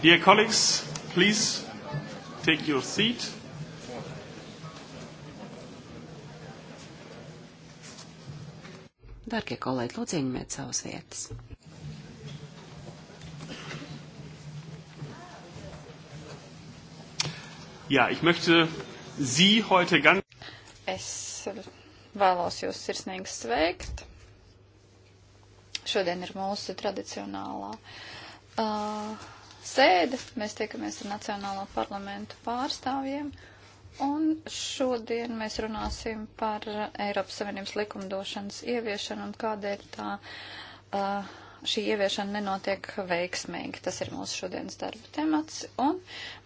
Dear colleagues, please take your seat. Darbie kolēģi, lūdzu, ieņemiet savas vietas. Jā, ich möchte Sie heute ganz. Es vēlos jūs sirsnīgi sveikt. Šodien ir mūsu tradicionālā. Uh, sēde. Mēs tiekamies ar Nacionālo parlamentu pārstāvjiem. Un šodien mēs runāsim par Eiropas Savienības likumdošanas ieviešanu un kādēļ tā uh, šī ieviešana nenotiek veiksmīgi. Tas ir mūsu šodienas darba temats. Un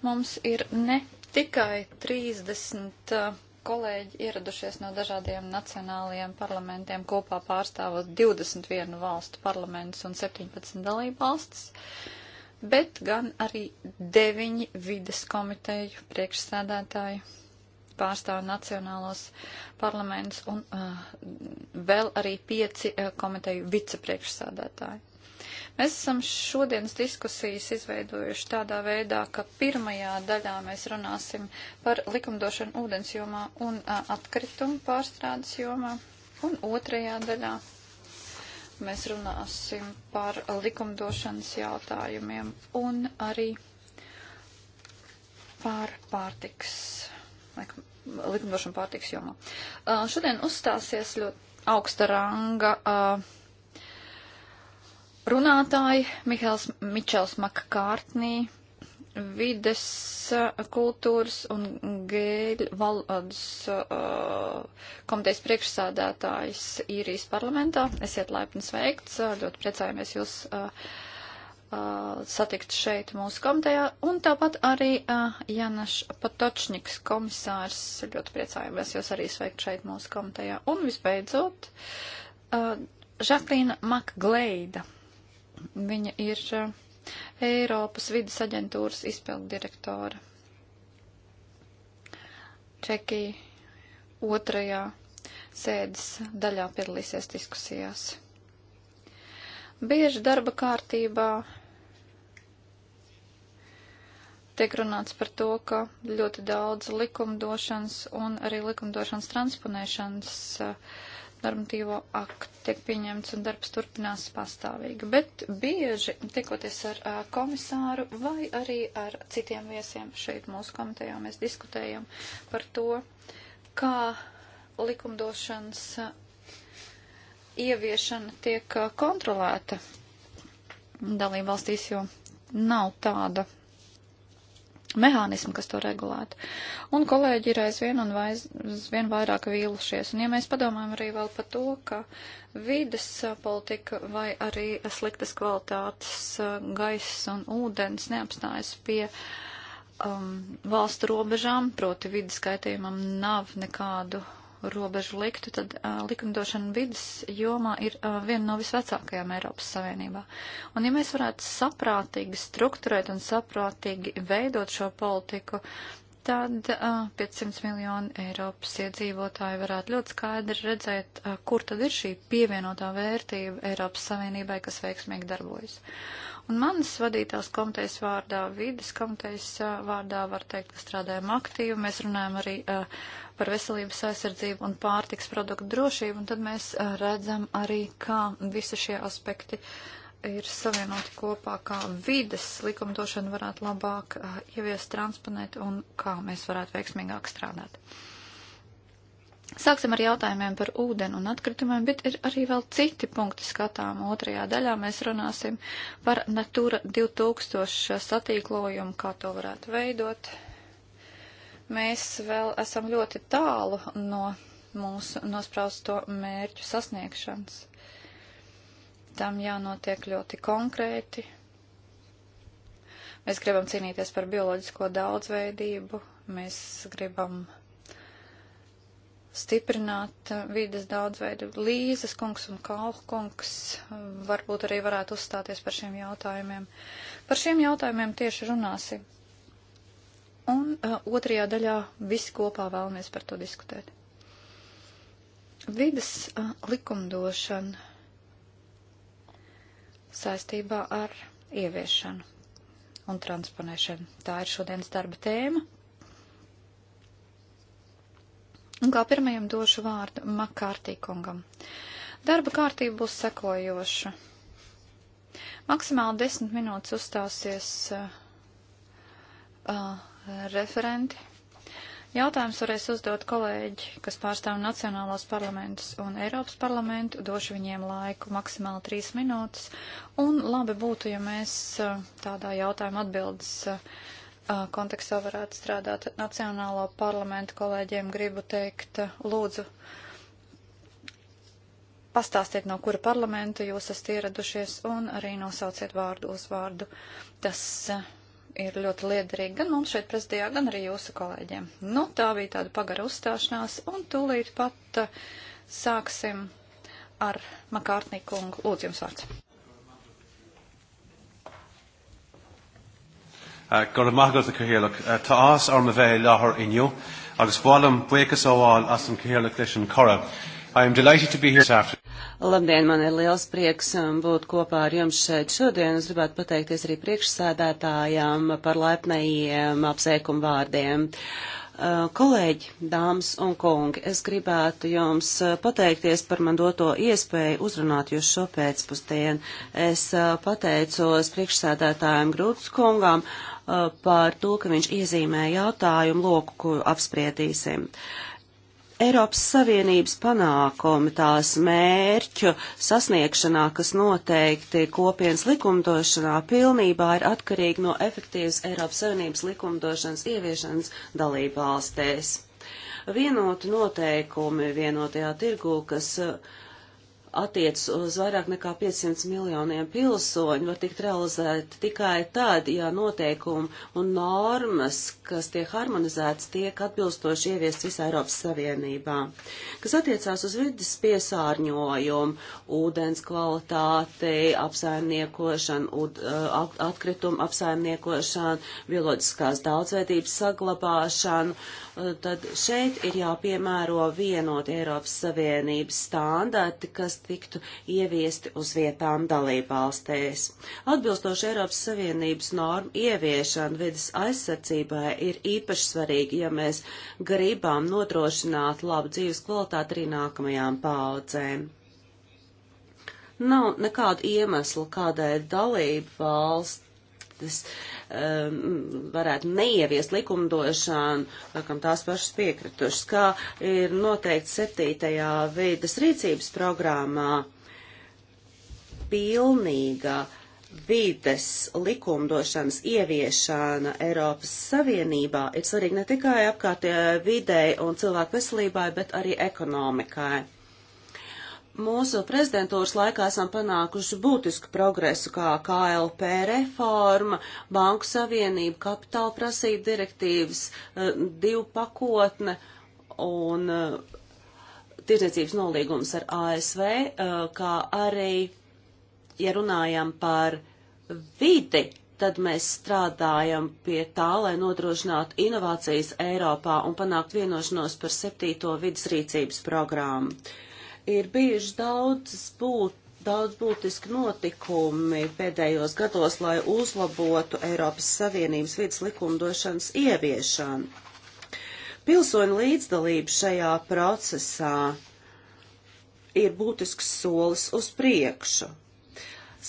mums ir ne tikai 30 uh, kolēģi ieradušies no dažādiem nacionālajiem parlamentiem, kopā pārstāvot 21 valstu parlamentus un 17 dalību valstis. Uh, bet gan arī deviņi vides komiteju priekšsēdētāji pārstāv nacionālos parlamentus un uh, vēl arī pieci uh, komiteju vicepriekšsādātāji. Mēs esam šodienas diskusijas izveidojuši tādā veidā, ka pirmajā daļā mēs runāsim par likumdošanu ūdens jomā un uh, atkritumu pārstrādes jomā, un otrajā daļā Mēs runāsim par likumdošanas jautājumiem un arī par pārtiks, likumdošanu pārtiks jomā. Uh, šodien uzstāsies ļoti augsta ranga. Uh, Runātāji Mihēls Mičels Makkārtnī, vides kultūras un gēļu valodas uh, komitejas priekšsādātājs īrijas parlamentā. Esiet laipni sveikts, ļoti priecājamies jūs uh, uh, satikt šeit mūsu komitejā. Un tāpat arī Janaš Patočņiks komisārs, ļoti priecājamies jūs arī sveikt šeit mūsu komitejā. Un visbeidzot, Žaklīna Makgleida. Viņa ir uh, Eiropas vidas aģentūras izpildu direktora. Čekija otrajā sēdes daļā piedalīsies diskusijās. Bieži darba kārtībā tiek runāts par to, ka ļoti daudz likumdošanas un arī likumdošanas transponēšanas uh, normatīvo aktu tiek pieņemts un darbs turpinās pastāvīgi. Bet bieži tikoties ar uh, komisāru vai arī ar citiem viesiem šeit mūsu komitejā mēs diskutējam par to, kā likumdošanas ieviešana tiek kontrolēta dalībvalstīs, jo nav tāda mehānismu, kas to regulētu. Un kolēģi ir aizvien un aizvien vairāk vīlušies. Un ja mēs padomājam arī vēl par to, ka vides politika vai arī sliktas kvalitātes eh, gaiss un ūdens neapstājas pie um, valstu robežām, proti vidas kaitējumam nav nekādu robežu liktu, tad uh, likumdošana vidas jomā ir uh, viena no visvecākajām Eiropas Savienībā. Un ja mēs varētu saprātīgi strukturēt un saprātīgi veidot šo politiku, tad uh, 500 miljoni Eiropas iedzīvotāji varētu ļoti skaidri redzēt, uh, kur tad ir šī pievienotā vērtība Eiropas Savienībai, kas veiksmīgi darbojas. Un manas vadītās komitejas vārdā, vidas komitejas uh, vārdā var teikt, ka strādājam aktīvi. Mēs runājam arī uh, par veselības aizsardzību un pārtiks produktu drošību, un tad mēs redzam arī, kā visi šie aspekti ir savienoti kopā, kā vides likumdošana varētu labāk ieviest, transponēt un kā mēs varētu veiksmīgāk strādāt. Sāksim ar jautājumiem par ūdeni un atkritumiem, bet ir arī vēl citi punkti skatām. Otrajā daļā mēs runāsim par Natura 2000 satīklojumu, kā to varētu veidot, Mēs vēl esam ļoti tālu no mūsu nospraustu mērķu sasniegšanas. Tam jānotiek ļoti konkrēti. Mēs gribam cīnīties par bioloģisko daudzveidību, mēs gribam stiprināt vides daudzveidu. Līzes kungs un Kalkungs varbūt arī varētu uzstāties par šiem jautājumiem. Par šiem jautājumiem tieši runāsim un uh, otrajā daļā visi kopā vēlamies par to diskutēt. Vides uh, likumdošana saistībā ar ieviešanu un transponēšanu. Tā ir šodienas darba tēma. Un kā pirmajam došu vārdu Makārtī kungam. Darba kārtība būs sekojoša. Maksimāli desmit minūtes uzstāsies uh, uh, referenti. Jautājums varēs uzdot kolēģi, kas pārstāv Nacionālos parlamentus un Eiropas parlamentu. Došu viņiem laiku maksimāli trīs minūtes. Un labi būtu, ja mēs tādā jautājuma atbildes kontekstā varētu strādāt. Nacionālo parlamentu kolēģiem gribu teikt, lūdzu, pastāstiet, no kura parlamenta jūs esat ieradušies un arī nosauciet vārdu uz vārdu. Tas uh, ir ļoti liederīgi gan mums šeit prezidijā, gan arī jūsu kolēģiem. Nu, tā bija tāda pagara uzstāšanās, un tūlīt pat uh, sāksim ar Makārtnī kungu. Lūdzu, jums vārds. Gora magat a cahéalach tá as ar na bheith lethir inniu, agus bhlam buchas óháil as an cahéalach leis an chora. Labdien, man ir liels prieks um, būt kopā ar jums šeit šodien. Es gribētu pateikties arī priekšsēdētājām par laipnējiem apsveikumu vārdiem. Uh, kolēģi, dāmas un kungi, es gribētu jums uh, pateikties par man doto iespēju uzrunāt jūs šo pēcpusdienu. Es uh, pateicos priekšsēdētājiem Grūtas kungām uh, par to, ka viņš iezīmē jautājumu loku, kuru apspriedīsim. Uh, Eiropas Savienības panākumi tās mērķu sasniegšanā, kas noteikti kopienas likumdošanā, pilnībā ir atkarīgi no efektīvas Eiropas Savienības likumdošanas ieviešanas dalībvalstēs. Vienoti noteikumi vienotajā tirgū, kas uh, attiecas uz vairāk nekā 500 miljoniem pilsoņu, var tikt realizēta tikai tad, ja noteikumi un normas, kas tiek harmonizētas, tiek atbilstoši ieviest visā Eiropas Savienībā. Kas attiecās uz vidas piesārņojumu, ūdens kvalitāti, apsaimniekošanu, uh, atkritumu apsaimniekošanu, bioloģiskās daudzveidības saglabāšanu, uh, tad šeit ir jāpiemēro vienot Eiropas Savienības standarti, kas tiktu ieviesti uz vietām dalībvalstēs. Atbilstoši Eiropas Savienības normu ieviešana vidas aizsardzībai ir īpaši svarīga, ja mēs gribam nodrošināt labu dzīves kvalitāti arī nākamajām paudzēm nav nekādu iemeslu, kādēļ dalība valsts valstis um, varētu neieviest likumdošanu, laikam tās pašas piekritušas, kā ir noteikts septītajā vīdas rīcības programmā pilnīga vides likumdošanas ieviešana Eiropas Savienībā ir svarīga ne tikai apkārtējai videi un cilvēku veselībai, bet arī ekonomikai. Mūsu prezidentūras laikā esam panākuši būtisku progresu, kā KLP reforma, Banku savienība, kapitāla prasība direktīvas, eh, divu pakotne un eh, tirdzniecības nolīgums ar ASV, eh, kā arī, ja runājam par vidi, tad mēs strādājam pie tā, lai nodrošinātu inovācijas Eiropā un panākt vienošanos par septīto vidas rīcības programmu. Ir bijuši daudz, būt, daudz būtiski notikumi pēdējos gados, lai uzlabotu Eiropas Savienības vidas likumdošanas ieviešanu. Pilsoņu līdzdalība šajā procesā ir būtisks solis uz priekšu.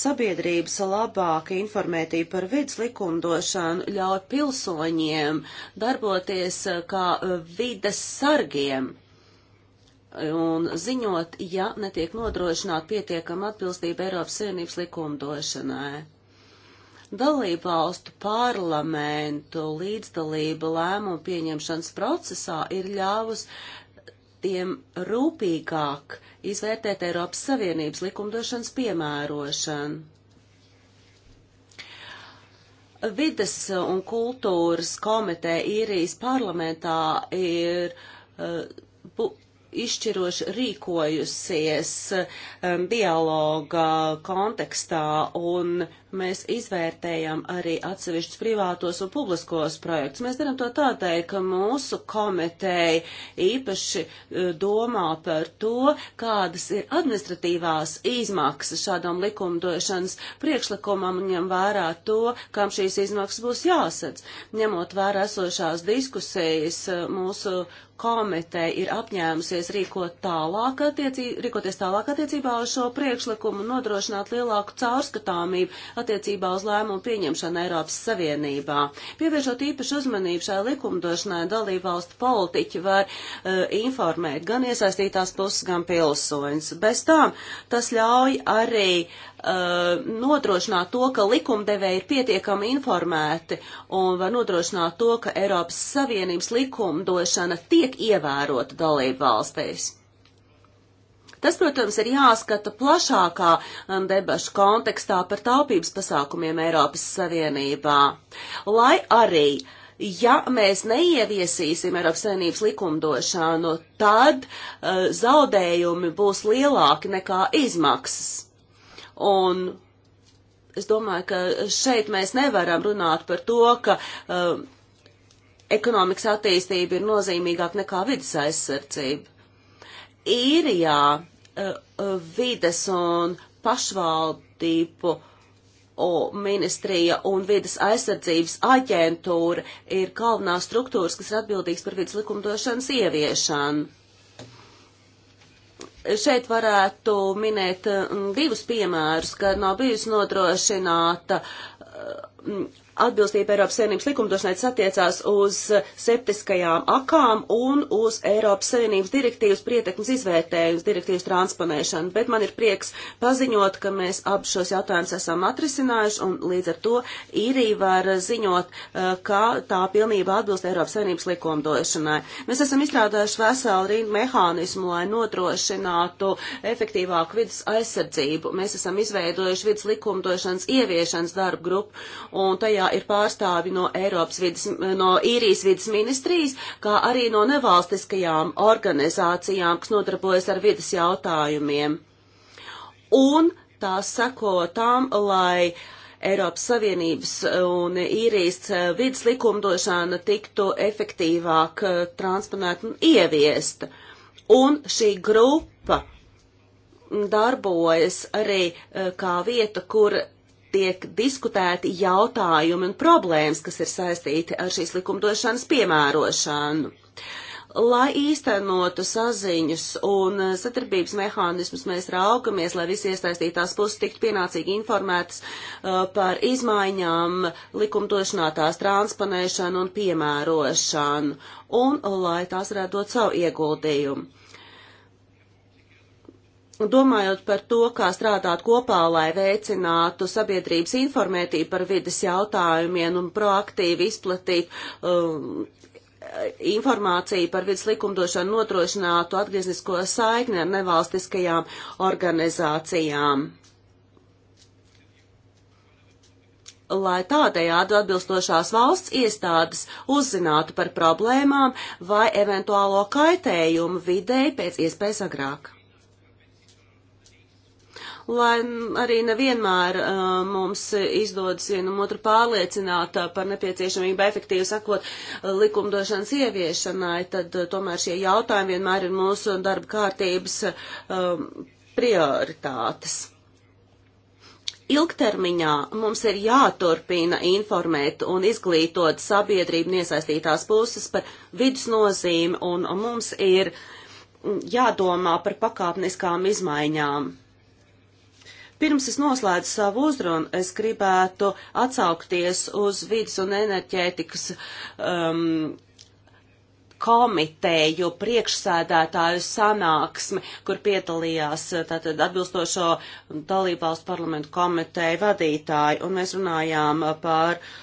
Sabiedrības labāka informētība par vidas likumdošanu ļauj pilsoņiem darboties kā vidas sargiem un ziņot, ja netiek nodrošināta pietiekama atbilstība Eiropas Savienības likumdošanai. Dalību valstu parlamentu līdzdalība lēmumu pieņemšanas procesā ir ļāvus tiem rūpīgāk izvērtēt Eiropas Savienības likumdošanas piemērošanu vides un kultūras komiteja īrijas parlamentā ir uh, bu, izšķiroši rīkojusies um, dialoga kontekstā, un mēs izvērtējam arī atsevišķus privātos un publiskos projektus. Mēs darām to tādēļ, ka mūsu komiteja īpaši uh, domā par to, kādas ir administratīvās izmaksas šādam likumdošanas priekšlikumam un ņem vērā to, kam šīs izmaksas būs jāsadz. Ņemot vērā esošās diskusijas, uh, mūsu komiteja ir apņēmusies rīkot tālāk attiecī, rīkoties tālāk attiecībā uz šo priekšlikumu un nodrošināt lielāku caurskatāmību attiecībā uz lēmumu pieņemšanu Eiropas Savienībā. Pievēršot īpašu uzmanību šai likumdošanai, dalībvalstu politiķi var uh, informēt gan iesaistītās puses, gan pilsoņus. Bez tām tas ļauj arī uh, nodrošināt to, ka likumdevēji ir pietiekami informēti un var nodrošināt to, ka Eiropas Savienības likumdošana tiek tiek ievērota dalību valstīs. Tas, protams, ir jāskata plašākā um, debašu kontekstā par taupības pasākumiem Eiropas Savienībā, lai arī ja mēs neieviesīsim Eiropas Savienības likumdošanu, tad uh, zaudējumi būs lielāki nekā izmaksas. Un es domāju, ka šeit mēs nevaram runāt par to, ka uh, ekonomikas attīstība ir nozīmīgāk nekā vidas aizsardzība. Īrijā eh, eh, vides un pašvaldību ministrija un vidas aizsardzības aģentūra ir galvenās struktūras, kas ir atbildīgas par vidas likumdošanas ieviešanu. Šeit varētu minēt eh, divus piemērus, kad nav bijusi nodrošināta atbilstība Eiropas Savienības likumdošanai attiecās uz septiskajām akām un uz Eiropas Savienības direktīvas prietekmes izvērtējums, direktīvas transponēšanu. Bet man ir prieks paziņot, ka mēs abu šos jautājumus esam atrisinājuši un līdz ar to īrija var ziņot, eh, kā tā pilnībā atbilst Eiropas Savienības likumdošanai. Mēs esam izstrādājuši veselu rindu mehānismu, lai nodrošinātu efektīvāku vidas aizsardzību. Mēs esam izveidojuši vidas likumdošanas ieviešanas darbu grupu un tajā komitejā ir pārstāvi no Eiropas vidas, no īrijas vidas ministrijas, kā arī no nevalstiskajām organizācijām, kas nodarbojas ar vidas jautājumiem. Un tās seko tam, lai Eiropas Savienības un īrijas vidas likumdošana tiktu efektīvāk eh, transponēta un ieviesta. Un šī grupa darbojas arī eh, kā vieta, kur tiek diskutēti jautājumi un problēmas, kas ir saistīti ar šīs likumdošanas piemērošanu. Lai īstenotu saziņas un sadarbības mehānismus, mēs raugamies, lai visi iesaistītās puses tiktu pienācīgi informētas uh, par izmaiņām likumdošanā tās transponēšanu un piemērošanu, un lai tās varētu dot savu ieguldījumu. Un domājot par to, kā strādāt kopā, lai veicinātu sabiedrības informētību par vides jautājumiem un proaktīvi izplatīt um, informāciju par vidas likumdošanu notrošinātu atgrieznisko saikni ar nevalstiskajām organizācijām. Lai tādējādi atbilstošās valsts iestādes uzzinātu par problēmām vai eventuālo kaitējumu videi pēc iespējas agrāk lai arī nevienmēr uh, mums izdodas vienam otru pārliecināt uh, par nepieciešamību efektīvi sakot uh, likumdošanas ieviešanai, tad uh, tomēr šie jautājumi vienmēr ir mūsu darba kārtības um, prioritātes. Ilgtermiņā mums ir jāturpina informēt un izglītot sabiedrību iesaistītās puses par vidus nozīmi, un mums ir mm, jādomā par pakāpeniskām izmaiņām. Pirms es noslēdzu savu uzrunu, es gribētu atsaukties uz vidas un enerģētikas um, komiteju priekšsēdētāju sanāksmi, kur piedalījās uh, tātad atbilstošo dalībvalstu parlamentu komiteju vadītāji, un mēs runājām uh, par uh,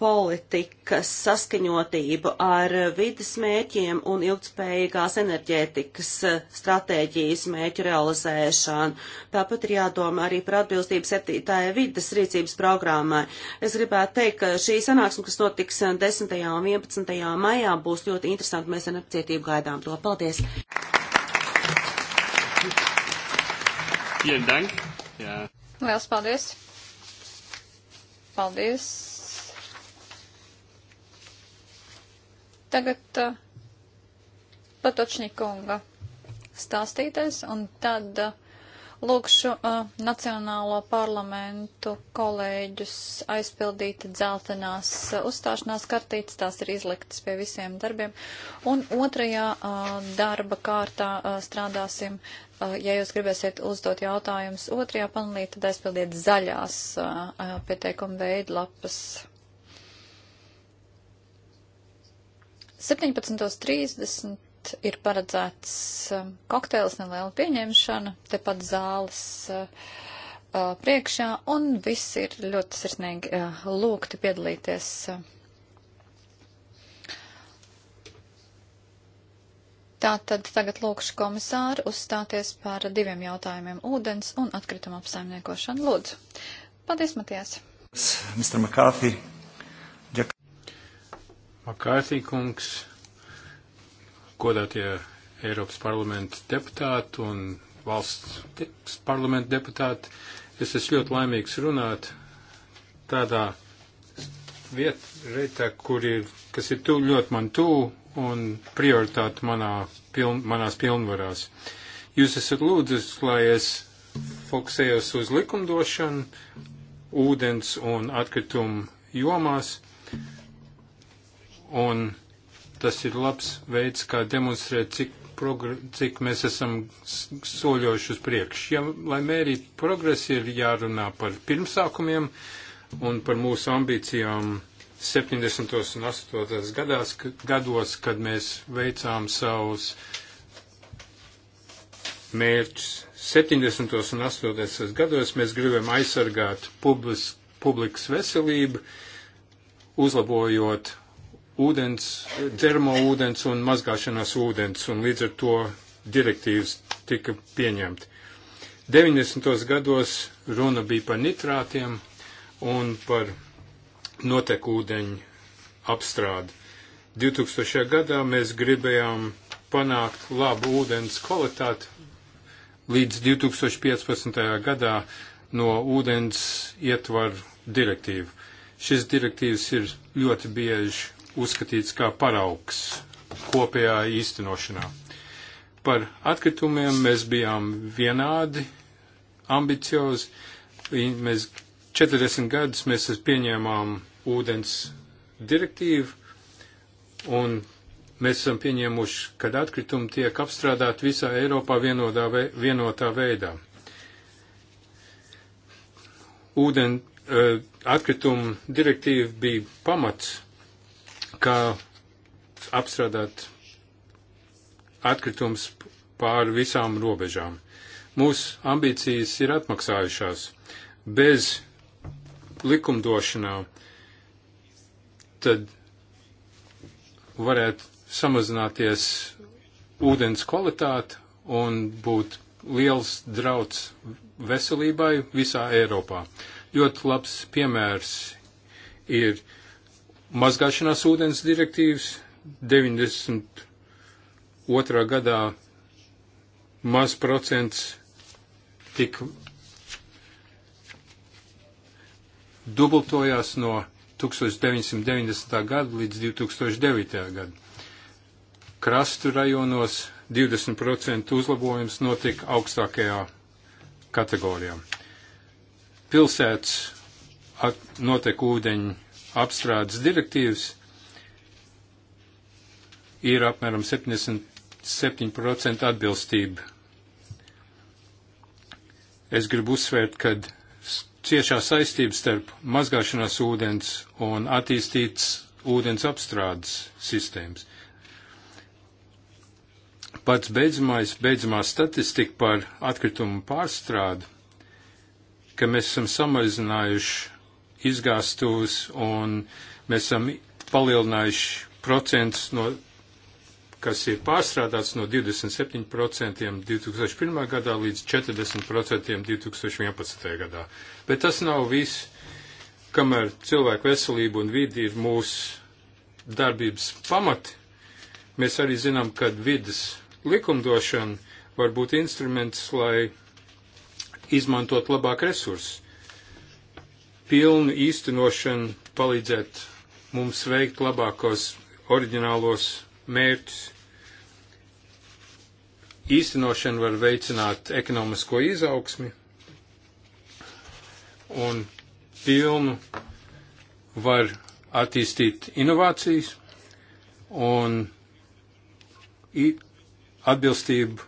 politikas saskaņotību ar vidas mērķiem un ilgtspējīgās enerģētikas stratēģijas mērķu realizēšanu. Tāpat ir jādomā arī par atbilstību septītāja vidas rīcības programmai. Es gribētu teikt, ka šī sanāksme, kas notiks 10. un 11. maijā, būs ļoti interesanti. Mēs ar nepacietību gaidām to. Paldies! Vielen Dank. Jā. Liels paldies! Paldies! Tagad uh, Patočņikunga stāstītais un tad uh, lūkšu uh, Nacionālo parlamentu kolēģus aizpildīt dzeltenās uh, uzstāšanās kartītes, tās ir izliktas pie visiem darbiem. Un otrajā uh, darba kārtā uh, strādāsim, uh, ja jūs gribēsiet uzdot jautājumus otrajā panelī, tad aizpildiet zaļās uh, uh pieteikuma veidlapas. 17.30 ir paredzēts um, kokteils neliela pieņemšana, tepat zāles uh, uh, priekšā, un visi ir ļoti sirsnīgi uh, lūgti piedalīties. Tātad tagad lūkšu komisāru uzstāties par diviem jautājumiem - ūdens un atkrituma apsaimniekošanu. Lūdzu. Paldies, Matijas. Mr. McCarthy, Makārtī kungs, godātie Eiropas parlamenta deputāti un valsts parlamenta deputāti, es esmu ļoti laimīgs runāt tādā vietā, kur ir, kas ir tu, ļoti man tuvu un prioritāte manā, piln, manās pilnvarās. Jūs esat lūdzis, lai es fokusējos uz likumdošanu, ūdens un atkritumu jomās un tas ir labs veids, kā demonstrēt, cik, cik mēs esam soļojuši uz priekšu. Ja, lai mērītu progresu, ir jārunā par pirmsākumiem un par mūsu ambīcijām 70. un 80. Gadās, gados, kad mēs veicām savus mērķus. 70. un 80. gados mēs gribam aizsargāt publis, publikas veselību, uzlabojot ūdens, termoūdens un mazgāšanās ūdens, un līdz ar to direktīvas tika pieņemti. 90. gados runa bija par nitrātiem un par notekūdeņu apstrādi. 2000. gadā mēs gribējām panākt labu ūdens kvalitāti. Līdz 2015. gadā no ūdens ietvaru direktīvu. Šis direktīvs ir ļoti bieži uzskatīts kā paraugs kopējā īstenošanā. Par atkritumiem mēs bijām vienādi ambiciozi. Mēs 40 gadus mēs pieņēmām ūdens direktīvu un mēs esam pieņēmuši, kad atkritumi tiek apstrādāti visā Eiropā vienotā, vei, vienotā veidā. Ūden uh, eh, atkrituma direktīva bija pamats kā apstrādāt atkritums pāri visām robežām. Mūsu ambīcijas ir atmaksājušās. Bez likumdošanā tad varētu samazināties ūdens kvalitāte un būt liels drauds veselībai visā Eiropā. Ļoti labs piemērs ir mazgāšanās ūdens direktīvas 92. gadā maz procents tik dubultojās no 1990. gada līdz 2009. gadu. Krastu rajonos 20% uzlabojums notika augstākajā kategorijā. Pilsētas notiek ūdeņu apstrādes direktīvas ir apmēram 77% atbilstība. Es gribu uzsvērt, ka ciešā saistība starp mazgāšanās ūdens un attīstīts ūdens apstrādes sistēmas. Pats beidzamais, beidzamā statistika par atkritumu pārstrādu, ka mēs esam samazinājuši izgāstos, un mēs esam palielinājuši procents, no, kas ir pārstrādāts no 27% 2001. gadā līdz 40% 2011. gadā. Bet tas nav viss, kamēr cilvēku veselība un vidi ir mūsu darbības pamati. Mēs arī zinām, ka vidas likumdošana var būt instruments, lai izmantot labāk resursus pilnu īstenošanu palīdzēt mums veikt labākos oriģinālos mērķus. Īstenošana var veicināt ekonomisko izaugsmi un pilnu var attīstīt inovācijas un atbilstību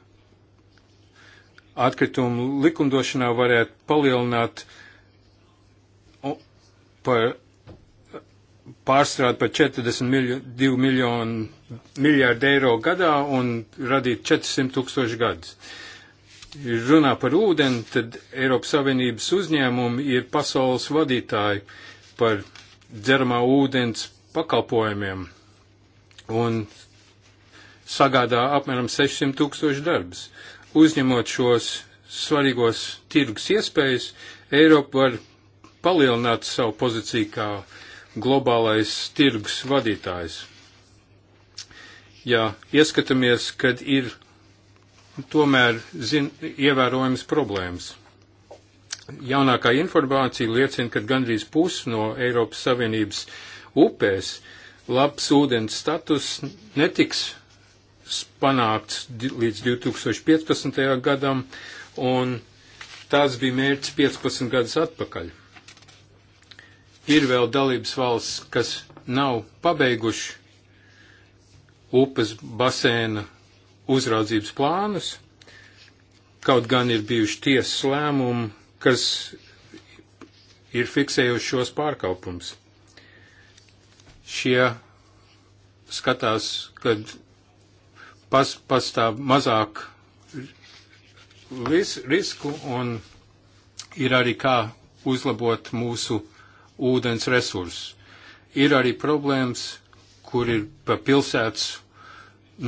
atkritumu likumdošanā varētu palielināt uh, par pārstrādi par 42 miljo, miljonu miljārdu eiro gadā un radīt 400 tūkstoši gadus. Runā par ūdeni, tad Eiropas Savienības uzņēmumi ir pasaules vadītāji par dzeramā ūdens pakalpojumiem un sagādā apmēram 600 tūkstoši darbus. Uzņemot šos svarīgos tirgus iespējas, Eiropa var palielinātu savu pozīciju kā globālais tirgus vadītājs. Ja ieskatāmies, kad ir tomēr zin, ievērojams problēmas. Jaunākā informācija liecina, ka gandrīz pusi no Eiropas Savienības upēs labs ūdens status netiks panākts līdz 2015. gadam, un tās bija mērķis 15 gadus atpakaļ ir vēl dalības valsts, kas nav pabeiguši upes basēna uzraudzības plānus, kaut gan ir bijuši tiesas lēmumi, kas ir fiksējuši šos pārkāpumus. Šie skatās, kad pas, pastāv mazāk ris, risku un ir arī kā uzlabot mūsu ūdens resursus. Ir arī problēmas, kur ir pa pilsētas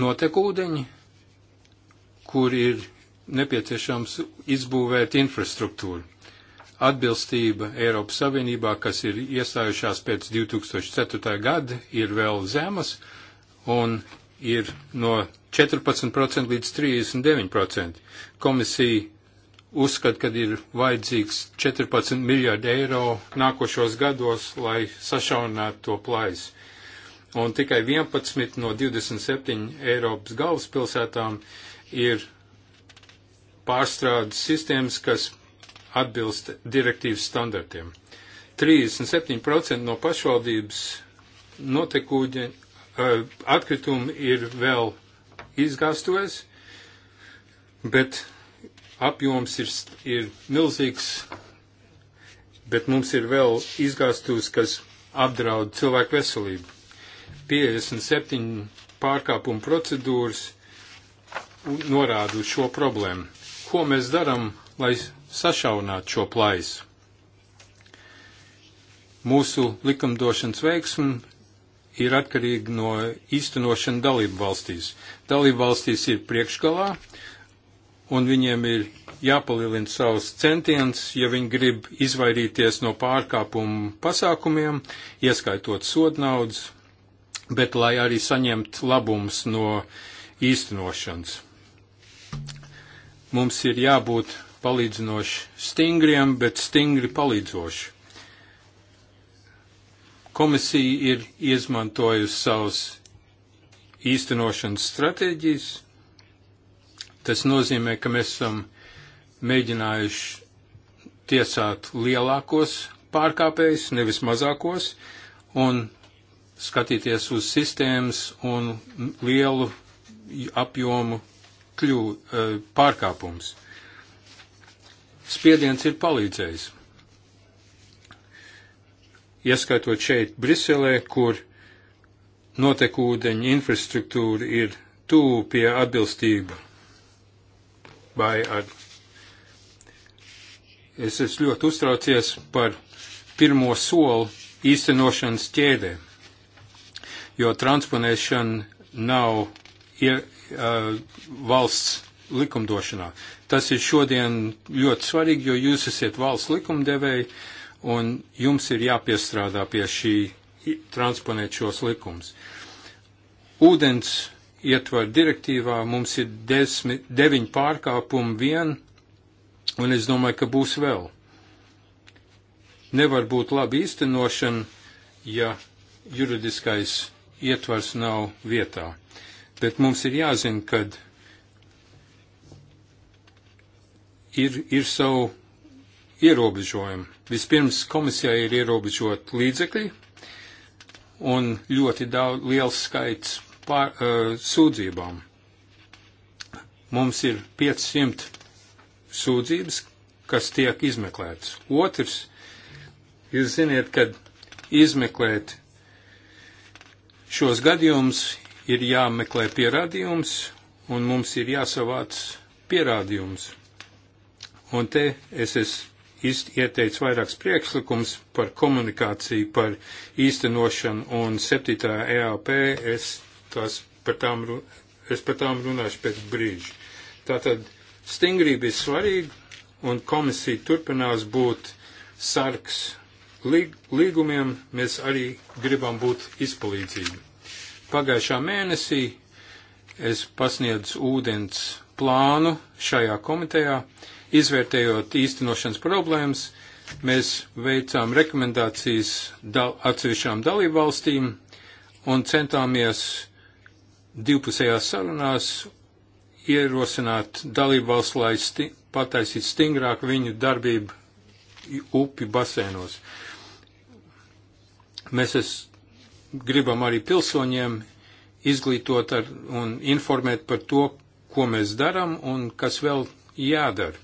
notek ūdeņi, kur ir nepieciešams izbūvēt infrastruktūru. Atbilstība Eiropas Savienībā, kas ir iestājušās pēc 2004. gada, ir vēl zemas un ir no 14% līdz 39%. Komisija uzskata, ka ir vajadzīgs 14 miljārdi eiro nākošos gados, lai sašaunātu to plaisu. Un tikai 11 no 27 Eiropas galvaspilsētām ir pārstrādes sistēmas, kas atbilst direktīvas standartiem. 37% no pašvaldības notekūģi eh, atkritumi ir vēl izgāstojas, bet apjoms ir, ir milzīgs, bet mums ir vēl izgāstus, kas apdraud cilvēku veselību. 57 pārkāpumu procedūras norāda uz šo problēmu. Ko mēs darām, lai sašaunātu šo plaisu? Mūsu likumdošanas veiksmi ir atkarīgi no īstenošana dalību valstīs. Dalību valstīs ir priekšgalā, un viņiem ir jāpalielina savs centiens, ja viņi grib izvairīties no pārkāpumu pasākumiem, ieskaitot sodnaudas, bet lai arī saņemt labums no īstenošanas. Mums ir jābūt palīdzinoši stingriem, bet stingri palīdzoši. Komisija ir izmantojusi savus īstenošanas stratēģijas, Tas nozīmē, ka mēs esam mēģinājuši tiesāt lielākos pārkāpējus, nevis mazākos, un skatīties uz sistēmas un lielu apjomu kļū, e, pārkāpums. Spiediens ir palīdzējis. Ieskaitot šeit Briselē, kur notekūdeņa infrastruktūra ir tūpie atbilstība Baiard. Es esmu ļoti uztraucies par pirmo soli īstenošanas ķēdē, jo transponēšana nav ie, uh, valsts likumdošanā. Tas ir šodien ļoti svarīgi, jo jūs esat valsts likumdevēji un jums ir jāpiestrādā pie šī transponēt šos likums. Ūdens ietver direktīvā, mums ir desmit, deviņi pārkāpumi vien, un es domāju, ka būs vēl. Nevar būt laba īstenošana, ja juridiskais ietvars nav vietā. Bet mums ir jāzina, kad ir, ir savu ierobežojumu. Vispirms komisijai ir ierobežot līdzekļi un ļoti daudz liels skaits pār, uh, sūdzībām. Mums ir 500 sūdzības, kas tiek izmeklētas. Otrs, jūs ziniet, kad izmeklēt šos gadījumus ir jāmeklē pierādījums, un mums ir jāsavāc pierādījums. Un te es esmu ieteicis vairākus priekšlikumus par komunikāciju, par īstenošanu, un 7. EAP es tās par tām, es par tām runāšu pēc brīža. Tātad stingrība ir svarīga, un komisija turpinās būt sargs līgumiem, mēs arī gribam būt izpalīdzīgi. Pagājušā mēnesī es pasniedzu ūdens plānu šajā komitejā, izvērtējot īstenošanas problēmas, mēs veicām rekomendācijas dal atsevišķām dalībvalstīm un centāmies divpusējās sarunās ierosināt dalībvalsts, lai sti pataisīt stingrāk viņu darbību upi basēnos. Mēs es gribam arī pilsoņiem izglītot ar, un informēt par to, ko mēs darām un kas vēl jādara.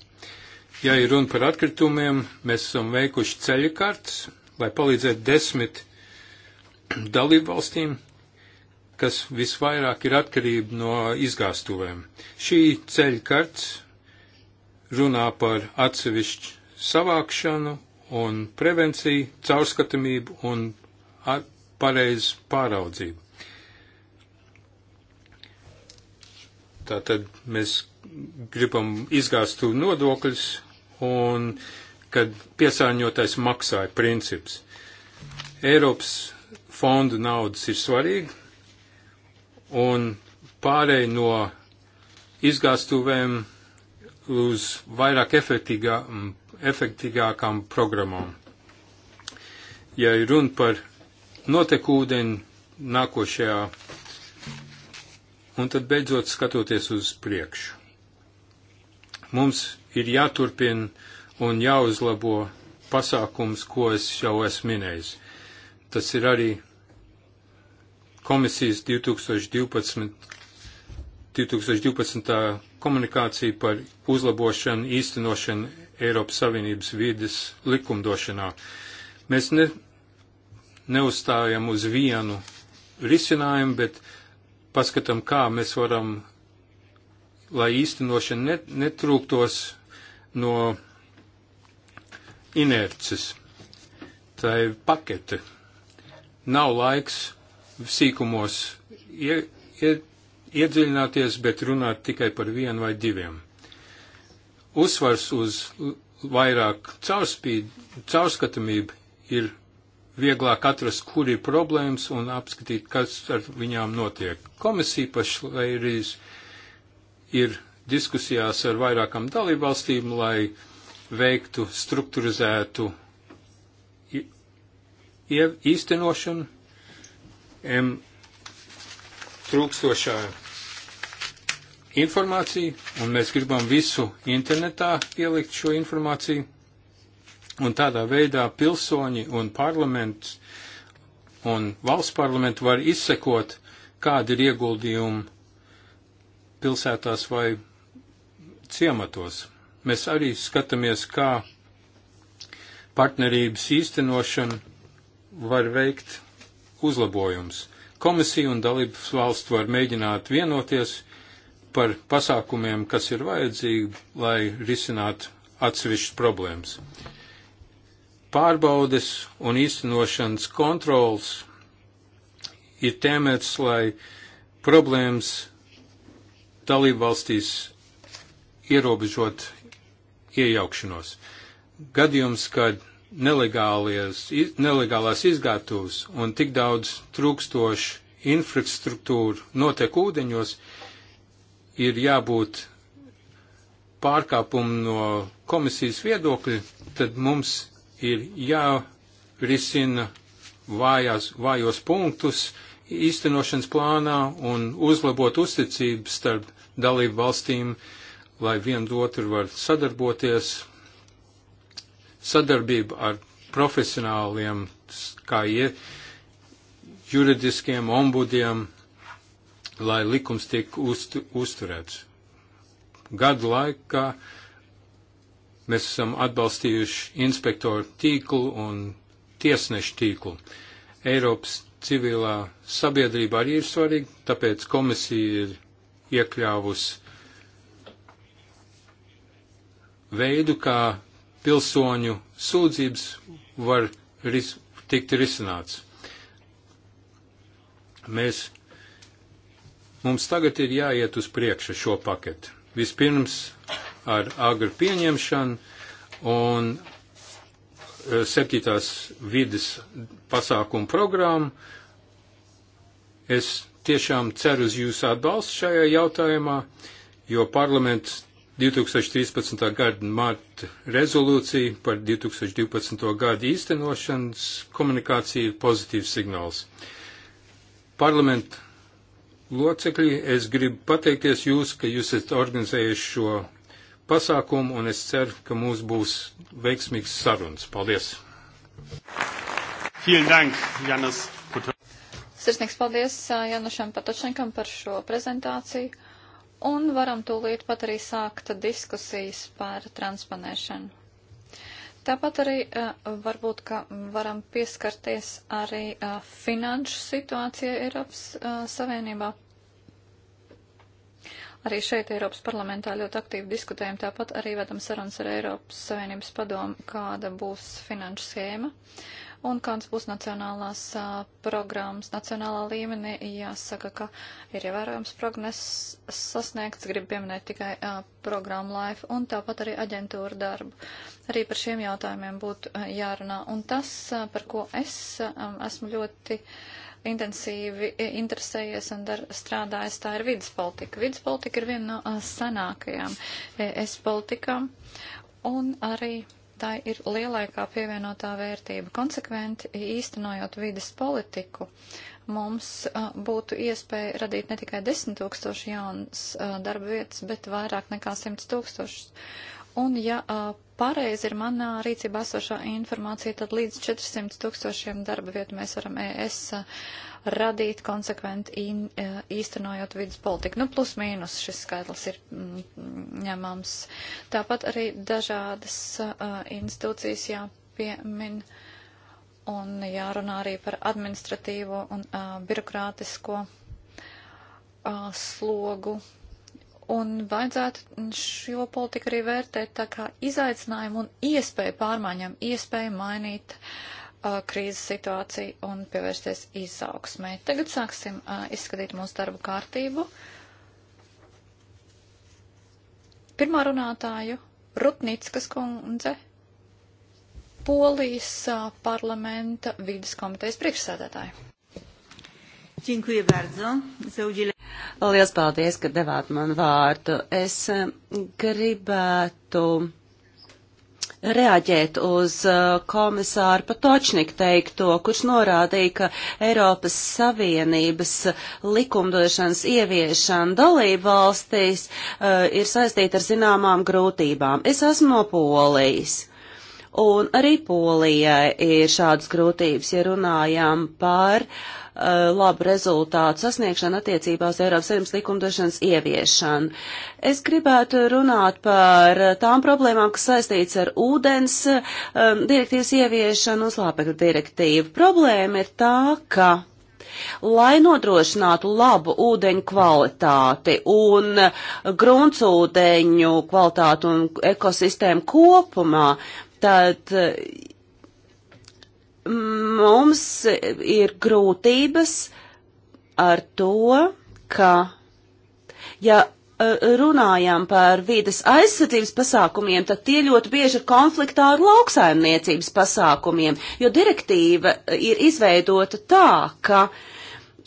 Ja ir runa par atkritumiem, mēs esam veikuši ceļu kartes, lai palīdzētu desmit dalību valstīm kas visvairāk ir atkarība no izgāstuvēm. Šī ceļkarts runā par atsevišķu savākšanu un prevenciju, caurskatamību un pareizu pāraudzību. Tātad mēs gribam izgāstu nodokļus un kad piesārņotais maksāja princips. Eiropas fondu naudas ir svarīga, un pārēj no izgāstuvēm uz vairāk efektīgā, efektīgākām programmām. Ja ir runa par notekūdeni nākošajā, un tad beidzot skatoties uz priekšu. Mums ir jāturpina un jāuzlabo pasākums, ko es jau esmu minējis. Tas ir arī komisijas 2012, 2012. komunikācija par uzlabošanu, īstenošanu Eiropas Savienības vides likumdošanā. Mēs ne, neuzstājam uz vienu risinājumu, bet paskatām, kā mēs varam, lai īstenošana net, netrūktos no inerces. Tā ir pakete. Nav laiks sīkumos ie, ie, iedziļināties, bet runāt tikai par vienu vai diviem. Uzsvars uz vairāk caurspīd, caurskatamību ir vieglāk atrast, kur ir problēmas un apskatīt, kas ar viņām notiek. Komisija pašlairīz ir diskusijās ar vairākām dalībvalstīm, lai veiktu struktūrizētu īstenošanu um, trūkstošā informācija, un mēs gribam visu internetā ielikt šo informāciju, un tādā veidā pilsoņi un parlaments un valsts parlamentu var izsekot, kādi ir ieguldījumi pilsētās vai ciematos. Mēs arī skatāmies, kā partnerības īstenošana var veikt uzlabojums. Komisija un dalības valsts var mēģināt vienoties par pasākumiem, kas ir vajadzīgi, lai risinātu atsevišķas problēmas. Pārbaudes un īstenošanas kontrols ir tēmēts, lai problēmas dalībvalstīs ierobežot iejaukšanos. Gadījums, kad nelegālās izgātuves un tik daudz trūkstošu infrastruktūru notiek ūdeņos, ir jābūt pārkāpumu no komisijas viedokļa, tad mums ir jārisina vājās, vājos punktus īstenošanas plānā un uzlabot uzticību starp dalību valstīm, lai viens otru var sadarboties sadarbību ar profesionāliem, kā ie, juridiskiem ombudiem, lai likums tiek ustu, uzturēts. Gadu laikā mēs esam atbalstījuši inspektoru tīklu un tiesnešu tīklu. Eiropas civilā sabiedrība arī ir svarīga, tāpēc komisija ir iekļāvusi veidu, kā pilsoņu sūdzības var ris tikt risināts. Mēs, mums tagad ir jāiet uz priekšu šo paketu. Vispirms ar agru pieņemšanu un e, septītās vidas pasākumu programmu. Es tiešām ceru uz jūsu atbalstu šajā jautājumā, jo parlaments 2013. gada marta rezolūcija par 2012. gada īstenošanas komunikāciju ir pozitīvs signāls. Parlamentu locekļi, es gribu pateikties jūs, ka jūs esat organizējuši šo pasākumu, un es ceru, ka mums būs veiksmīgs sarunas. Paldies! Dank, Sirsnīgs paldies uh, Janušam Patočenkam par šo prezentāciju un varam tūlīt pat arī sākt diskusijas par transponēšanu. Tāpat arī eh, varbūt, ka varam pieskarties arī eh, finanšu situācijai Eiropas eh, Savienībā. Arī šeit Eiropas parlamentā ļoti aktīvi diskutējam, tāpat arī vedam sarunas ar Eiropas Savienības padomu, kāda būs finanšu schēma un kāds būs nacionālās a, programmas. Nacionālā līmenī jāsaka, ka ir ievērojams progress sasniegts, grib pieminēt tikai a, programmu Life un tāpat arī aģentūra darbu. Arī par šiem jautājumiem būtu a, jārunā. Un tas, a, par ko es a, esmu ļoti intensīvi interesējies un dar, strādājis, tā ir vidas politika. Vidas politika ir viena no a, senākajām es politikām un arī tai ir lielākā pievienotā vērtība. Konsekventi īstenojot vides politiku, mums a, būtu iespēja radīt ne tikai 10 tūkstoši jaunas darba vietas, bet vairāk nekā 100 tūkstošus. Un ja a, pareizi ir manā rīcībā esošā informācija, tad līdz 400 tūkstošiem darba vietu mēs varam ES radīt konsekventi in, e, īstenojot vidas politiku. Nu, plus mīnus šis skaitlis ir mm, ņemams. Tāpat arī dažādas uh, institūcijas jāpiemin un jārunā arī par administratīvo un uh, birokrātisko uh, slogu. Un vajadzētu šo politiku arī vērtēt tā kā izaicinājumu un iespēju pārmaiņām, iespēju mainīt uh, Uh, krīzes situāciju un pievērsties izaugsmē. Tagad sāksim uh, izskatīt mūsu darbu kārtību. Pirmā runātāju Rutnickas kundze, Polijas uh, parlamenta vidas komitejas priekšsēdētāja. Dziękuję bardzo za udzielenie. Lielas paldies, ka devāt man vārdu. Es uh, gribētu reaģēt uz uh, komisāru Patočniku teikto, kurš norādīja, ka Eiropas Savienības likumdošanas ieviešana dalību valstīs uh, ir saistīta ar zināmām grūtībām. Es esmu no Polijas. Un arī Polijai ir šādas grūtības, ja runājām par uh, labu rezultātu sasniegšanu attiecībā uz Eiropas Savienības likumdošanas ieviešanu. Es gribētu runāt par tām problēmām, kas saistīts ar ūdens um, uh, direktīvas ieviešanu un slāpekļu direktīvu. Problēma ir tā, ka lai nodrošinātu labu ūdeņu kvalitāti un gruntsūdeņu kvalitāti un ekosistēmu kopumā, Tad mm, mums ir grūtības ar to, ka, ja e, runājam par vides aizsardzības pasākumiem, tad tie ļoti bieži ir konfliktā ar lauksaimniecības pasākumiem, jo direktīva ir izveidota tā, ka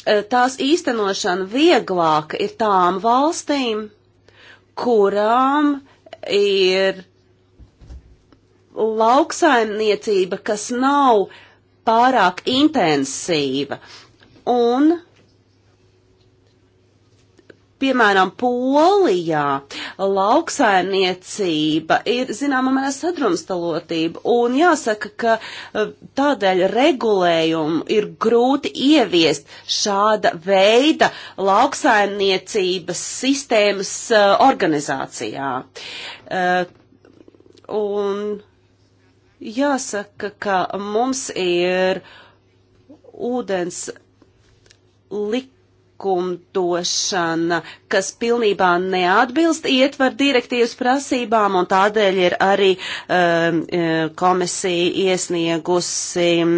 e, tās īstenošana vieglāka ir tām valstīm, kurām ir lauksaimniecība, kas nav pārāk intensīva. Un, piemēram, Polijā lauksaimniecība ir, zināmā mērā, sadrumstalotība, un jāsaka, ka e, tādēļ regulējumu ir grūti ieviest šāda veida lauksaimniecības sistēmas e, organizācijā. E, un Jāsaka, ka mums ir ūdens likumdošana, kas pilnībā neatbilst ietver direktīvas prasībām, un tādēļ ir arī um, e, komisija iesniegusi, um,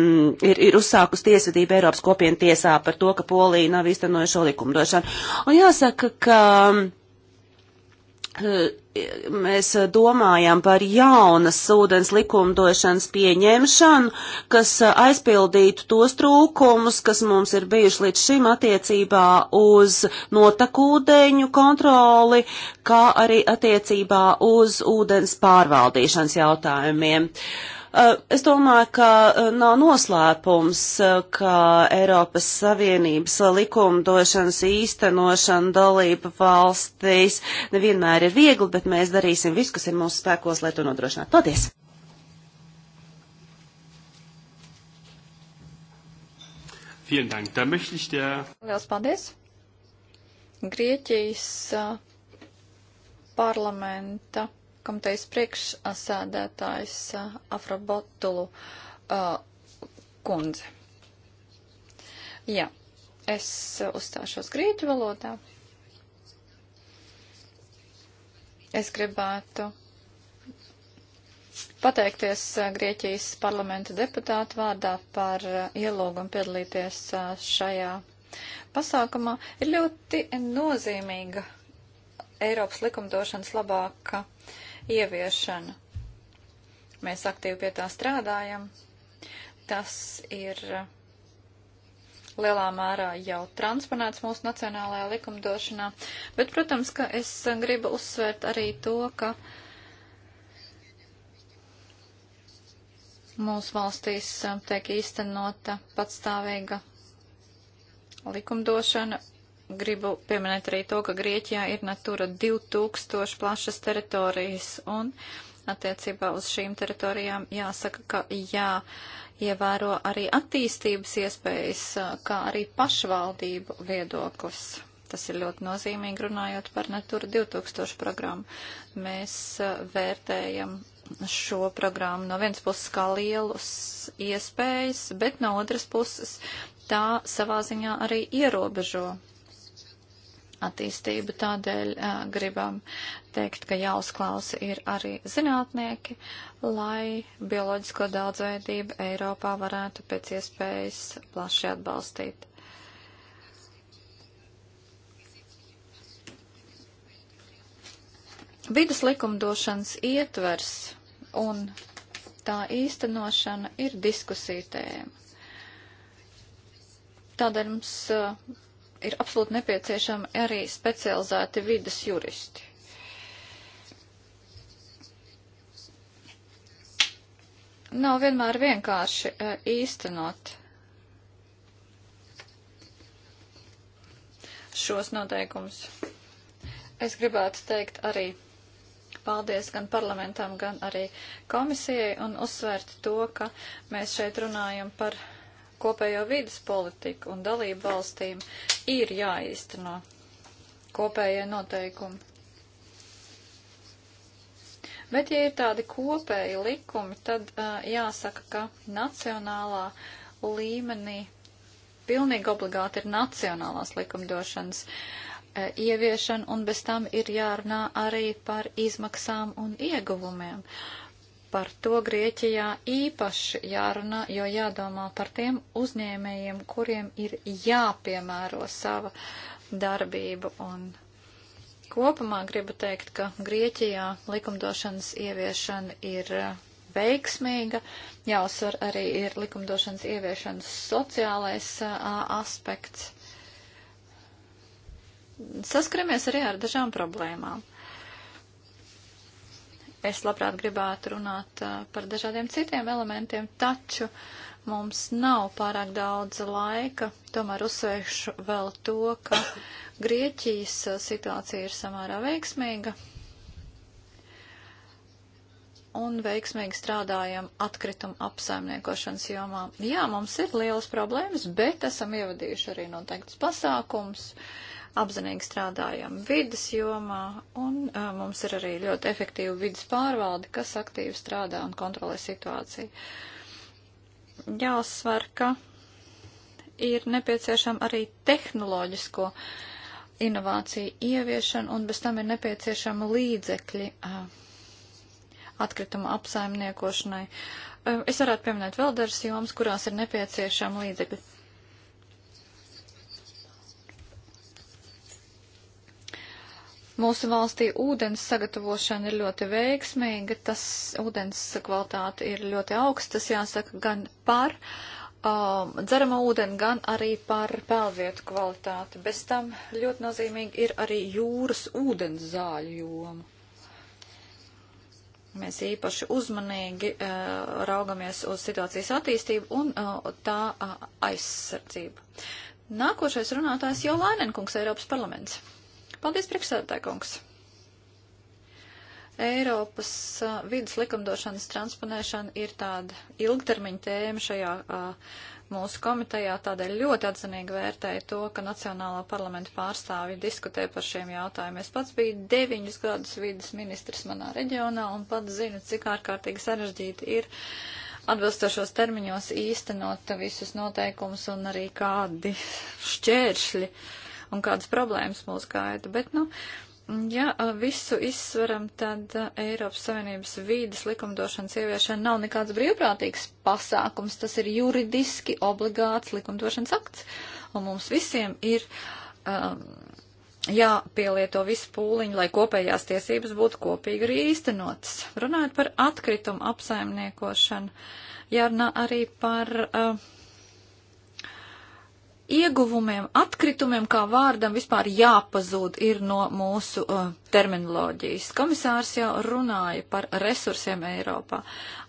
ir, ir uzsākus tiesvedību Eiropas kopienu tiesā par to, ka Polija nav īstenojušo likumdošanu. Un jāsaka, ka. Um, mēs eh, domājam par jaunas ūdens likumdošanas pieņemšanu, kas eh, aizpildītu tos trūkumus, kas mums ir bijuši līdz šim attiecībā uz notakūdeņu kontroli, kā arī attiecībā uz ūdens pārvaldīšanas jautājumiem. Uh, Eh, es domāju, ka eh, nav noslēpums, eh, ka Eiropas Savienības likumdošanas īstenošana dalība valstīs nevienmēr ir viegli, bet mēs darīsim visu, kas ir mūsu spēkos, lai to nodrošinātu. Paldies! Vielen Dank. Da möchte ich der. Lielas paldies. Grieķijas parlamenta komitejas priekšsēdētājs eh, Afrobotulu uh, kundze. Jā, es uzstāšos grieķu valodā. Es gribētu pateikties eh, Grieķijas parlamenta deputātu vārdā par ielūgumu piedalīties šajā pasākumā. Ir ļoti nozīmīga Eiropas likumdošanas labāka uh, ieviešana. Mēs aktīvi pie tā strādājam. Tas ir uh, lielā mērā jau transponēts mūsu nacionālajā likumdošanā, bet, protams, ka es gribu uzsvērt arī to, ka mūsu valstīs um, tiek īstenota patstāvīga likumdošana gribu pieminēt arī to, ka Grieķijā ir Natura 2000 plašas teritorijas un attiecībā uz šīm teritorijām jāsaka, ka jāievēro arī attīstības iespējas, kā arī pašvaldību viedoklis. Tas ir ļoti nozīmīgi runājot par Natura 2000 programmu. Mēs eh, vērtējam šo programmu no vienas puses kā lielus iespējas, bet no otras puses tā savā ziņā arī ierobežo attīstību. Tādēļ uh, gribam teikt, ka jāuzklausa ir arī zinātnieki, lai bioloģisko daudzveidību Eiropā varētu pēc iespējas plaši atbalstīt. Vides likumdošanas ietvers un tā īstenošana ir diskusija tēma. Tādēļ mums uh, ir absolūti nepieciešami arī specializēti vidas juristi. Nav vienmēr vienkārši eh, īstenot šos noteikumus. Es gribētu teikt arī paldies gan parlamentam, gan arī komisijai un uzsvērt to, ka mēs šeit runājam par kopējo vidas politiku un dalību valstīm ir jāīsteno kopējie noteikumi. Bet, ja ir tādi kopēji likumi, tad uh, jāsaka, ka nacionālā līmenī pilnīgi obligāti ir nacionālās likumdošanas uh, ieviešana, un bez tam ir jārunā arī par izmaksām un ieguvumiem. Uh, Par to Grieķijā īpaši jārunā, jo jādomā par tiem uzņēmējiem, kuriem ir jāpiemēro sava darbība. Un kopumā gribu teikt, ka Grieķijā likumdošanas ieviešana ir eh, veiksmīga. Jāuzsver arī ir likumdošanas ieviešanas sociālais eh, a, aspekts. Saskaramies arī ar dažām problēmām. Es labprāt gribētu runāt par dažādiem citiem elementiem, taču mums nav pārāk daudz laika. Tomēr uzsvēršu vēl to, ka Grieķijas situācija ir samērā veiksmīga un veiksmīgi strādājam atkritumu apsaimniekošanas jomā. Jā, mums ir lielas problēmas, bet esam ievadījuši arī noteikts pasākums. Uh, apzinīgi strādājam vidas jomā, un uh, mums ir arī ļoti efektīva vidas pārvalde, kas aktīvi strādā un kontrolē situāciju. Jāsver, ka ir nepieciešama arī tehnoloģisko inovāciju ieviešana, un bez tam ir nepieciešama līdzekļi uh, atkrituma apsaimniekošanai. Uh, es varētu pieminēt vēl dažas jomas, kurās ir nepieciešama līdzekļi Mūsu valstī ūdens sagatavošana ir ļoti veiksmīga, tas ūdens kvalitāte ir ļoti augsta, tas jāsaka gan par um, dzeramo ūdeni, gan arī par pelvietu kvalitāti. Bez tam ļoti nozīmīgi ir arī jūras ūdens zāļu joma. Mēs īpaši uzmanīgi uh, raugamies uz situācijas attīstību un uh, tā uh, aizsardzību. Nākošais runātājs jau Lainenkungs, Eiropas parlaments. Paldies, priekšsēdētāj kungs! Eiropas uh, vidas likumdošanas transponēšana ir tāda ilgtermiņa tēma šajā uh, mūsu komitejā, tādēļ ļoti atzinīgi vērtēju to, ka Nacionālā parlamenta pārstāvji diskutē par šiem jautājumiem. Es pats biju deviņus gadus vidas ministrs manā reģionā un pats zinu, cik ārkārtīgi sarežģīti ir atbilstošos termiņos īstenot visus noteikumus un arī kādi šķēršļi. Uh, un kādas problēmas mūs gaida. Bet, nu, ja uh, visu izsveram, tad uh, Eiropas Savienības vīdes likumdošanas ieviešana nav nekāds brīvprātīgs pasākums, tas ir juridiski obligāts likumdošanas akts, un mums visiem ir. Um, jāpielieto visu pūliņu, lai kopējās tiesības būtu kopīgi arī īstenotas. Runājot par atkritumu apsaimniekošanu, jārunā arī par uh, ieguvumiem, atkritumiem kā vārdam vispār jāpazūd ir no mūsu uh, terminoloģijas. Komisārs jau runāja par resursiem Eiropā.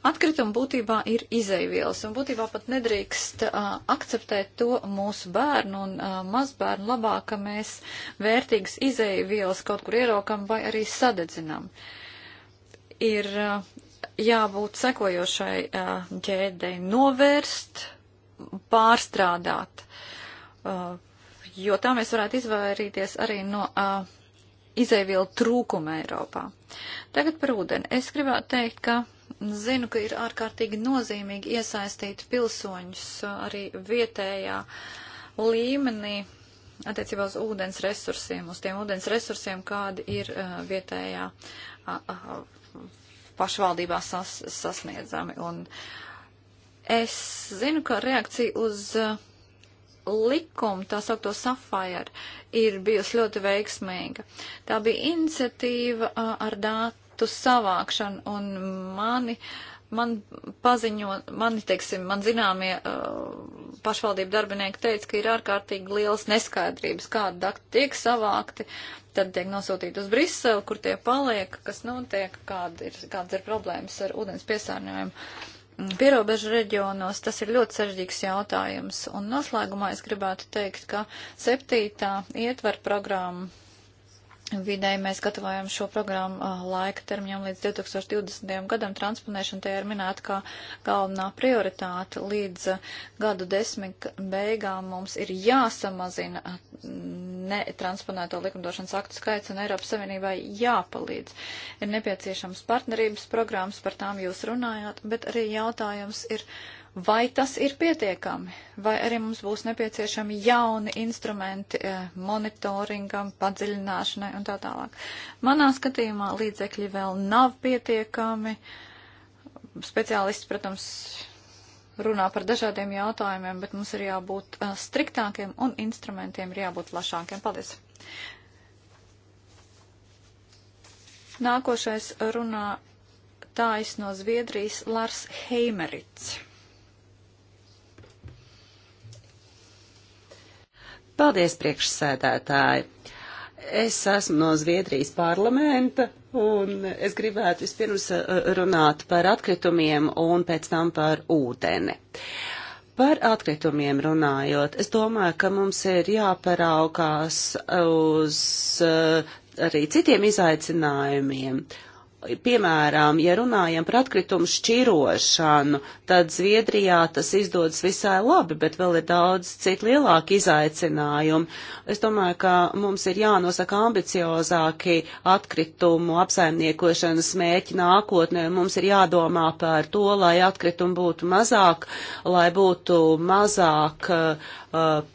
Atkritumi būtībā ir izeivielas un būtībā pat nedrīkst uh, akceptēt to mūsu bērnu un uh, mazbērnu labā, ka mēs vērtīgas izeivielas kaut kur ierokam vai arī sadedzinam. Ir uh, jābūt sekojošai uh, ķēdei novērst, pārstrādāt Uh, jo tā mēs varētu izvairīties arī no uh, izēvielu trūkuma Eiropā. Tagad par ūdeni. Es gribētu teikt, ka zinu, ka ir ārkārtīgi nozīmīgi iesaistīt pilsoņus uh, arī vietējā līmenī attiecībā uz ūdens resursiem, uz tiem ūdens resursiem, kādi ir uh, vietējā uh, pašvaldībā sas, sasniedzami. Un es zinu, ka reakcija uz uh, likuma, tā saukto Sapphire, ir bijusi ļoti veiksmīga. Tā bija iniciatīva uh, ar datu savākšanu un mani. Man paziņo, mani, teiksim, man zināmie uh, pašvaldību darbinieki teica, ka ir ārkārtīgi liels neskaidrības, kāda dati tiek savākti, tad tiek nosūtīti uz Briseli, kur tie paliek, kas notiek, kāda ir, kādas ir problēmas ar ūdens piesārņojumu. Uh, pierobežu reģionos tas ir ļoti sarežģīgs jautājums. Un noslēgumā es gribētu teikt, ka septītā ietver programma Vidēji mēs gatavojam šo programmu laika termiņam līdz 2020. gadam. Transponēšana te ir minēta kā galvenā prioritāte. Līdz gadu desmit beigām mums ir jāsamazina netransponēto likumdošanas aktu skaits un Eiropas Savienībai jāpalīdz. Ir nepieciešams partnerības programmas, par tām jūs runājāt, bet arī jautājums ir Vai tas ir pietiekami, vai arī mums būs nepieciešami jauni instrumenti eh, monitoringam, padziļināšanai un tā tālāk. Manā skatījumā līdzekļi vēl nav pietiekami. Speciālisti, protams, runā par dažādiem jautājumiem, bet mums ir jābūt eh, striktākiem un instrumentiem ir jābūt plašākiem. Paldies! Nākošais runā tājs no Zviedrijas Lars Heimerits. Paldies, priekšsēdētāji! Es esmu no Zviedrijas parlamenta, un es gribētu vispirms uh, runāt par atkritumiem un pēc tam par ūdeni. Par atkritumiem runājot, es domāju, ka mums ir jāparaukās uz uh, arī citiem izaicinājumiem. Piemēram, ja runājam par atkritumu šķirošanu, tad Zviedrijā tas izdodas visai labi, bet vēl ir daudz citu lielāku izaicinājumu. Es domāju, ka mums ir jānosaka ambiciozāki atkritumu apsaimniekošanas mērķi nākotnē. Mums ir jādomā par to, lai atkritumu būtu mazāk, lai būtu mazāk uh,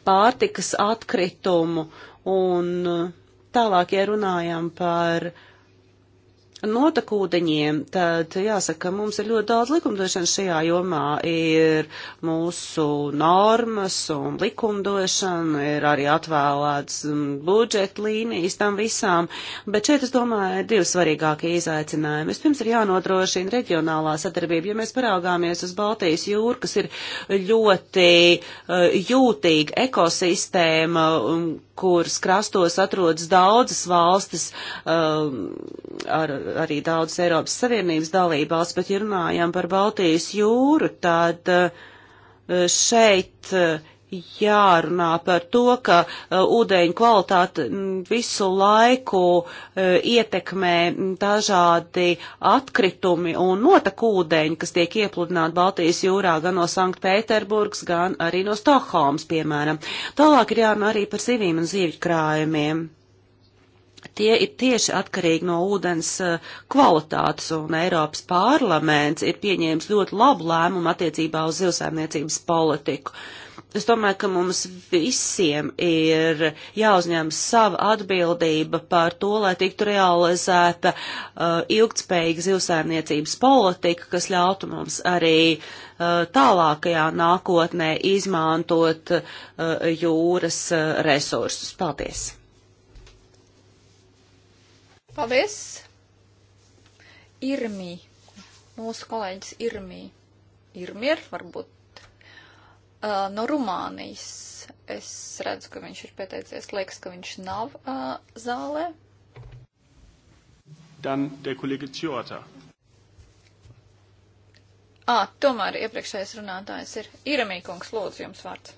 pārtikas atkritumu. Un uh, tālāk, ja runājam par uh, notekūdeņiem, tad jāsaka, ka mums ir ļoti daudz likumdošanas šajā jomā. Ir mūsu normas un likumdošana, ir arī atvēlēts mm, budžeta līnijas tam visām, bet šeit, es domāju, ir divi svarīgākie izaicinājumi. Vispirms ir jānodrošina reģionālā sadarbība. Ja mēs paraugāmies uz Baltijas jūru, kas ir ļoti uh, jūtīga ekosistēma, um, kuras krastos atrodas daudzas valstis, um, ar, arī daudzas Eiropas Savienības dalībās, bet ja runājam par Baltijas jūru, tad uh, šeit uh, jārunā par to, ka uh, ūdeņu kvalitāte mm, visu laiku uh, ietekmē mm, dažādi atkritumi un notekūdeņi, kas tiek iepludināti Baltijas jūrā gan no Sanktpēterburgas, gan arī no Stokholmas, piemēram. Tālāk ir jārunā arī par zivīm un zivju krājumiem tie ir tieši atkarīgi no ūdens uh, kvalitātes, un Eiropas parlaments ir pieņēmis ļoti labu lēmumu attiecībā uz zivsaimniecības politiku. Uh, Es domāju, ka mums visiem ir jāuzņem sava atbildība par to, lai tiktu realizēta uh, ilgtspējīga zivsēmniecības politika, kas ļautu mums arī uh, tālākajā nākotnē izmantot uh, jūras uh, resursus. Paldies! Paldies! Irmī, mūsu kolēģis Irmī. Irmī ir varbūt uh, no Rumānijas. Es redzu, ka viņš ir pieteicies. Liekas, ka viņš nav uh, zālē. Dan der kolēģi Ciota. Ā, ah, tomēr iepriekšējais runātājs ir Iramīkungs, lūdzu, jums vārds.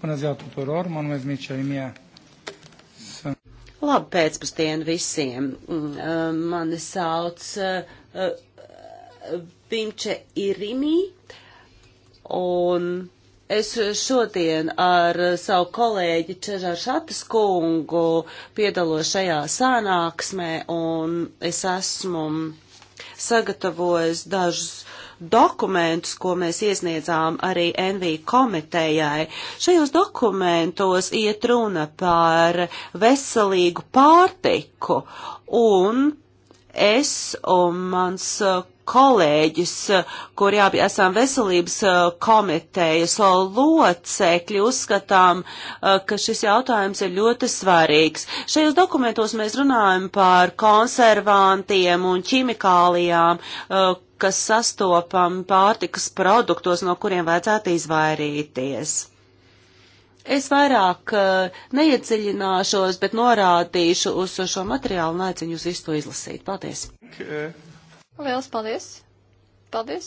Bună ziua tuturor, mă numesc Mircea Imie. Sunt... Labu pēcpusdienu visiem. Mm, uh, mani sauc uh, uh, Viņš ir Irinī, un Es šodien ar savu kolēģi Čežāru Šatas kungu piedalos šajā sānāksmē un es esmu sagatavojis dažus dokumentus, ko mēs iesniedzām arī NV komitejai. Šajos dokumentos iet runa par veselīgu pārtiku un es un mans kolēģis, kuri abi esam veselības eh, komitejas locekļi, uzskatām, eh, ka šis jautājums ir ļoti svarīgs. Šajos dokumentos mēs runājam par konservantiem un ķimikālijām, eh, kas sastopam pārtikas produktos, no kuriem vajadzētu izvairīties. Es vairāk neiedziļināšos, bet norādīšu uz šo materiālu un aicinu jūs visu to izlasīt. Paldies! Okay. Liels paldies! Paldies!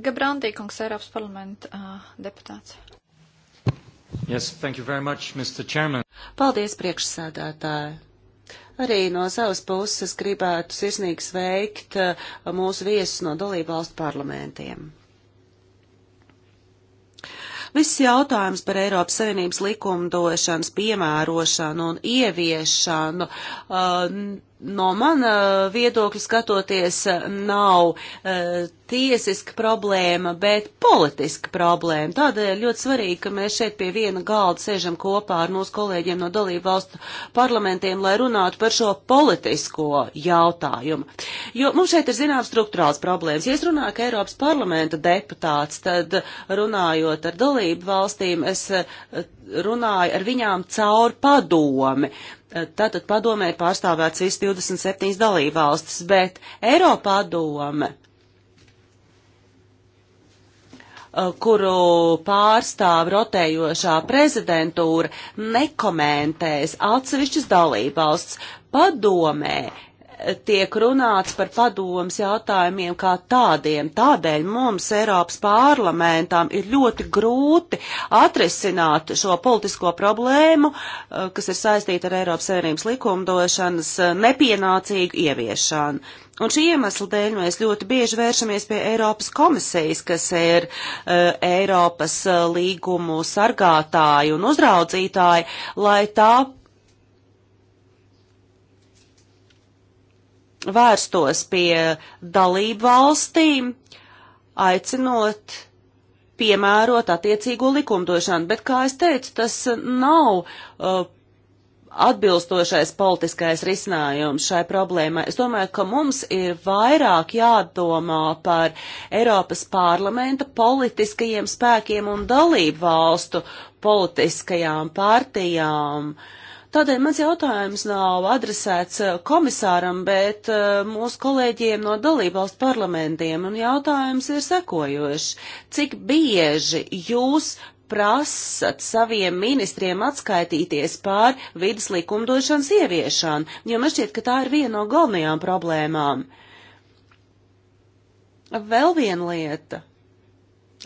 Gabrandī kungs, Eiropas parlamenta uh, deputāts. Yes, thank you very much, Mr. Chairman. Paldies, priekšsēdētāji. Arī no savas puses gribētu sirsnīgi sveikt mūsu viesus no dalībvalstu parlamentiem. Viss jautājums par Eiropas Savienības likumdošanas piemērošanu un ieviešanu uh, no mana viedokļa skatoties, nav uh, tiesiska problēma, bet politiska problēma. Tādēļ ļoti svarīgi, ka mēs šeit pie viena galda sēžam kopā ar mūsu kolēģiem no dalību valstu parlamentiem, lai runātu par šo politisko jautājumu. Jo mums šeit ir zināms struktūrāls problēmas. Ja es runāju kā Eiropas parlamenta deputāts, tad runājot ar dalību valstīm, es runāju ar viņām caur padomi. Tātad padomē ir pārstāvēts viss 27 dalībvalstis, bet Eiropā doma, eh, kuru pārstāv rotējošā prezidentūra, nekomentēs atsevišķas dalībvalsts. Padomē tiek runāts par padomas jautājumiem kā tādiem. Tādēļ mums Eiropas parlamentām ir ļoti grūti atrisināt šo politisko problēmu, eh, kas ir saistīta ar Eiropas Savienības likumdošanas eh, nepienācīgu ieviešanu. Un šī iemesla dēļ mēs ļoti bieži vēršamies pie Eiropas komisijas, kas ir uh, Eiropas līgumu sargātāji un uzraudzītāji, lai tā vērstos pie dalību valstīm, aicinot piemērot attiecīgo likumdošanu. Bet, kā es teicu, tas nav uh, atbilstošais politiskais risinājums šai problēmai. Es domāju, ka mums ir vairāk jādomā par Eiropas parlamenta politiskajiem spēkiem un dalību valstu politiskajām partijām. Uh, Tādēļ mans jautājums nav adresēts eh, komisāram, bet eh, mūsu kolēģiem no dalībvalstu parlamentiem, un jautājums ir sekojošs. Cik bieži jūs prasat saviem ministriem atskaitīties pār vidas likumdošanas ieviešanu, jo man šķiet, ka tā ir viena no galvenajām problēmām. Vēl viena lieta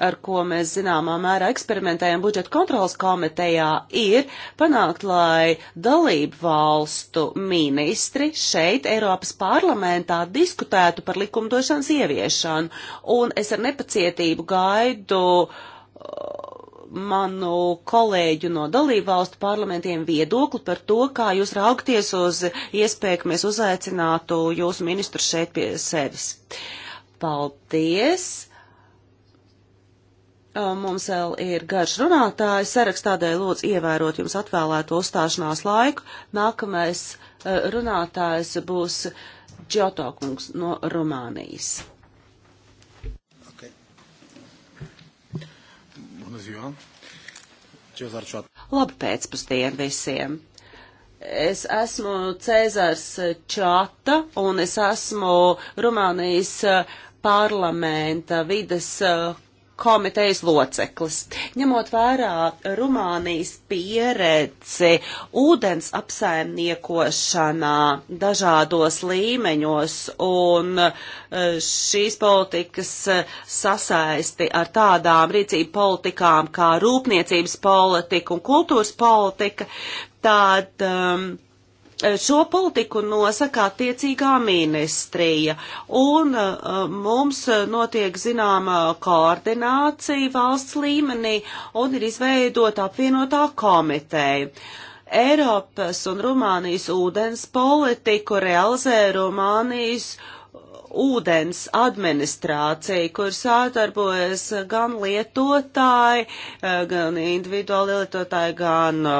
ar ko mēs zināmā mērā eksperimentējam budžeta kontrolas komitejā, ir panākt, lai dalību valstu ministri šeit Eiropas parlamentā diskutētu par likumdošanas ieviešanu. Un es ar nepacietību gaidu uh, manu kolēģu no dalību valstu parlamentiem viedokli par to, kā jūs raugties uz iespēju, ka mēs uzaicinātu jūsu ministru šeit pie sevis. Paldies! Uh, mums vēl ir garš runātājs saraksts, tādēļ lūdzu ievērot jums atvēlēto uzstāšanās laiku. Nākamais uh, runātājs būs Džotokungs no Rumānijas. Okay. Labu pēcpusdienu visiem! Es esmu Cēzars Čata un es esmu Rumānijas uh, parlamenta vides komitejas loceklis. Ņemot vērā Rumānijas pieredzi ūdens apsaimniekošanā dažādos līmeņos un e, šīs politikas e, sasaisti ar tādām rīcību politikām kā rūpniecības politika un kultūras politika, tad um, Eh, šo politiku nosaka attiecīgā ministrija, un eh, mums eh, notiek zināma koordinācija valsts līmenī, un ir izveidota apvienotā komiteja. Eiropas un Rumānijas ūdens politiku realizē Rumānijas ūdens administrācija, kur sādarbojas gan lietotāji, gan individuāli lietotāji, gan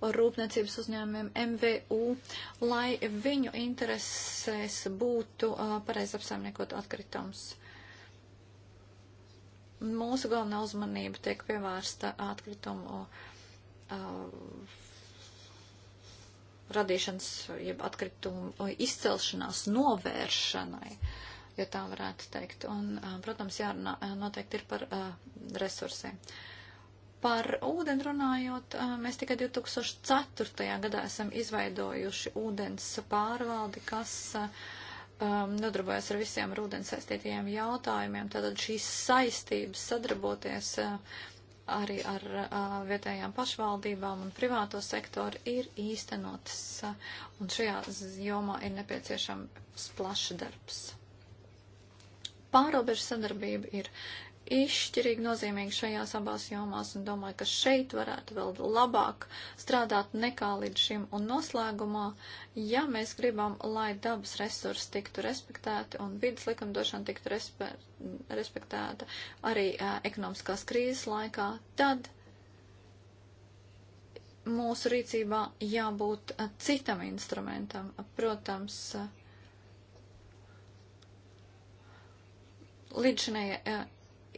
rūpniecības uzņēmumiem MVU, lai viņu interesēs būtu uh, pareizi apsaimniekot atkritums. Mūsu galvenā uzmanība tiek pievērsta atkritumu uh, radīšanas, jeb atkritumu izcelšanās novēršanai, ja tā varētu teikt. Un, protams, jārunā noteikti ir par uh, resursiem. Uh, Par ūdeni runājot, mēs tikai 2004. gadā esam izveidojuši ūdens pārvaldi, kas um, nodarbojas ar visiem ar ūdens saistītajiem jautājumiem. Tātad šīs saistības sadarboties uh, arī ar uh, vietējām pašvaldībām un privāto sektoru ir īstenotas, uh, un šajā jomā ir nepieciešams plašs darbs pārobežu sadarbība ir izšķirīgi nozīmīgi šajās abās jomās un domāju, ka šeit varētu vēl labāk strādāt nekā līdz šim. Un noslēgumā, ja mēs gribam, lai dabas resursi tiktu respektēti un vidas likumdošana tiktu respe respektēta arī uh, ekonomiskās krīzes laikā, tad mūsu rīcībā jābūt uh, citam instrumentam. Protams, uh, līdzinēja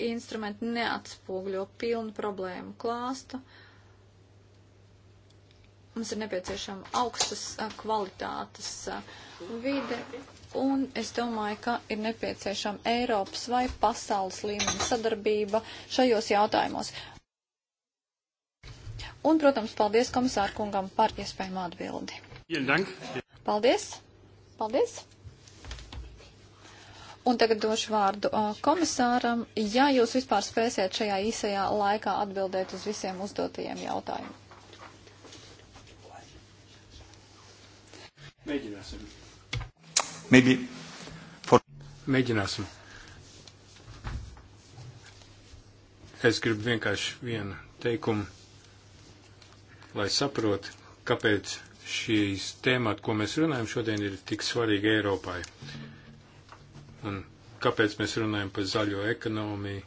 instrumenti neatspūgļo pilnu problēmu klāstu. Mums ir nepieciešama augstas kvalitātes vide, un es domāju, ka ir nepieciešama Eiropas vai pasaules līmeņa sadarbība šajos jautājumos. Un, protams, paldies komisārkungam par iespējamo atbildi. Paldies! Paldies! Un tagad došu vārdu komisāram, ja jūs vispār spēsiet šajā īsajā laikā atbildēt uz visiem uzdotajiem jautājumiem. Mēģināsim. Maybe for... Mēģināsim. Es gribu vienkārši vienu teikumu, lai saprotu, kāpēc šīs tēmāt, ko mēs runājam šodien, ir tik svarīgi Eiropai. Mm -hmm un kāpēc mēs runājam par zaļo ekonomiju,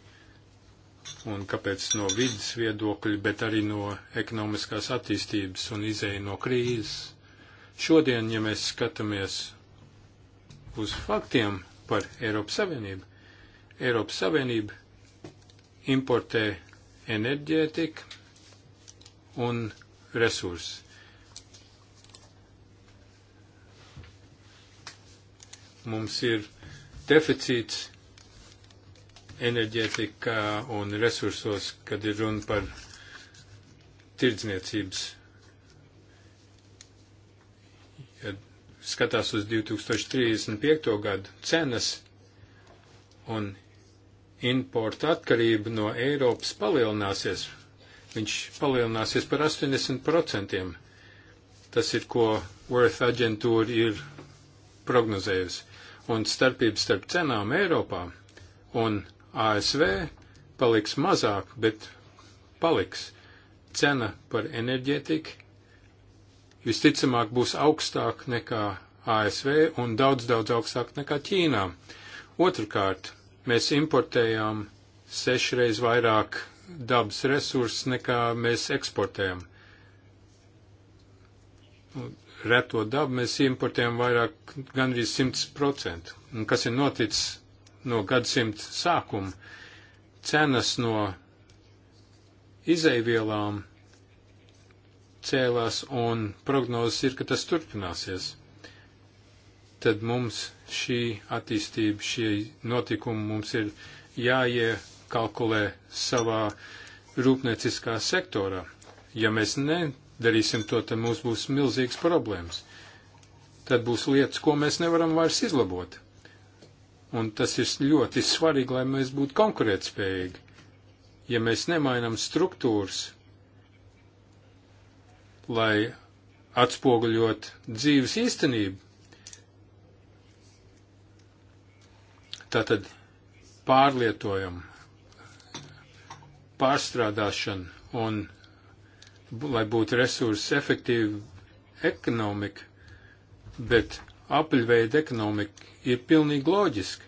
un kāpēc no vidas viedokļa, bet arī no ekonomiskās attīstības un izēja no krīzes. Šodien, ja mēs skatāmies uz faktiem par Eiropas Savienību, Eiropas Savienība importē enerģētiku un resursus. Mums ir deficīts enerģētikā un resursos, kad ir runa par tirdzniecības. Ja skatās uz 2035. gadu cenas un importa atkarība no Eiropas palielināsies. Viņš palielināsies par 80%. Tas ir, ko Worth aģentūra ir prognozējusi un starpības starp cenām Eiropā un ASV paliks mazāk, bet paliks. Cena par enerģētiku visticamāk būs augstāk nekā ASV un daudz, daudz augstāk nekā Ķīnā. Otrakārt, mēs importējām sešreiz vairāk dabas resursus nekā mēs eksportējam reto dabu mēs importējam vairāk gandrīz 100%. Un kas ir noticis no gadsimta sākuma? Cenas no izeivielām cēlās un prognozes ir, ka tas turpināsies. Tad mums šī attīstība, šie notikumi mums ir jāiekalkulē savā rūpnieciskā sektorā. Ja mēs ne darīsim to, tad mums būs milzīgs problēmas. Tad būs lietas, ko mēs nevaram vairs izlabot. Un tas ir ļoti svarīgi, lai mēs būtu konkurētspējīgi. Ja mēs nemainam struktūras, lai atspoguļot dzīves īstenību, tātad pārlietojam, pārstrādāšana un lai būtu resursu efektīva ekonomika, bet apaļveida ekonomika ir pilnīgi loģiska.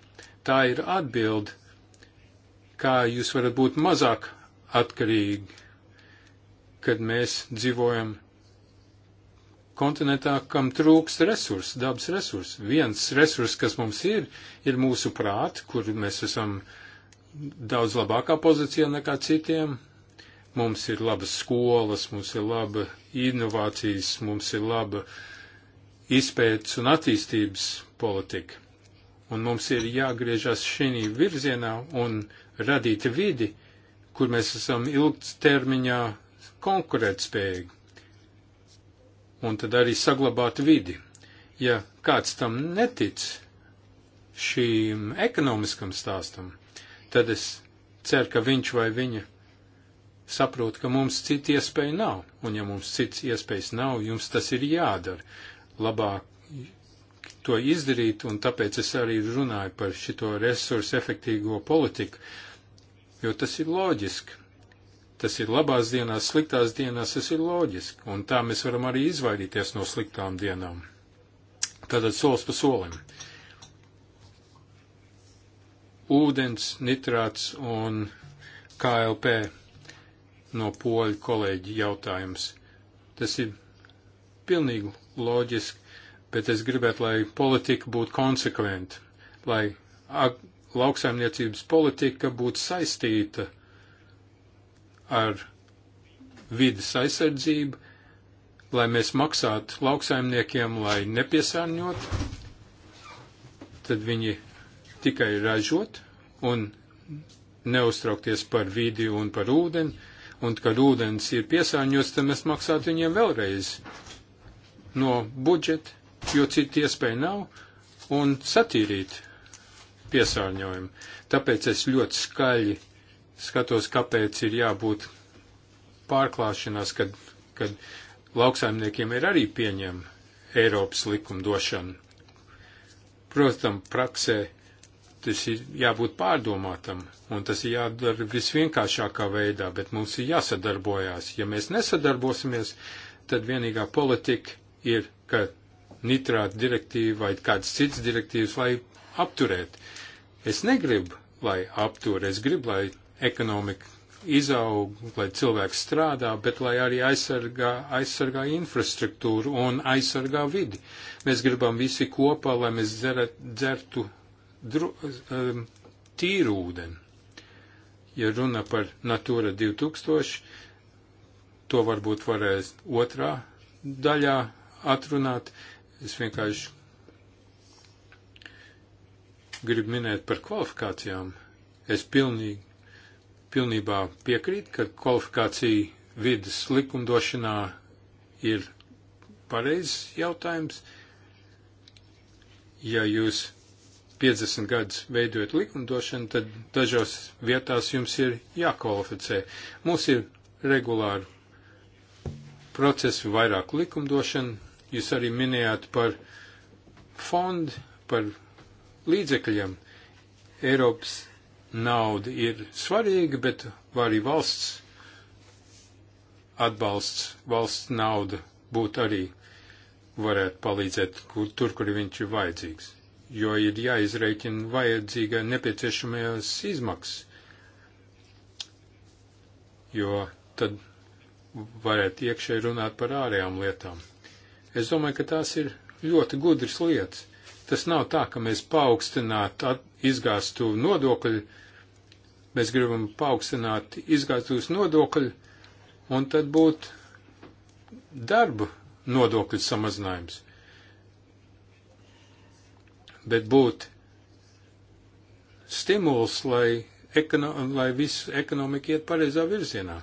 Tā ir atbilde, kā jūs varat būt mazāk atkarīgi, kad mēs dzīvojam kontinentā, kam trūkst resursu, dabas resursu. Viens resurs, kas mums ir, ir mūsu prāti, kur mēs esam daudz labākā pozīcijā nekā citiem, Mums ir labas skolas, mums ir laba inovācijas, mums ir laba izpētes un attīstības politika. Un mums ir jāgriežas šī virzienā un radīt vidi, kur mēs esam ilgtermiņā konkurētspējīgi. Un tad arī saglabāt vidi. Ja kāds tam netic, šīm ekonomiskam stāstam, tad es ceru, ka viņš vai viņa saprot, ka mums citu iespēju nav, un ja mums cits iespējas nav, jums tas ir jādara. Labāk to izdarīt, un tāpēc es arī runāju par šito resursu efektīvo politiku, jo tas ir loģiski. Tas ir labās dienās, sliktās dienās, tas ir loģiski, un tā mēs varam arī izvairīties no sliktām dienām. Tātad solis pa solim. Ūdens, nitrāts un KLP no poļu kolēģi jautājums. Tas ir pilnīgi loģiski, bet es gribētu, lai politika būtu konsekventa, lai lauksaimniecības politika būtu saistīta ar vidas aizsardzību, lai mēs maksātu lauksaimniekiem, lai nepiesārņot, tad viņi tikai ražot un neuztraukties par vidi un par ūdeni, un kad ūdens ir piesāņots, tad mēs maksātu viņiem vēlreiz no budžeta, jo citu iespēju nav, un satīrīt piesārņojumu. Tāpēc es ļoti skaļi skatos, kāpēc ir jābūt pārklāšanās, kad, kad lauksaimniekiem ir arī pieņem Eiropas likumdošana. Protams, praksē tas ir jābūt pārdomātam, un tas ir jādara visvienkāršākā veidā, bet mums ir jāsadarbojās. Ja mēs nesadarbosimies, tad vienīgā politika ir, ka nitrāta direktīva vai kāds cits direktīvas, lai apturētu. Es negribu, lai aptur, es gribu, lai ekonomika izaug, lai cilvēks strādā, bet lai arī aizsargā, aizsargā infrastruktūru un aizsargā vidi. Mēs gribam visi kopā, lai mēs dzeret, dzertu dru, um, tīrūdeni. Ja runa par Natūra 2000, to varbūt varēs otrā daļā atrunāt. Es vienkārši gribu minēt par kvalifikācijām. Es pilnīgi, pilnībā piekrītu, ka kvalifikācija vidas likumdošanā ir pareizs jautājums. Ja jūs 50 gadus veidojot likumdošanu, tad dažos vietās jums ir jākvalificē. Mums ir regulāri procesi vairāk likumdošana. Jūs arī minējāt par fondu, par līdzekļiem. Eiropas nauda ir svarīga, bet arī valsts atbalsts, valsts nauda būtu arī varētu palīdzēt kur, tur, kur viņš ir vajadzīgs jo ir jāizreikina vajadzīga nepieciešamajās izmaksas, jo tad varētu iekšēji runāt par ārējām lietām. Es domāju, ka tās ir ļoti gudras lietas. Tas nav tā, ka mēs paaugstinātu izgāstu nodokļu, mēs gribam paaugstināt izgāstus nodokļu, un tad būtu darba nodokļu samazinājums bet būt stimuls, lai, ekono, lai visu ekonomiku iet pareizā virzienā.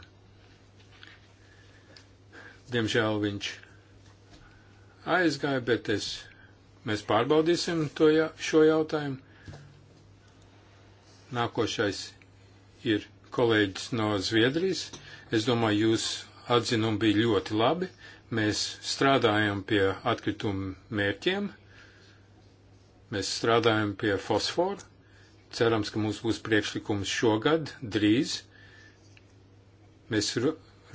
Diemžēl viņš aizgāja, bet es, mēs pārbaudīsim to, ja, šo jautājumu. Nākošais ir kolēģis no Zviedrijas. Es domāju, jūs atzinumi bija ļoti labi. Mēs strādājam pie atkritumu mērķiem Mēs strādājam pie fosforu. Cerams, ka mums būs priekšlikums šogad, drīz. Mēs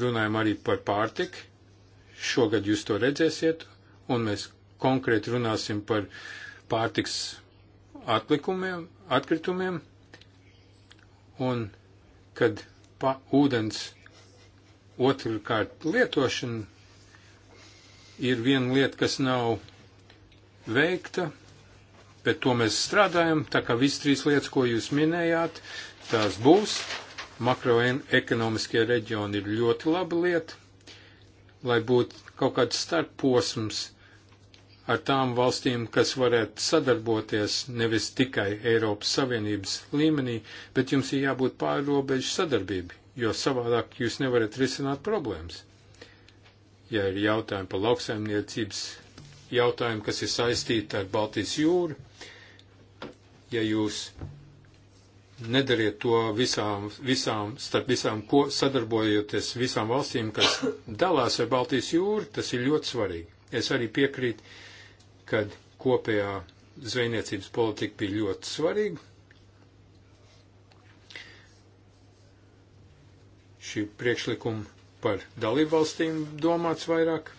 runājam arī par pārtiku. Šogad jūs to redzēsiet, un mēs konkrēti runāsim par pārtiks atlikumiem, atkritumiem, un kad pa, ūdens otrkārt lietošana ir viena lieta, kas nav veikta, bet to mēs strādājam, tā kā viss trīs lietas, ko jūs minējāt, tās būs. Makroekonomiskie reģioni ir ļoti laba lieta, lai būtu kaut kāds starpposms ar tām valstīm, kas varētu sadarboties nevis tikai Eiropas Savienības līmenī, bet jums ir jābūt pārrobežu sadarbībai, jo savādāk jūs nevarat risināt problēmas. Ja ir jautājumi par lauksaimniecības jautājumi, kas ir saistīti ar Baltijas jūru. Ja jūs nedariet to visām, visām, starp visām, ko sadarbojoties visām valstīm, kas dalās ar Baltijas jūru, tas ir ļoti svarīgi. Es arī piekrītu, kad kopējā zvejniecības politika bija ļoti svarīga. Šī priekšlikuma par dalībvalstīm domāts vairāk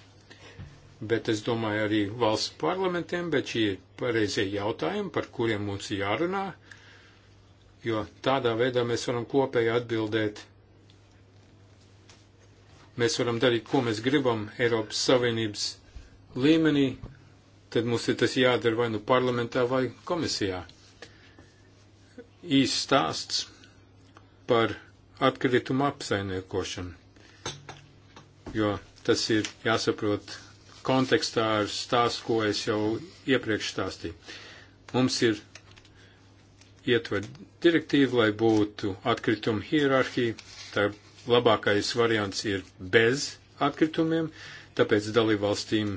bet es domāju arī valsts parlamentiem, bet šie ir pareizie jautājumi, par kuriem mums jārunā, jo tādā veidā mēs varam kopēji atbildēt. Mēs varam darīt, ko mēs gribam Eiropas Savienības līmenī, tad mums ir tas jādara vai nu parlamentā vai komisijā. Īs stāsts par atkritumu apsainiekošanu, jo tas ir jāsaprot kontekstā ar stāstu, ko es jau iepriekš stāstīju. Mums ir ietver direktīvu, lai būtu atkrituma hierarhija. Tā labākais variants ir bez atkritumiem, tāpēc dalībvalstīm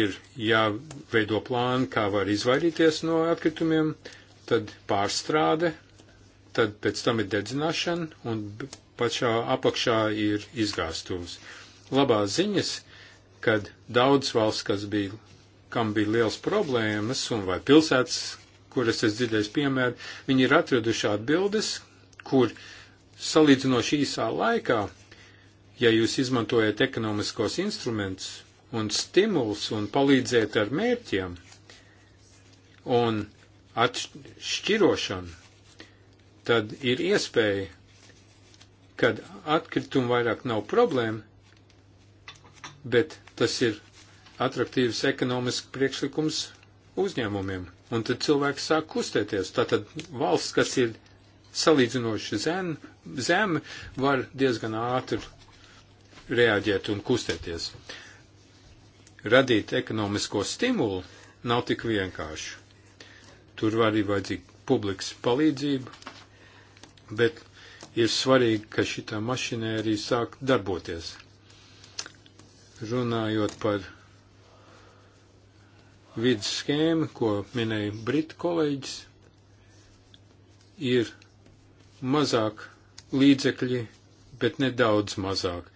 ir jāveido plāni, kā var izvairīties no atkritumiem, tad pārstrāde, tad pēc tam ir dedzināšana un pašā apakšā ir izgāstuvs. Labās ziņas kad daudz valsts, kas bija, kam bija liels problēmas, un vai pilsētas, kuras es dzirdēju piemēru, viņi ir atraduši atbildes, kur salīdzinoši īsā laikā, ja jūs izmantojat ekonomiskos instrumentus un stimulus un palīdziet ar mērķiem un atšķirošanu, tad ir iespēja, kad atkritumi vairāk nav problēma, bet Tas ir atraktīvs ekonomisks priekšlikums uzņēmumiem. Un tad cilvēks sāk kustēties. Tātad valsts, kas ir salīdzinoši zem, zem var diezgan ātri reaģēt un kustēties. Radīt ekonomisko stimulu nav tik vienkārši. Tur var arī vajadzīga publikas palīdzība, bet ir svarīgi, ka šitā mašinērija sāk darboties runājot par vidas schēmu, ko minēja Britu kolēģis, ir mazāk līdzekļi, bet nedaudz mazāk,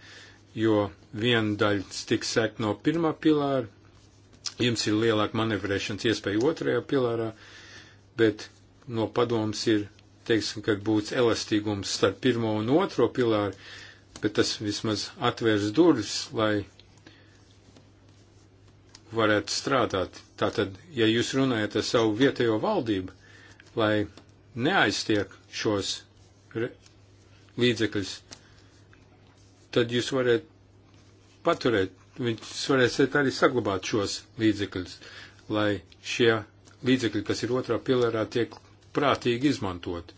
jo viena daļa tiks sekt no pirmā pilāra, jums ir lielāka manevrēšanas iespēja otrajā pilārā, bet no padoms ir, teiksim, kad būs elastīgums starp pirmo un otro pilāru, bet tas vismaz atvērs durvis, lai varētu strādāt. Tātad, ja jūs runājat ar savu vietējo valdību, lai neaiztiek šos līdzekļus, tad jūs varat paturēt, jūs varēsiet arī saglabāt šos līdzekļus, lai šie līdzekļi, kas ir otrā pilārā, tiek prātīgi izmantot.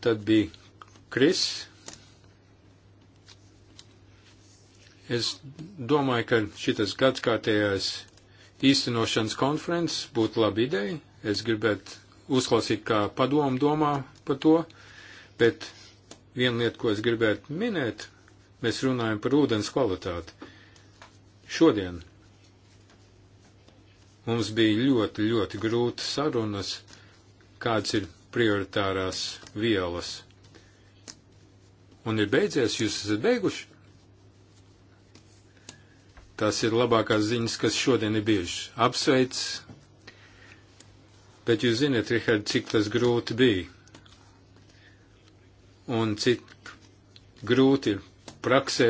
Tad bija Kris. Es domāju, ka šitas gadskārtējais īstenošanas konferences būtu laba ideja. Es gribētu uzklausīt, kā padomu domā par to, bet viena lieta, ko es gribētu minēt, mēs runājam par ūdens kvalitāti. Šodien mums bija ļoti, ļoti grūti sarunas, kāds ir prioritārās vielas. Un ir beidzies, jūs esat beiguši? Tas ir labākās ziņas, kas šodien ir bijušas. Apsveic, bet jūs zināt, Rihard, cik tas grūti bija. Un cik grūti ir praksē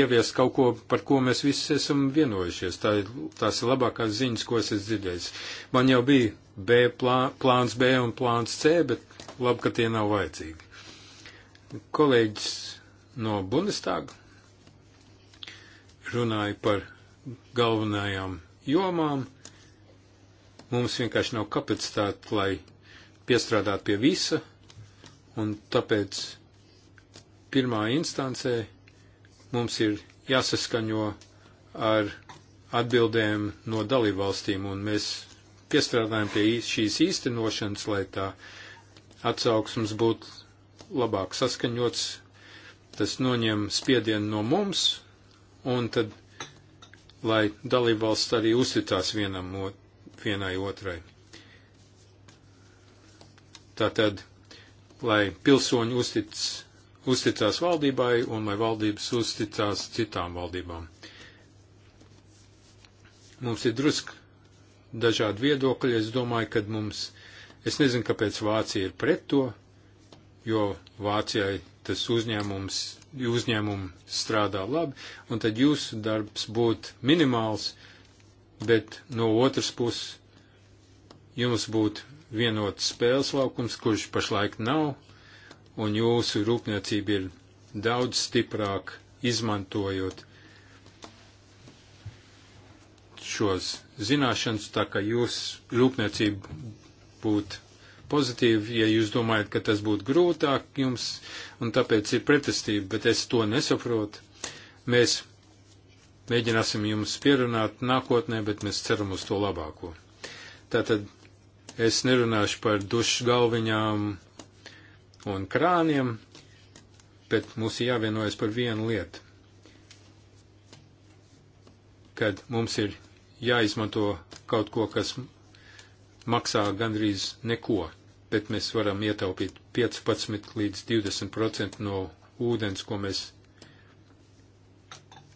ieviest kaut ko, par ko mēs visi esam vienojušies. Tā ir, tās ir labākās ziņas, ko es esmu dzirdējis. Man jau bija B plā, plāns B un plāns C, bet labi, ka tie nav vajadzīgi. Kolēģis no Bundestāga runāju par galvenajām jomām. Mums vienkārši nav kapacitāte, lai piestrādātu pie visa, un tāpēc pirmā instancē mums ir jāsaskaņo ar atbildēm no dalībvalstīm, un mēs piestrādājam pie šīs īstenošanas, lai tā atsauksmes būtu labāk saskaņots. Tas noņem spiedienu no mums, un tad, lai dalībvalsts arī uzticās vienam, ot, vienai otrai. Tātad, lai pilsoņi uztic, uzticās valdībai un lai valdības uzticās citām valdībām. Mums ir drusk dažādi viedokļi, es domāju, kad mums, es nezinu, kāpēc Vācija ir pret to, jo Vācijai tas uzņēmums uzņēmumi strādā labi, un tad jūsu darbs būtu minimāls, bet no otras puses jums būtu vienots spēles laukums, kurš pašlaik nav, un jūsu rūpniecība ir daudz stiprāk izmantojot šos zināšanas, tā ka jūs rūpniecība būtu pozitīvi, ja jūs domājat, ka tas būtu grūtāk jums, un tāpēc ir pretestība, bet es to nesaprotu. Mēs mēģināsim jums pierunāt nākotnē, bet mēs ceram uz to labāko. Tātad es nerunāšu par dušu galviņām un krāniem, bet mums ir jāvienojas par vienu lietu. Kad mums ir jāizmanto kaut ko, kas maksā gandrīz neko bet mēs varam ietaupīt 15 līdz 20% no ūdens, ko mēs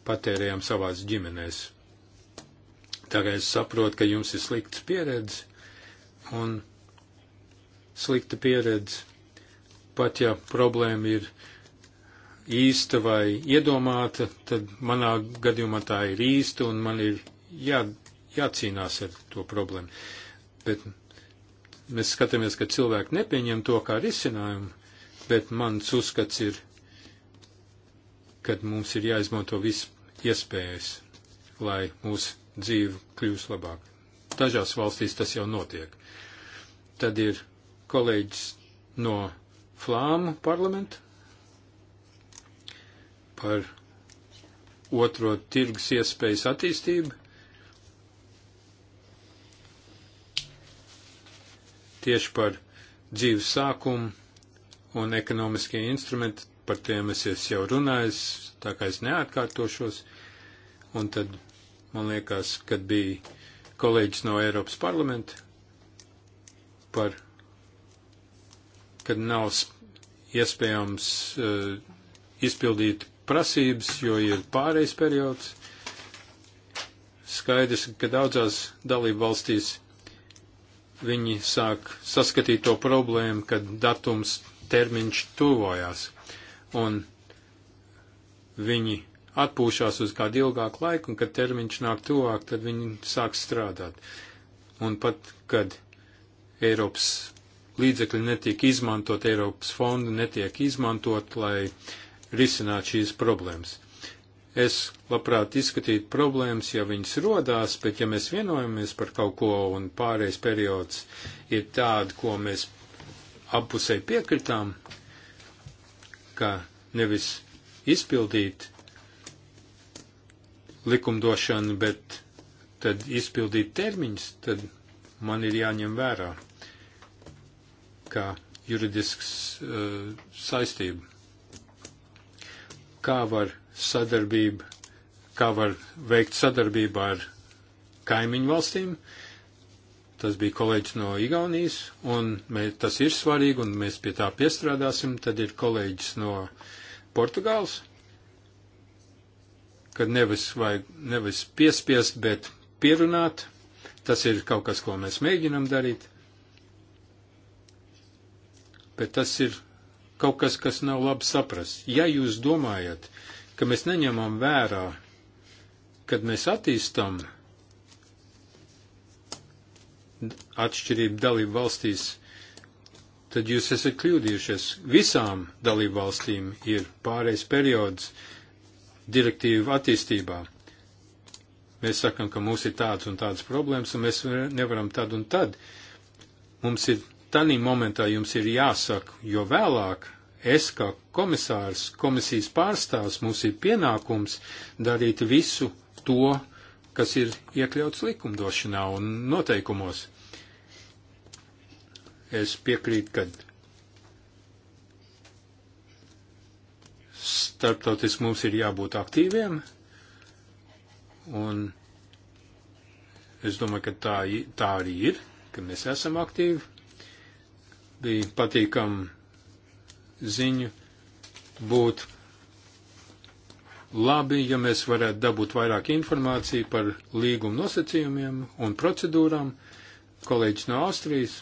patērējam savās ģimenēs. Tagad es saprotu, ka jums ir slikts pieredze, un slikta pieredze, pat ja problēma ir īsta vai iedomāta, tad manā gadījumā tā ir īsta, un man ir jā, jācīnās ar to problēmu. Bet Mēs skatāmies, ka cilvēki nepieņem to kā risinājumu, bet mans uzskats ir, ka mums ir jāizmanto viss iespējas, lai mūsu dzīve kļūst labāk. Dažās valstīs tas jau notiek. Tad ir kolēģis no Flāmu parlamenta par otro tirgus iespējas attīstību, tieši par dzīves sākumu un ekonomiskie instrumenti, par tiem es jau runāju, tā kā es neatkārtošos. Un tad, man liekas, kad bija kolēģis no Eiropas parlamenta par, kad nav iespējams uh, izpildīt prasības, jo ir pārejas periods. Skaidrs, ka daudzās dalību valstīs viņi sāk saskatīt to problēmu, kad datums termiņš tuvojās, un viņi atpūšās uz kādu ilgāku laiku, un kad termiņš nāk tuvāk, tad viņi sāk strādāt. Un pat, kad Eiropas līdzekļi netiek izmantot, Eiropas fondu netiek izmantot, lai risinātu šīs problēmas. Es labprāt izskatītu problēmas, ja viņas rodās, bet ja mēs vienojamies par kaut ko un pārējais periods ir tāda, ko mēs apusē piekritām, ka nevis izpildīt likumdošanu, bet tad izpildīt termiņus, tad man ir jāņem vērā, kā juridisks uh, saistība. Kā var sadarbība, kā var veikt sadarbībā ar kaimiņu valstīm. Tas bija kolēģis no Igaunijas, un mē, tas ir svarīgi, un mēs pie tā piestrādāsim. Tad ir kolēģis no Portugāles, kad nevis, vajag, nevis piespiest, bet pierunāt. Tas ir kaut kas, ko mēs mēģinam darīt. Bet tas ir kaut kas, kas nav labi saprast. Ja jūs domājat, uh, ka mēs neņemam vērā, kad mēs attīstam atšķirību dalību valstīs, tad jūs esat kļūdījušies. Visām dalību valstīm ir pārējais periods direktīvu attīstībā. Mēs sakam, ka mums ir tāds un tāds problēmas, un mēs nevaram tad un tad. Mums ir tanī momentā jums ir jāsaka, jo vēlāk es kā komisārs, komisijas pārstāvs, mums ir pienākums darīt visu to, kas ir iekļauts likumdošanā un noteikumos. Es piekrītu, ka starptautiski mums ir jābūt aktīviem, un es domāju, ka tā, tā arī ir, ka mēs esam aktīvi. Bija patīkami ziņu būtu labi, ja mēs varētu dabūt vairāk informāciju par līguma nosacījumiem un procedūrām. Kolēģis no Austrijas.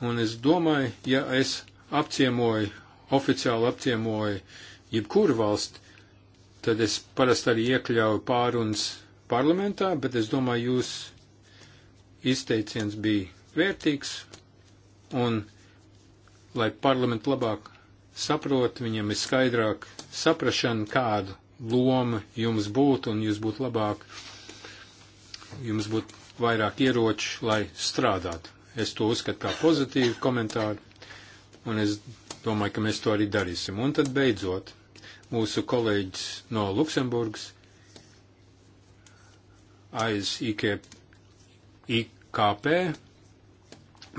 Un es domāju, ja es apciemoju, oficiāli apciemoju jebkuru valsti, tad es parasti arī iekļauju pārunas parlamentā, bet es domāju, jūs izteiciens bija vērtīgs un, lai parlamentu labāk saprot, viņam ir skaidrāk saprašana, kādu lomu jums būtu, un jūs būtu labāk, jums būtu vairāk ieroču, lai strādātu. Es to uzskatu kā pozitīvu komentāru, un es domāju, ka mēs to arī darīsim. Un tad beidzot, mūsu kolēģis no Luksemburgas aiz IKP, IKP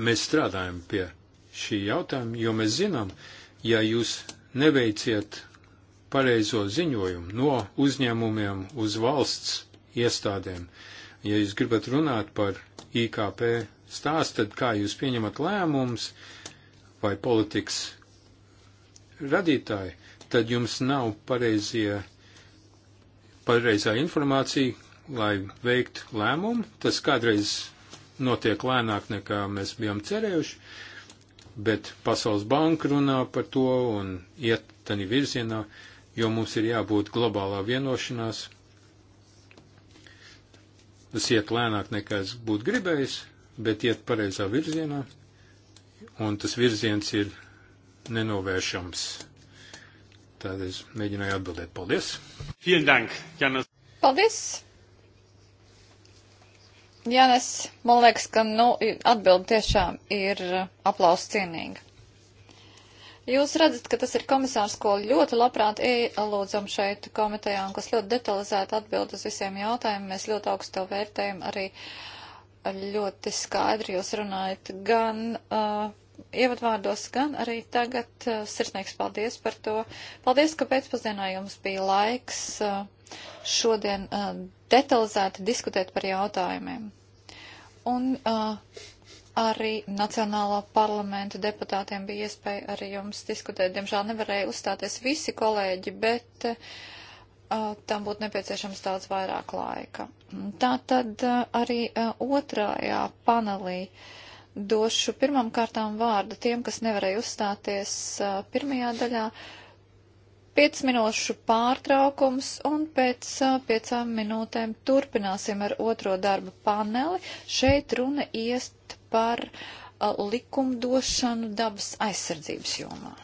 Mēs strādājam pie šī jautājuma, jo mēs zinām, ja jūs neveiciet pareizo ziņojumu no uzņēmumiem uz valsts iestādēm, ja jūs gribat runāt par IKP stāstu, tad kā jūs pieņemat lēmumus vai politikas radītāji, tad jums nav pareizie, pareizā informācija, lai veikt lēmumu. Tas kādreiz notiek lēnāk nekā mēs bijām cerējuši, bet Pasaules banka runā par to un iet tani virzienā, jo mums ir jābūt globālā vienošanās. Tas iet lēnāk nekā es būtu gribējis, bet iet pareizā virzienā, un tas virziens ir nenovēršams. Tādēļ es mēģināju atbildēt. Paldies! Paldies! Jānis, man liekas, ka nu, atbildi tiešām ir uh, aplaus cienīga. Jūs redzat, ka tas ir komisārs, ko ļoti labprāt ielūdzam šeit komitejā un kas ļoti detalizēti atbild uz visiem jautājumiem. Mēs ļoti augstu to vērtējam arī ļoti skaidri jūs runājat gan uh, ievadvārdos, gan arī tagad. Uh, sirsnīgs paldies par to. Paldies, ka pēcpusdienā jums bija laiks uh, šodien. Uh, detalizēti diskutēt par jautājumiem. Un uh, arī Nacionālā parlamenta deputātiem bija iespēja arī jums diskutēt. Diemžēl nevarēja uzstāties visi kolēģi, bet uh, tam būtu nepieciešams daudz vairāk laika. Tā tad uh, arī uh, otrajā panelī uh, došu pirmām kārtām vārdu tiem, kas nevarēja uzstāties uh, pirmajā daļā, 5 minūšu pārtraukums un pēc 5 minūtēm turpināsim ar otro darba paneli. Šeit runa iest par likumdošanu dabas aizsardzības jomā.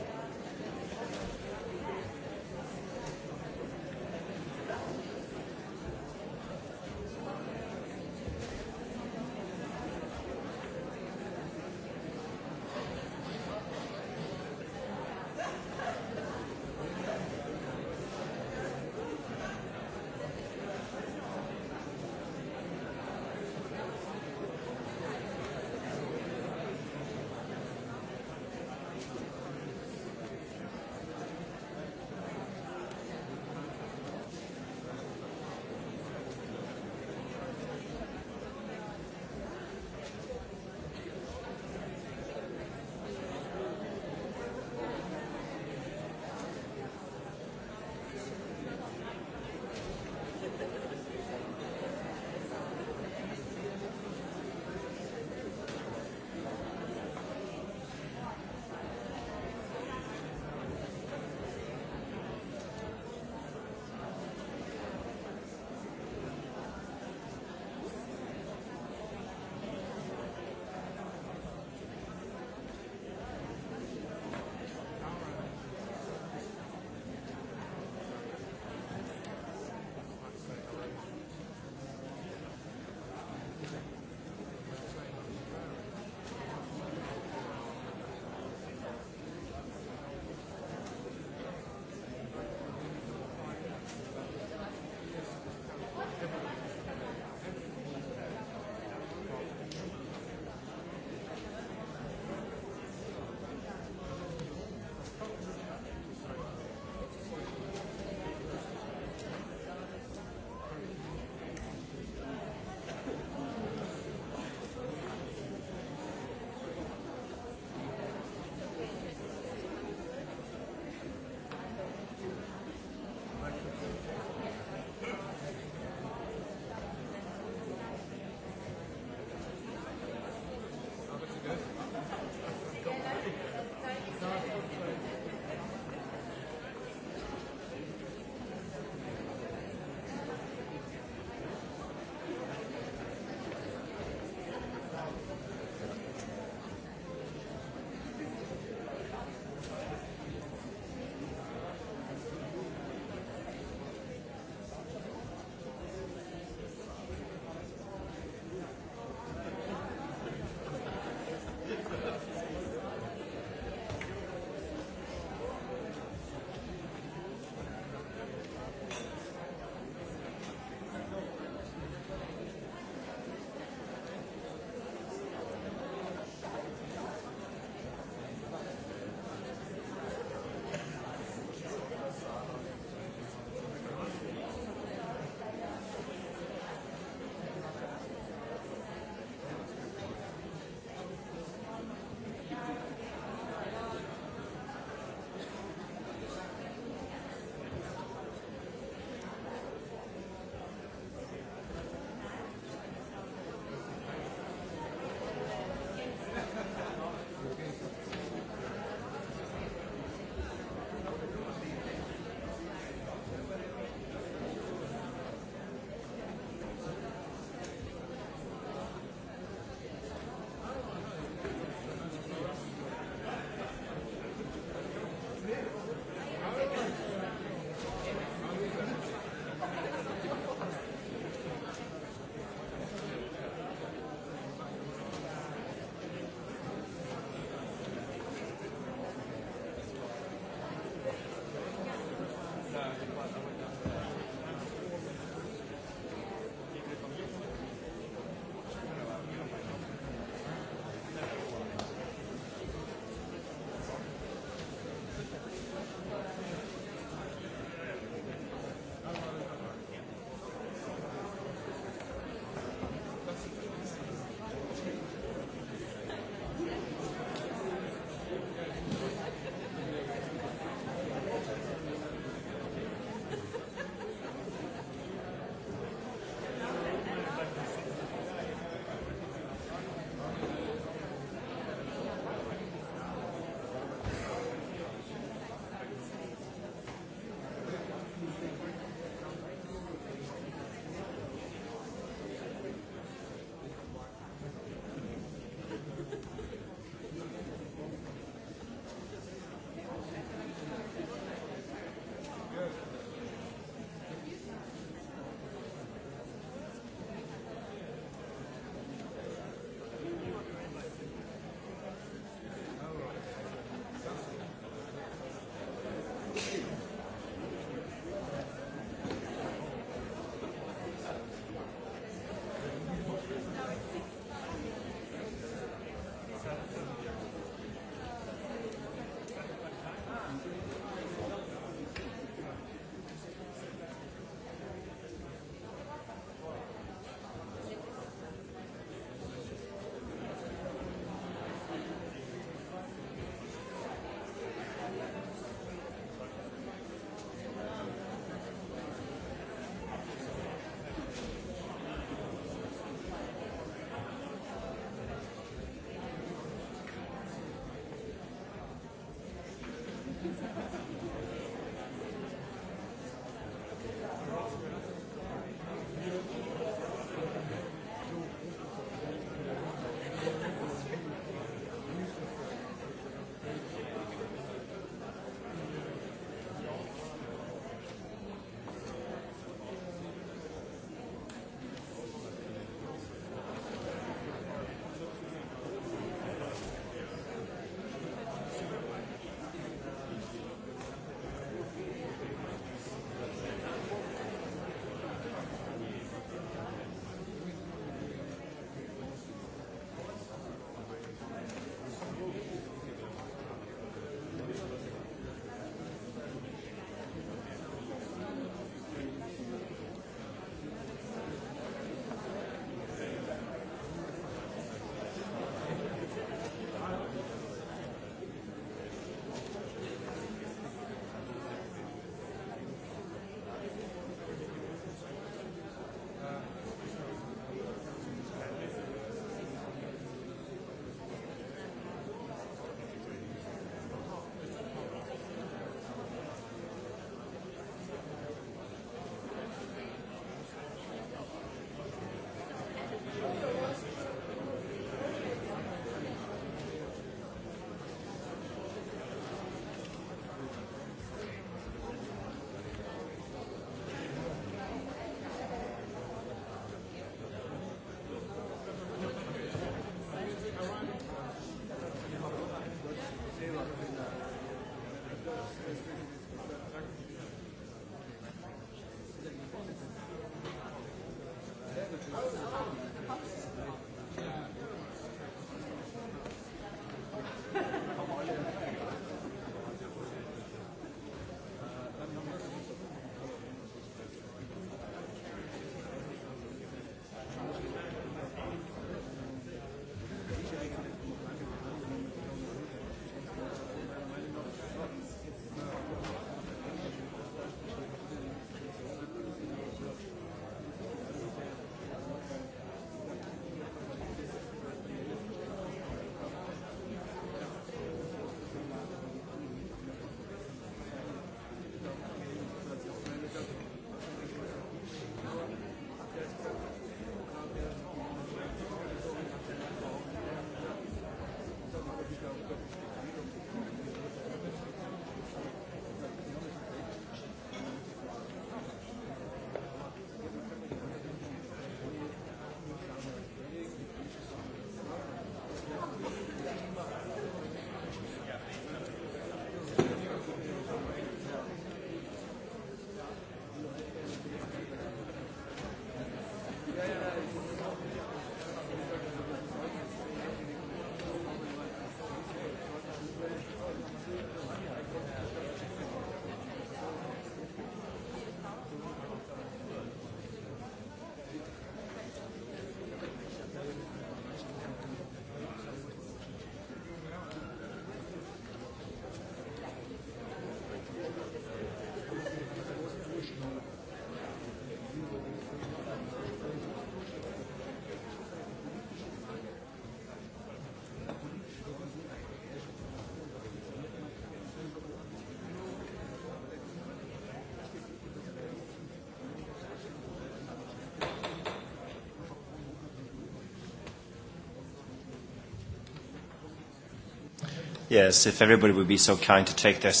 Yes, if everybody would be so kind to take this.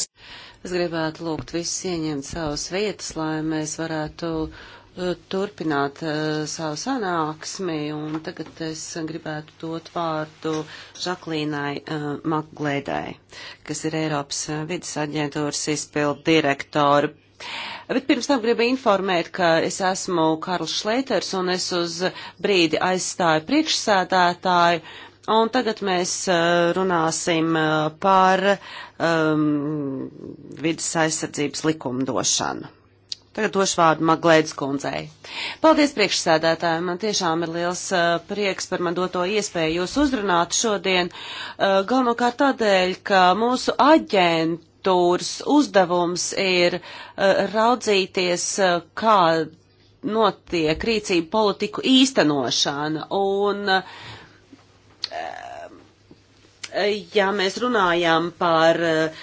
Es gribētu lūgt visus ieņemt savas vietas, lai mēs varētu uh, turpināt uh, savu sanāksmi, un tagad es gribētu dot vārdu Žaklīnai uh, Makglēdai, kas ir Eiropas uh, vidas aģentūras izpildu direktori. Bet pirms tam gribu informēt, ka es esmu Karls Šleiters, un es uz brīdi aizstāju priekšsēdētāju. Uh, Un tagad mēs uh, runāsim uh, par um, vidas aizsardzības likumdošanu. Tagad došu vārdu Maglēdas kundzei. Paldies priekšsēdētājiem, man tiešām ir liels uh, prieks par man doto iespēju jūs uzrunāt šodien, uh, galvenokārt tādēļ, ka mūsu aģentūras uzdevums ir uh, raudzīties, uh, kā notiek rīcība politiku īstenošana. Un, uh, Ehm, ja mēs runājam par eh,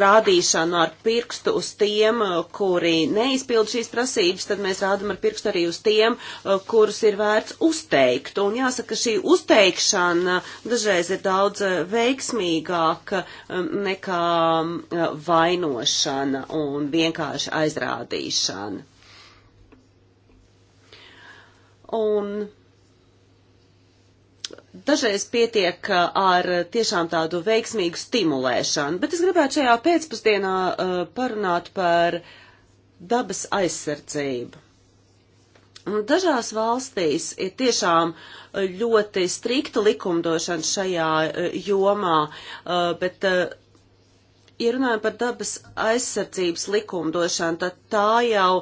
rādīšanu ar pirkstu uz tiem, eh, kuri neizpild šīs prasības, tad mēs rādam ar pirkstu arī uz tiem, eh, kurus ir vērts uzteikt. Un jāsaka, šī uzteikšana dažreiz ir daudz veiksmīgāka ehm, nekā ehm, vainošana un vienkārši aizrādīšana. Un Dažreiz pietiek ar tiešām tādu veiksmīgu stimulēšanu, bet es gribētu šajā pēcpusdienā uh, parunāt par dabas aizsardzību. Dažās valstīs ir tiešām uh, ļoti strikta likumdošana šajā uh, jomā, bet, ja runājam par dabas aizsardzības likumdošanu, tad tā jau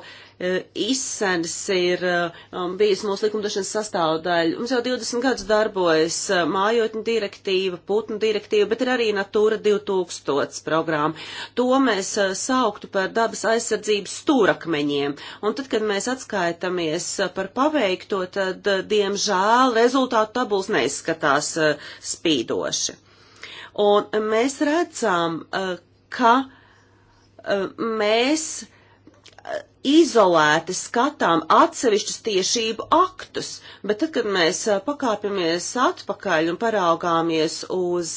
izsēnes ir uh, um, bijis mūsu likumdošanas sastāvdaļa. Mums jau 20 gadus darbojas uh, mājotņu direktīva, putnu direktīva, bet ir arī Natūra 2000 programma. To mēs uh, sauktu par dabas aizsardzības stūrakmeņiem. Un tad, kad mēs atskaitamies par paveikto, tad, diemžēl, rezultātu tabulas neizskatās spīdoši. Un mēs redzam, ka mēs izolēti skatām atsevišķus tiešību aktus, bet tad, kad mēs pakāpjamies atpakaļ un paraugāmies uz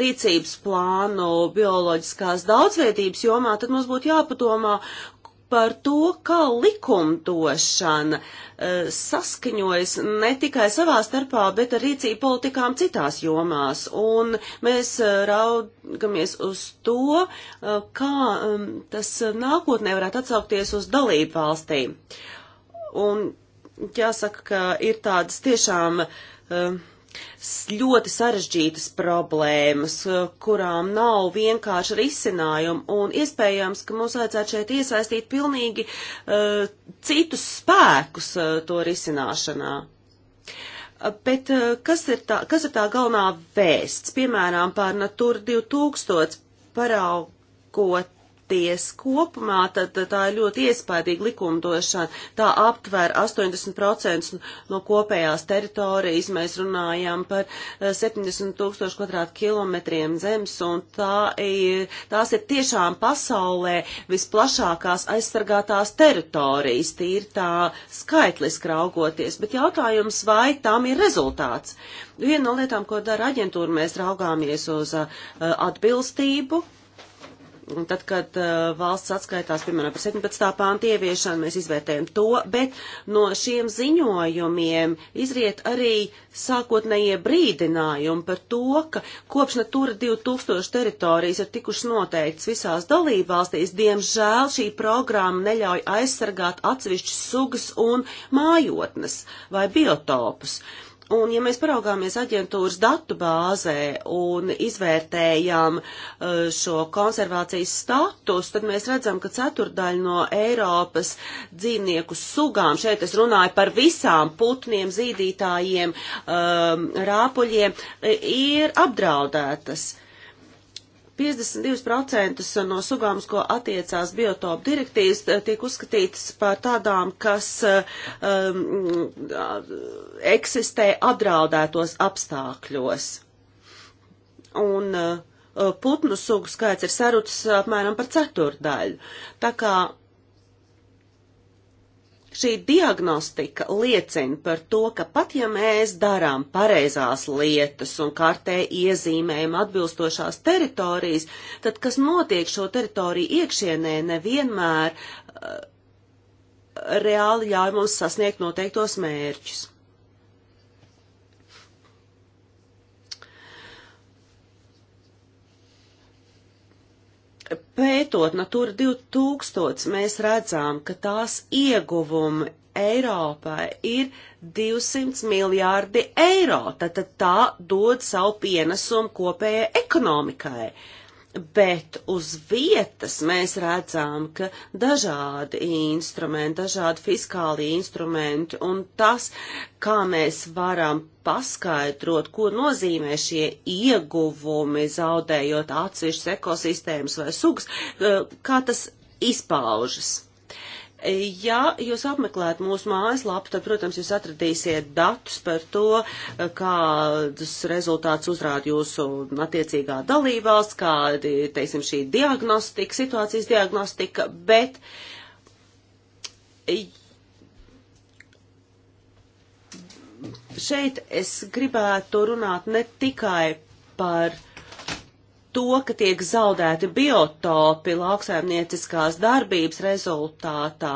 rīcības plānu bioloģiskās daudzveidības jomā, tad mums būtu jāpadomā, par to, kā likumdošana uh, saskaņojas ne tikai savā starpā, bet ar rīcību politikām citās jomās. Un mēs uh, raugamies uz to, uh, kā um, tas nākotnē varētu atsaukties uz dalību valstīm. Un jāsaka, ka ir tādas tiešām uh, ļoti sarežģītas problēmas, kurām nav vienkārši risinājumu, un iespējams, ka mums vajadzētu šeit iesaistīt pilnīgi uh, citus spēkus uh, to risināšanā. Eh, bet uh, kas ir, tā, kas ir tā galvenā vēsts? Piemēram, par Natura 2000 paraugot skaties kopumā, tad tā ir ļoti iespaidīga likumdošana. Tā aptver 80% no kopējās teritorijas. Mēs runājam par 70 eh, tūkstošu kvadrātkilometriem zemes, un tā ir, tās ir tiešām pasaulē visplašākās aizsargātās teritorijas. Tīri tā skaitliski raugoties, bet jautājums, vai tam ir rezultāts? Viena no lietām, ko dara aģentūra, mēs raugāmies uz eh, atbilstību Tad, kad uh, valsts atskaitās, piemēram, par 17. pāntu ieviešanu, mēs izvērtējam to, bet no šiem ziņojumiem izriet arī sākotnējie brīdinājumi par to, ka kopš Natura 2000 teritorijas ir tikuši noteikts visās dalībvalstīs, diemžēl šī programma neļauj aizsargāt atsevišķas sugas un mājotnes vai biotopus. Uh, Un, ja mēs paraugāmies aģentūras datu bāzē un izvērtējam e, šo konservācijas status, tad mēs redzam, ka ceturdaļa no Eiropas dzīvnieku sugām, šeit es runāju par visām putniem, zīdītājiem, e, rāpuļiem, e, ir apdraudētas. 52% no sugām, ko attiecās biotopu direktīvas, eh, tiek uzskatītas par tādām, kas um, eksistē apdraudētos apstākļos. Un uh, putnu sugu skaits ir sarucis apmēram par ceturdaļu. Tā kā Šī diagnostika liecina par to, ka pat ja mēs darām pareizās lietas un kārtē iezīmējam atbilstošās teritorijas, tad kas notiek šo teritoriju iekšienē nevienmēr uh, reāli ļauj mums sasniegt noteiktos mērķus. Pētot Natura 2000, mēs redzām, ka tās ieguvumi Eiropai ir 200 miljārdi eiro, tad tā dod savu pienesumu kopējai ekonomikai. Uh, Bet uz vietas mēs redzam, ka dažādi instrumenti, dažādi fiskāli instrumenti un tas, kā mēs varam paskaidrot, ko nozīmē šie ieguvumi, zaudējot atsevišķas ekosistēmas vai sugas, eh, kā tas izpaužas. Ja jūs apmeklējat mūsu mājaslapu, tad, protams, jūs atradīsiet datus par to, kādus rezultātus uzrāda jūsu attiecīgā dalībvalsts, kāda, teiksim, šī diagnostika, situācijas diagnostika, bet šeit es gribētu runāt ne tikai par to, ka tiek zaudēti biotopi lauksaimnieciskās darbības rezultātā.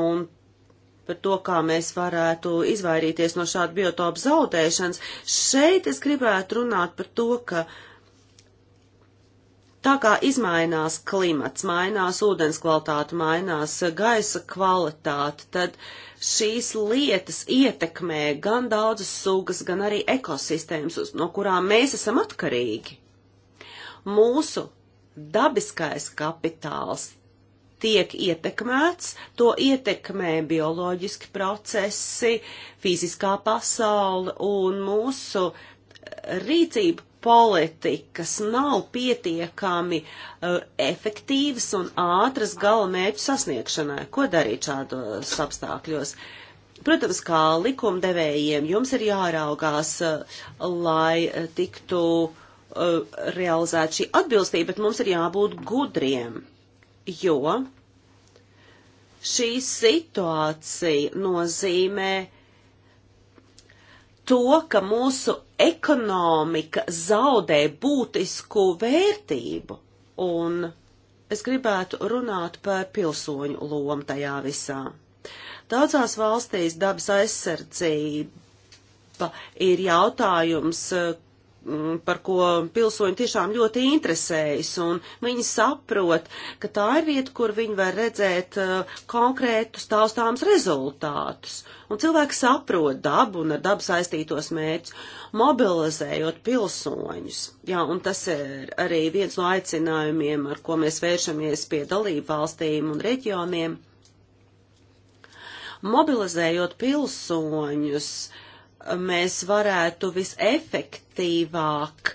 Un par to, kā mēs varētu izvairīties no šāda biotopa zaudēšanas, šeit es gribētu runāt par to, ka uh, Tā kā izmainās klimats, mainās ūdens kvalitāte, mainās eh, gaisa kvalitāte, tad šīs lietas ietekmē gan daudzas sugas, gan arī ekosistēmas, no kurām mēs esam atkarīgi. Mūsu dabiskais kapitāls tiek ietekmēts, to ietekmē bioloģiski procesi, fiziskā pasaule un mūsu rīcība politikas nav pietiekami uh, efektīvas un ātras gala mērķu sasniegšanai. Ko darīt šādos apstākļos? Protams, kā likumdevējiem jums ir jāraugās, uh, lai uh, tiktu uh, realizēt šī atbilstība, bet mums ir jābūt gudriem, jo šī situācija nozīmē, uh, to, ka mūsu ekonomika zaudē būtisku vērtību. Un es gribētu runāt par pilsoņu lomu tajā visā. Daudzās valstīs dabas aizsardzība ir jautājums, Mm, par ko pilsoņi tiešām ļoti interesējas, un viņi saprot, ka tā ir vieta, kur viņi var redzēt uh, konkrētus taustāms rezultātus. Un cilvēki saprot dabu un ar dabu saistītos mērķus, mobilizējot pilsoņus. Jā, un tas ir arī viens no aicinājumiem, ar ko mēs vēršamies pie dalību valstīm un reģioniem. Mobilizējot pilsoņus, uh, mēs varētu visefektīvāk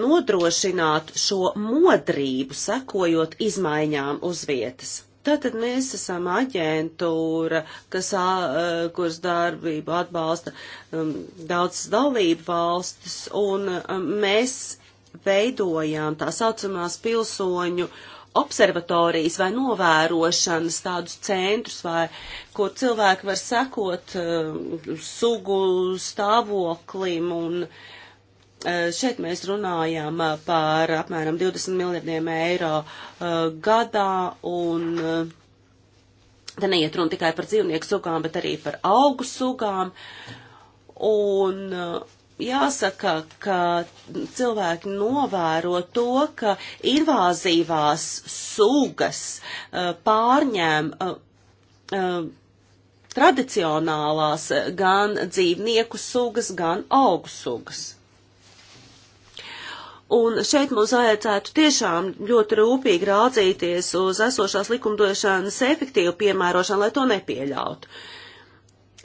nodrošināt šo modrību, sekojot izmaiņām uz vietas. Tātad mēs esam aģentūra, kas, eh, kuras darbību atbalsta um, daudzas dalību valstis, un um, mēs veidojām tā saucamās pilsoņu uh, observatorijas vai novērošanas tādus centrus, vai, kur cilvēki var sekot uh, sugu stāvoklim. Un, uh, Šeit mēs runājam eh, par apmēram 20 miljardiem eiro uh, gadā, un uh, te neiet runa tikai par dzīvnieku sugām, bet arī par augu sugām. Un uh, jāsaka, ka cilvēki novēro to, ka invāzīvās sugas uh, pārņēm uh, uh, tradicionālās gan dzīvnieku sugas, gan augu sugas. Un šeit mums vajadzētu tiešām ļoti rūpīgi rādzīties uz esošās likumdošanas efektīvu piemērošanu, lai to nepieļautu. Uh,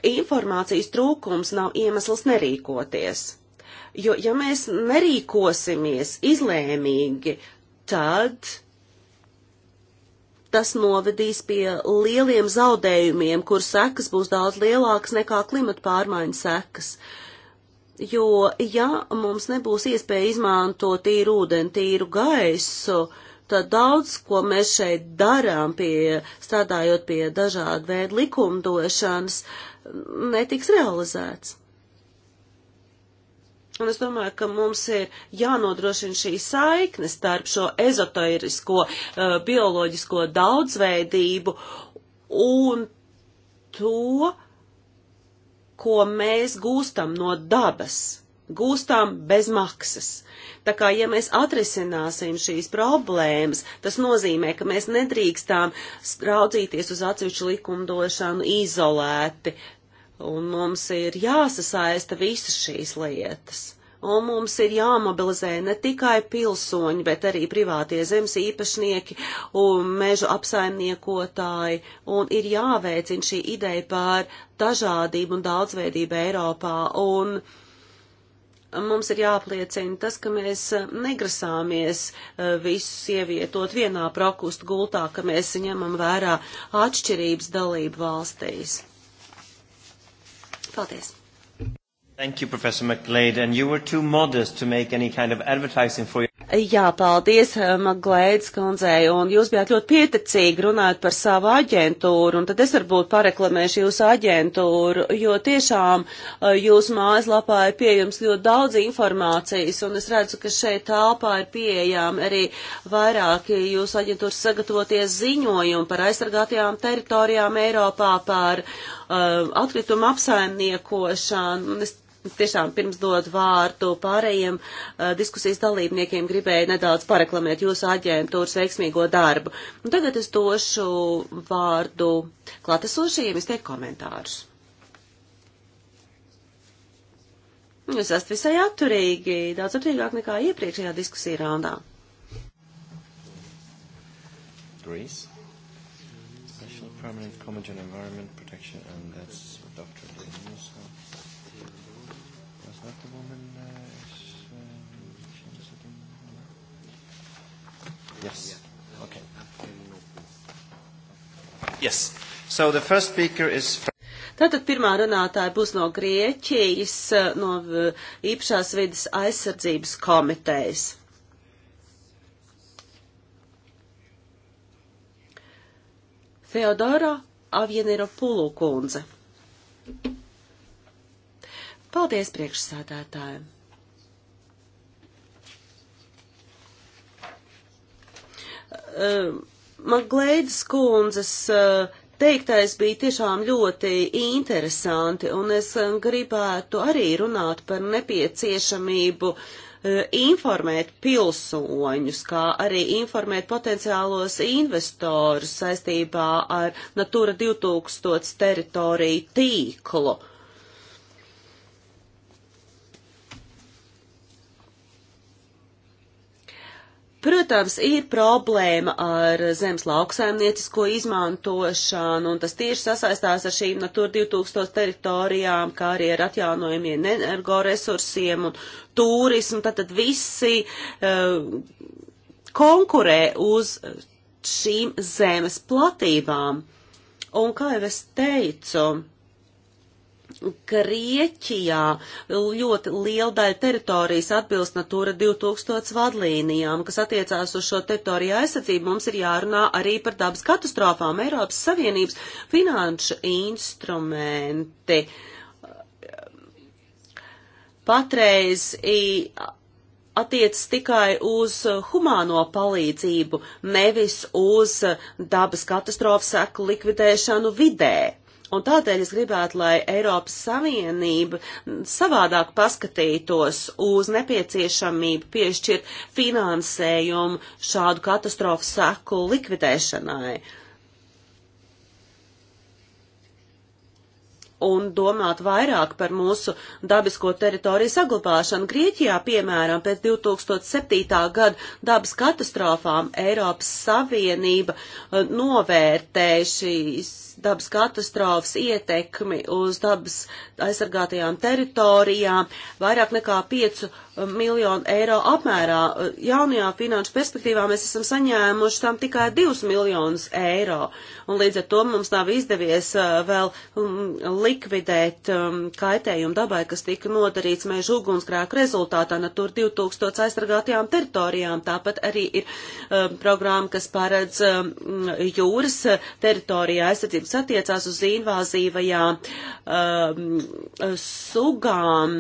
informācijas trūkums nav iemesls nerīkoties. Jo, ja mēs nerīkosimies izlēmīgi, tad tas novedīs pie lieliem zaudējumiem, kur sekas būs daudz lielākas nekā klimata pārmaiņu sekas. Jo, ja mums nebūs iespēja izmantot tīru ūdeni, tīru gaisu, tad daudz, ko mēs šeit darām, pie, strādājot pie dažādu veidu likumdošanas, uh, netiks realizēts. Un es domāju, ka mums ir jānodrošina šī saikne starp šo ezotērisko uh, eh, bioloģisko daudzveidību un to, ko mēs gūstam no dabas, gūstam bez maksas. Tā kā, ja mēs atrisināsim šīs problēmas, tas nozīmē, ka mēs nedrīkstām raudzīties uz atsevišķu likumdošanu izolēti, Un mums ir jāsasaista visas šīs lietas. Un mums ir jāmobilizē ne tikai pilsoņi, bet arī privātie zemes īpašnieki un mežu apsaimniekotāji. Un ir jāveicina šī ideja par dažādību un daudzveidību Eiropā. Un mums ir jāpliecina tas, ka mēs negrasāmies e, visus ievietot vienā prokustu gultā, ka mēs ņemam vērā atšķirības dalību valstīs. Paldies! Thank you, Professor McLeod. And you were too modest to make any kind of advertising for you. Jā, paldies, eh, Maglēdz kundzei, un jūs bijāt ļoti pieticīgi runājot par savu aģentūru, un tad es varbūt pareklamēšu jūsu aģentūru, jo tiešām eh, jūsu mājaslapā ir pieejams ļoti daudz informācijas, un es redzu, ka šeit tālpā ir pieejami arī vairāki jūsu aģentūras sagatavoties ziņojumi par aizsargātajām teritorijām Eiropā, par uh, atkritumu apsaimniekošanu, un es tiešām pirms dot vārdu pārējiem uh, diskusijas dalībniekiem gribēju nedaudz pareklamēt jūsu aģentūras veiksmīgo darbu. Un tagad es došu vārdu klātesošajiem izteikt komentārus. Jūs esat visai atturīgi, daudz atturīgāk nekā iepriekšējā diskusija raundā. Greece, Special Permanent Comment on Environment Protection and that's Yes. Okay. Yes. So the first speaker is. Tātad pirmā runātāja būs no Grieķijas, eh, no eh, īpašās vidas aizsardzības komitejas. Feodora Avjenero Pulu kundze. Paldies priekšsādātājiem! uh, eh, Magleidas kundzes uh, teiktais bija tiešām ļoti interesanti, un es eh, gribētu arī runāt par nepieciešamību uh, informēt pilsoņus, kā arī informēt potenciālos investorus saistībā ar Natura 2000 teritoriju tīklu. Uh, Protams, ir problēma ar zemes lauksaimniecisko izmantošanu, un tas tieši sasaistās ar šīm Natura 2000 teritorijām, kā arī ar atjaunojumiem energoresursiem un turismu. Tātad visi uh, konkurē uz šīm zemes platībām. Un kā jau es teicu, Grieķijā ļoti liela daļa teritorijas atbilst Natūra 2000 vadlīnijām, kas attiecās uz šo teritoriju aizsardzību. Mums ir jārunā arī par dabas katastrofām. Eiropas Savienības finanšu instrumenti patreiz attiec tikai uz humāno palīdzību, nevis uz dabas katastrofas seku likvidēšanu vidē. Un tādēļ es gribētu, lai Eiropas Savienība savādāk paskatītos uz nepieciešamību piešķirt finansējumu šādu katastrofu seku likvidēšanai. Uh, un domāt vairāk par mūsu dabisko teritoriju saglabāšanu. Grieķijā, piemēram, pēc 2007. gada dabas katastrofām Eiropas Savienība eh, novērtē šīs dabas katastrofas ietekmi uz dabas aizsargātajām teritorijām vairāk nekā 5 eh, miljonu eiro apmērā. Eh, jaunajā finanšu perspektīvā mēs esam saņēmuši tam tikai 2 miljonus eiro, un līdz ar to mums nav izdevies vēl mm, likvidēt um, kaitējumu dabai, kas tika nodarīts mēžu ugunsgrēku rezultātā Natura 2000 aizsargātajām teritorijām. Tāpat arī ir um, programma, kas paredz um, jūras teritorijā aizsardzības attiecās uz invāzīvajām um, sugām.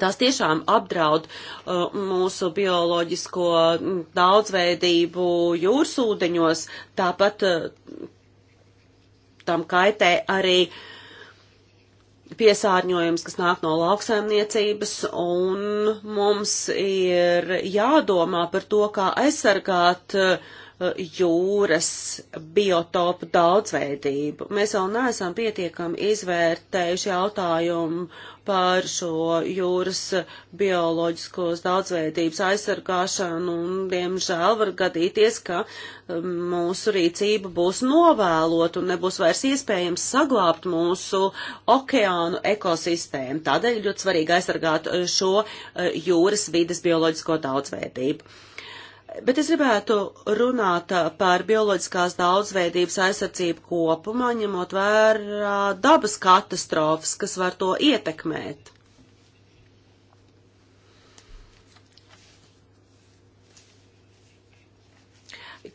Tās tiešām apdraud uh, mūsu bioloģisko mm, daudzveidību jūras ūdeņos, tāpat uh, tam kaitē arī uh, piesārņojums, kas nāk no lauksaimniecības, un mums ir jādomā par to, kā aizsargāt uh, jūras biotopu daudzveidību. Mēs vēl neesam pietiekami izvērtējuši jautājumu par šo jūras bioloģiskos daudzveidības aizsargāšanu, un diemžēl var gadīties, ka um, mūsu rīcība būs novēlot un nebūs vairs iespējams saglābt mūsu okeānu ekosistēmu. Tādēļ ļoti svarīgi aizsargāt uh, šo uh, jūras vides bioloģisko daudzveidību. Bet es gribētu runāt uh, par bioloģiskās daudzveidības aizsardzību kopumā, ņemot vērā dabas katastrofas, kas var to ietekmēt.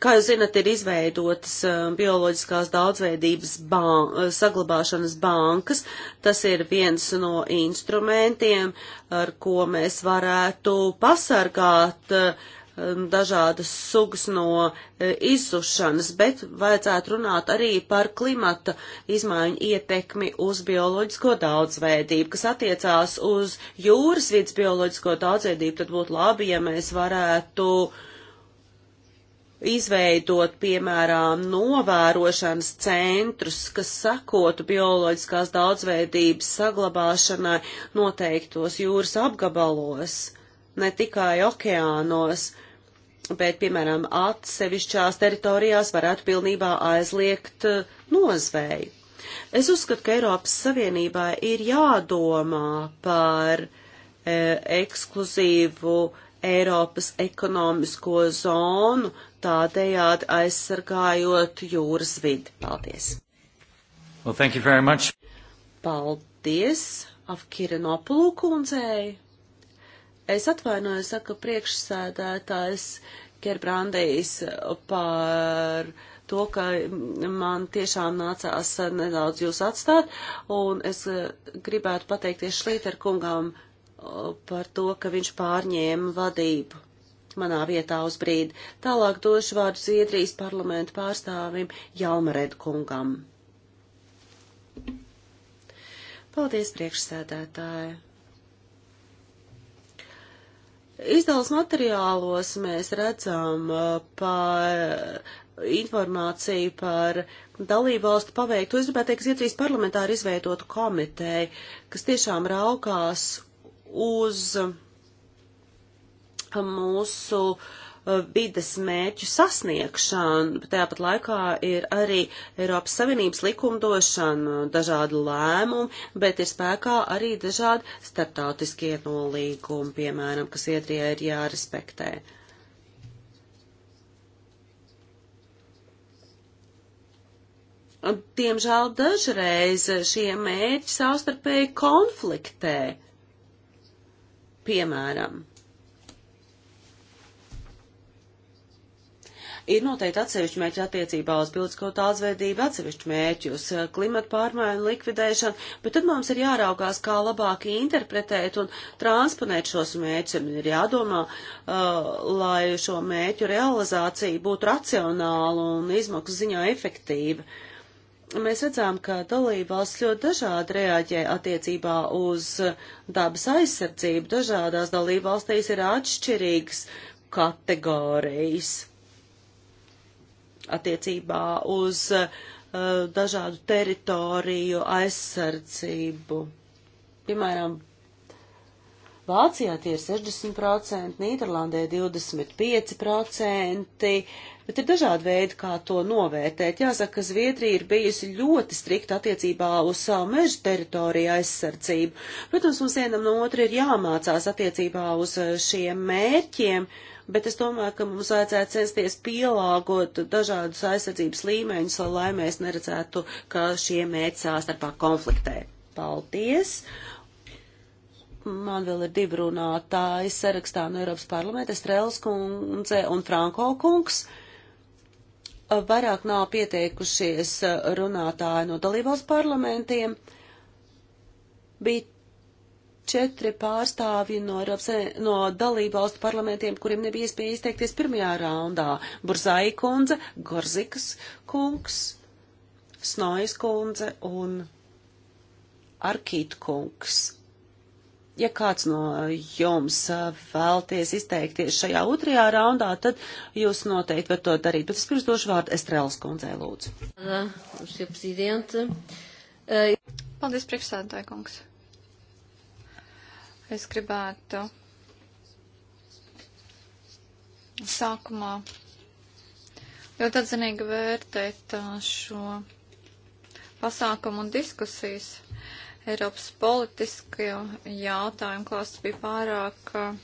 Kā jūs zinat, ir izveidotas um, bioloģiskās daudzveidības ban uh, saglabāšanas bankas. Tas ir viens no instrumentiem, ar ko mēs varētu pasargāt uh, Um, dažādas sugas no e, izsušanas, bet vajadzētu runāt arī par klimata izmaiņu ietekmi uz bioloģisko daudzveidību, kas attiecās uz jūras vidas bioloģisko daudzveidību, tad būtu labi, ja mēs varētu izveidot, piemēram, novērošanas centrus, kas sakotu bioloģiskās daudzveidības saglabāšanai noteiktos jūras apgabalos ne tikai okeānos, bet, piemēram, atsevišķās teritorijās varētu pilnībā aizliegt eh, nozvēju. Es uzskatu, ka Eiropas Savienībā ir jādomā par e, ekskluzīvu Eiropas ekonomisko zonu, tādējādi aizsargājot jūras vidi. Paldies! Well, thank you very much. Paldies Avkirinopulu kundzei! Es atvainoju, saka priekšsēdētājs Kerbrandējs par to, ka man tiešām nācās nedaudz jūs atstāt, un es gribētu pateikties Šlīter kungam par to, ka viņš pārņēma vadību manā vietā uz brīdi. Tālāk došu vārdu Zviedrijas parlamentu pārstāvim Jalmared kungam. Paldies, priekšsēdētāji! Izdevums materiālos mēs redzam uh, par uh, informāciju par dalībvalstu paveiktu. Es gribētu teikt, ka Zviedrijas parlamentāri izveidotu komiteju, kas tiešām raukās uz uh, mūsu uh, Uh, vides mērķu sasniegšanu, bet tāpat laikā ir arī Eiropas Savienības likumdošana, dažādi lēmumi, bet ir spēkā arī dažādi starptautiskie nolīgumi, piemēram, kas Iedrijai ir jārespektē. Diemžēl dažreiz šie mērķi savstarpēji konfliktē. Piemēram, Ir noteikti atsevišķi mērķi attiecībā uz pilsko tālsveidību, atsevišķi mērķi uz uh, klimatu pārmaiņu likvidēšanu, bet tad mums ir jāraugās, kā labāk interpretēt un transponēt šos mērķus, un ir jādomā, uh, lai šo mērķu realizācija būtu racionāla un izmaksu ziņā efektīva. Mēs redzām, ka dalībvalsts ļoti dažādi reaģē attiecībā uz uh, dabas aizsardzību. Dažādās dalībvalstīs ir atšķirīgas kategorijas attiecībā uz uh, dažādu teritoriju aizsardzību. Piemēram, Vācijā tie ir 60%, Nīderlandē 25%, bet ir dažādi veidi, kā to novērtēt. Jāsaka, ka Zviedrija ir bijusi ļoti strikta attiecībā uz savu mežu teritoriju aizsardzību. Protams, mums vienam no otra ir jāmācās attiecībā uz uh, šiem mērķiem bet es domāju, ka mums vajadzētu censties pielāgot dažādus aizsardzības līmeņus, lai mēs neredzētu, ka šie mērķi sāstarpā konfliktē. Paldies! Man vēl ir divi runātāji sarakstā no Eiropas parlamenta, Strēls kundze un Franko kungs. Vairāk nav pieteikušies runātāji no dalībvalsts parlamentiem. Bija četri pārstāvji no, Eiropas, no dalību valstu parlamentiem, kuriem nebija iespēja izteikties pirmajā raundā. Burzai kundze, Gorzikas kungs, Snojas kundze un Arkīt kungs. Ja kāds no jums vēlties izteikties šajā otrajā raundā, tad jūs noteikti varat to darīt. Bet es pirms došu vārdu Estrēlas kundzē, lūdzu. Paldies, priekšsēdētāji kungs. Es gribētu sākumā ļoti atzinīgi vērtēt uh, šo pasākumu un diskusijas. Eiropas politiskie jautājumi klāsts bija pārāk uh,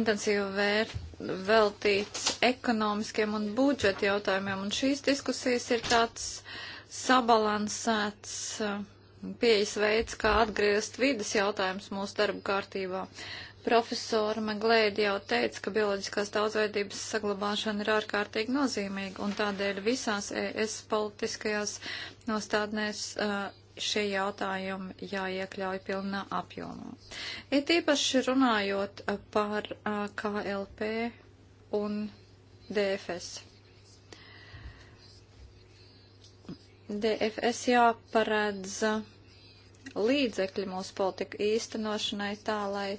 intensīvi vērt, veltīts ekonomiskiem un budžeta jautājumiem, un šīs diskusijas ir tāds sabalansēts uh, pieejas veids, kā atgriezt vidas jautājums mūsu darba kārtībā. Profesora Meglēdi jau teica, ka bioloģiskās daudzveidības saglabāšana ir ārkārtīgi nozīmīga, un tādēļ visās ES politiskajās nostādnēs uh, šie jautājumi jāiekļauj pilnā apjomā. It īpaši runājot uh, par uh, KLP un DFS. DFS jāparedz līdzekļi mūsu politiku īstenošanai tā, lai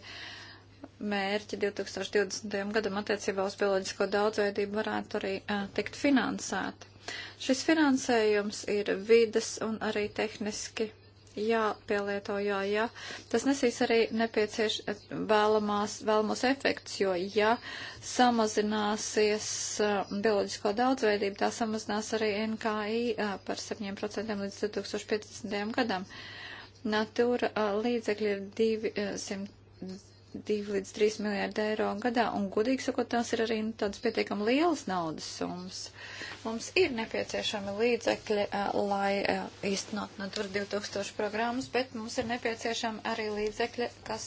mērķi 2020. gadam attiecībā uz bioloģisko daudzveidību varētu arī uh, tikt finansēti. Šis finansējums ir vides un arī tehniski jāpielieto, jo, ja tas nesīs arī nepiecieš eh, vēlamās, vēlamos efektus, jo, ja samazināsies uh, bioloģisko daudzveidību, tā samazinās arī NKI uh, eh, par 7% līdz 2050. gadam. Natūra uh, līdzekļi ir 200 2 līdz 3 miljārdi eiro gadā, un godīgi sakot, tās ir arī nu, tādas pietiekami lielas naudas summas. Mums ir nepieciešami līdzekļi, lai īstenot Natura nu, 2000 programmas, bet mums ir nepieciešami arī līdzekļi, kas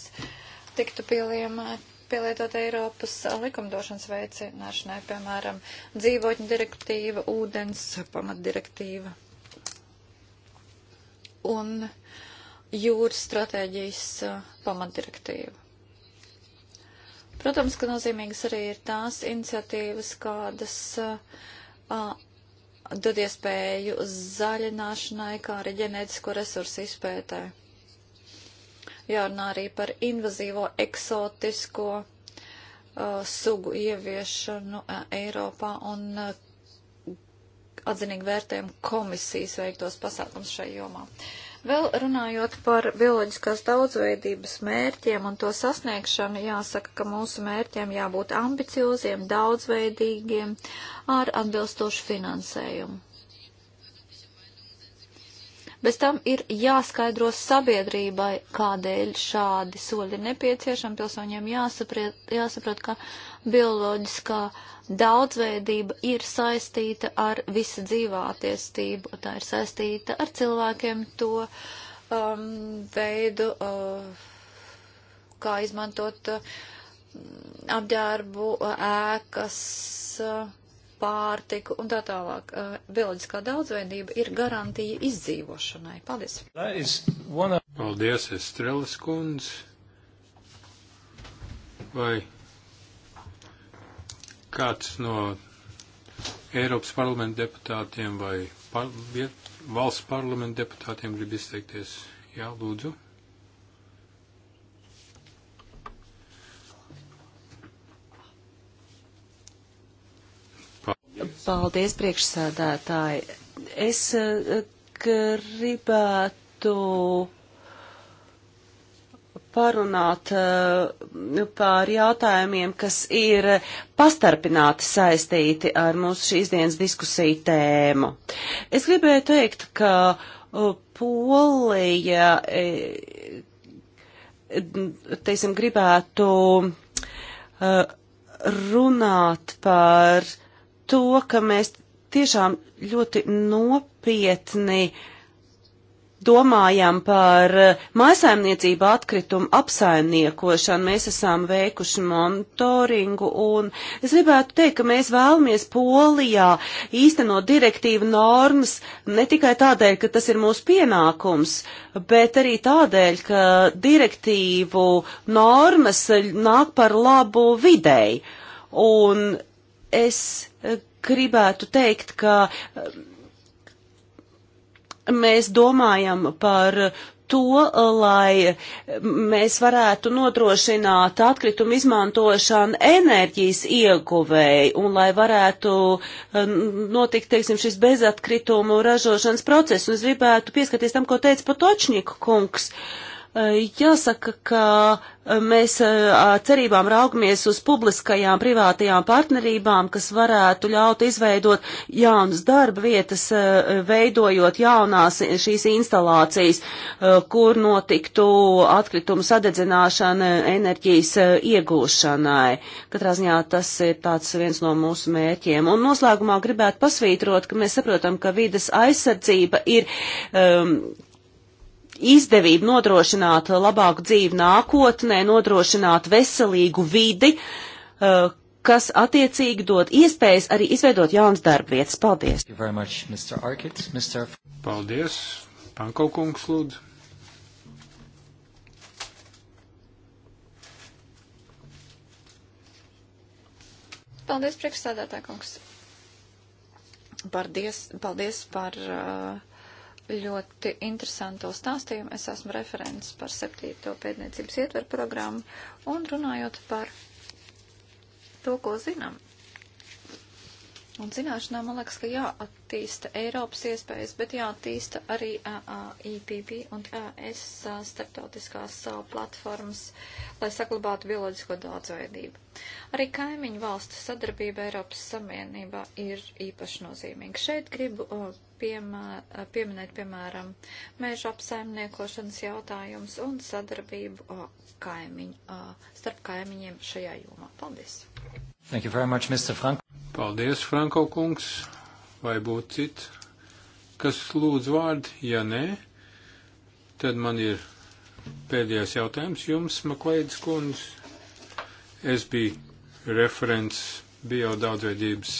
tiktu pieliemēti pielietot Eiropas likumdošanas veicināšanai, piemēram, dzīvotņu direktīva, ūdens pamatdirektīva un jūras stratēģijas pamatdirektīva. Protams, ka nozīmīgas arī ir tās iniciatīvas, kādas uh, dod iespēju zaļināšanai, kā arī ģenētisko resursu izpētē. Jārunā arī par invazīvo, eksotisko uh, sugu ieviešanu uh, Eiropā un uh, atzinīgi vērtējam komisijas veiktos pasākums šai jomā. Uh, Vēl runājot par bioloģiskās daudzveidības mērķiem un to sasniegšanu, jāsaka, ka mūsu mērķiem jābūt ambicioziem, daudzveidīgiem, ar atbilstošu finansējumu. Bez tam ir jāskaidro sabiedrībai, kādēļ šādi soļi ir nepieciešami. Pilsoņiem jāsaprot, jāsaprot, ka bioloģiskā daudzveidība ir saistīta ar visa dzīvā attīstību. Tā ir saistīta ar cilvēkiem to um, veidu, uh, kā izmantot uh, apģērbu, uh, ēkas. Uh, pārtiku un tā tālāk. Bioloģiskā daudzveidība ir garantija izdzīvošanai. Paldies! Of... Paldies, Estrelas kundz! Vai kāds no Eiropas parlamenta deputātiem vai par, valsts parlamenta deputātiem grib izteikties? Jā, lūdzu. Paldies, priekšsādātāji. Es eh, gribētu parunāt eh, par jautājumiem, kas ir pastarpināti saistīti ar mūsu šīs dienas diskusiju tēmu. Es gribēju teikt, ka eh, Polija, teiksim, gribētu runāt par to, ka mēs tiešām ļoti nopietni domājam par eh, mājasaimniecību atkritumu apsaimniekošanu. Mēs esam veikuši monitoringu un es gribētu teikt, ka mēs vēlamies Polijā īstenot direktīvu normas ne tikai tādēļ, ka tas ir mūsu pienākums, bet arī tādēļ, ka direktīvu normas nāk par labu videi. Un es eh, gribētu teikt, ka eh, mēs domājam par to, lai eh, mēs varētu nodrošināt atkritumu izmantošanu enerģijas ieguvēji un lai varētu notikt, teiksim, šis bezatkritumu ražošanas process. Un es gribētu pieskaties tam, ko teica Patočņika kungs. Uh, Jāsaka, ka e, mēs e, cerībām raugamies uz publiskajām privātajām partnerībām, kas varētu ļaut izveidot jaunas darba vietas, e, veidojot jaunās šīs instalācijas, kur notiktu atkritumu sadedzināšana enerģijas iegūšanai. Katrā ziņā tas ir tāds viens no mūsu mērķiem. Un noslēgumā gribētu pasvītrot, ka mēs saprotam, ka vides aizsardzība ir um, izdevību nodrošināt labāku dzīvi nākotnē, nodrošināt veselīgu vidi, eh, kas attiecīgi dod iespējas arī izveidot jaunas darba vietas. Paldies! Much, Mr. Arkit, Mr. Paldies! Pankaukungs lūdzu! Paldies, priekšstādātā kungs! Paldies, paldies par uh, ļoti interesanto stāstījumu. Es esmu referents par septīto pētniecības ietveru programmu un runājot par to, ko zinām, Un zināšanām, man liekas, ka jāattīsta Eiropas iespējas, bet jāattīsta arī IPP un ES starptautiskās platformas, lai saglabātu bioloģisko daudzveidību. Arī kaimiņu valstu sadarbība Eiropas Savienībā ir īpaši nozīmīga. Šeit gribu piemā, pieminēt, piemēram, mēžu apsaimniekošanas jautājumus un sadarbību kaimiņu, starp kaimiņiem šajā jomā. Paldies! Thank you very much, Mr. Frank. Paldies, Franko kungs, vai būtu cits, kas lūdz vārdu, ja nē, tad man ir pēdējais jautājums jums, Maklaids kundz. Es biju referents bio daudzveidības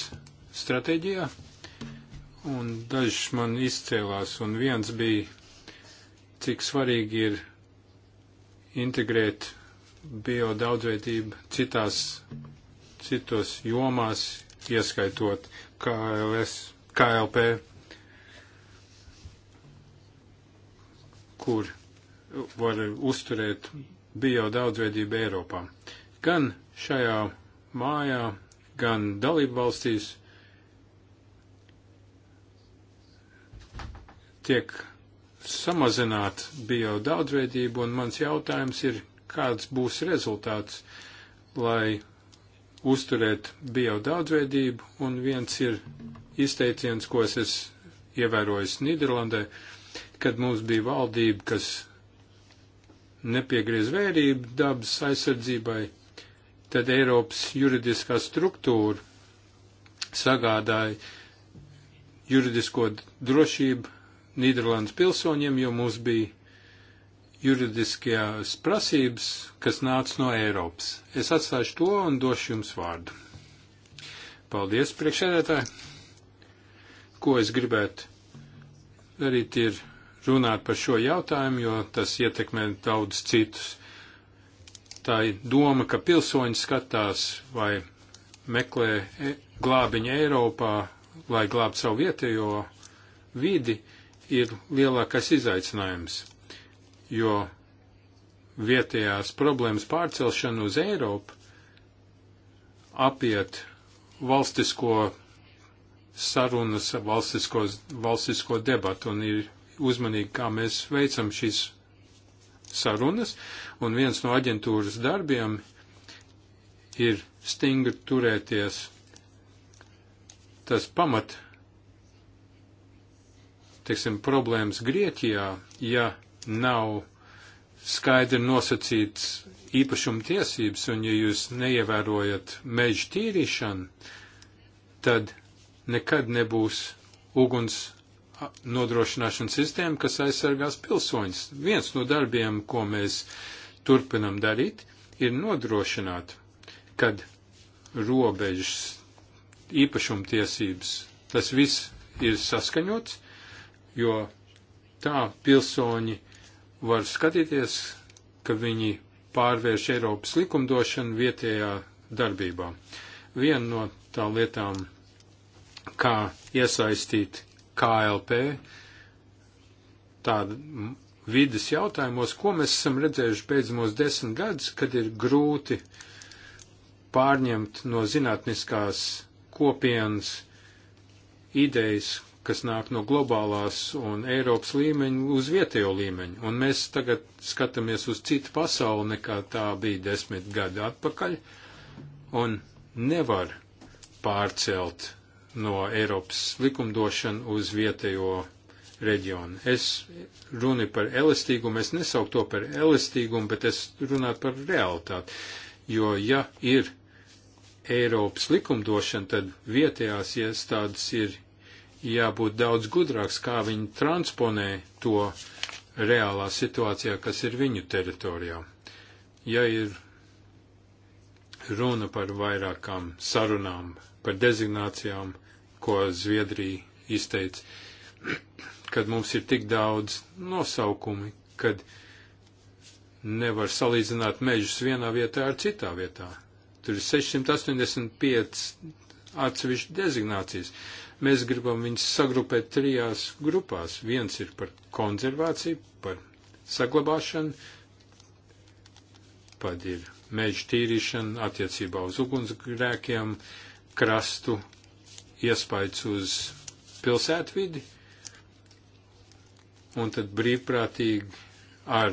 stratēģijā, un dažs man izcēlās, un viens bija, cik svarīgi ir integrēt bio daudzveidību citās, citos jomās, ieskaitot KLS, KLP, kur var uzturēt bio daudzveidību Eiropā. Gan šajā mājā, gan dalību valstīs tiek samazināt bio daudzveidību, un mans jautājums ir, kāds būs rezultāts, lai uzturēt bio daudzveidību, un viens ir izteiciens, ko es esmu ievērojis Nīderlandē, kad mums bija valdība, kas nepiegriez vērību dabas aizsardzībai, tad Eiropas juridiskā struktūra sagādāja juridisko drošību Nīderlandes pilsoņiem, jo mums bija juridiskajās prasības, kas nāca no Eiropas. Es atstāšu to un došu jums vārdu. Paldies, priekšsēdētāji! Ko es gribētu darīt ir runāt par šo jautājumu, jo tas ietekmē daudz citus. Tā ir doma, ka pilsoņi skatās vai meklē e- glābiņu Eiropā, lai glābtu savu vietējo vidi, ir lielākais izaicinājums jo vietējās problēmas pārcelšana uz Eiropu apiet valstisko sarunas, valstisko, valstisko debatu un ir uzmanīgi, kā mēs veicam šīs sarunas. Un viens no aģentūras darbiem ir stingri turēties tas pamat, teiksim, problēmas Grieķijā, ja nav skaidri nosacīts īpašuma tiesības, un ja jūs neievērojat meža tīrīšanu, tad nekad nebūs uguns nodrošināšanas sistēma, kas aizsargās pilsoņus. Viens no darbiem, ko mēs turpinam darīt, ir nodrošināt, kad robežas īpašumtiesības, tas viss ir saskaņots, jo tā pilsoņi var skatīties, ka viņi pārvērš Eiropas likumdošanu vietējā darbībā. Viena no tā lietām, kā iesaistīt KLP, tāda vidas jautājumos, ko mēs esam redzējuši pēdējos desmit gadus, kad ir grūti pārņemt no zinātniskās kopienas idejas, kas nāk no globālās un Eiropas līmeņa uz vietējo līmeņu. Un mēs tagad skatāmies uz citu pasauli, nekā tā bija desmit gadi atpakaļ, un nevar pārcelt no Eiropas likumdošanu uz vietējo reģionu. Es runu par elastīgumu, es nesauktu to par elastīgumu, bet es runātu par realitāti. Jo, ja ir Eiropas likumdošana, tad vietējās iestādes ir jābūt daudz gudrāks, kā viņi transponē to reālā situācijā, kas ir viņu teritorijā. Ja ir runa par vairākām sarunām, par dezinācijām, ko Zviedrija izteica, kad mums ir tik daudz nosaukumi, kad nevar salīdzināt mežus vienā vietā ar citā vietā. Tur ir 685 atsevišķi dezinācijas. Mēs gribam viņus sagrupēt trijās grupās. Viens ir par konservāciju, par saglabāšanu, tad ir meža tīrīšana attiecībā uz ugunsgrēkiem, krastu iespējas uz pilsētvidi, un tad brīvprātīgi ar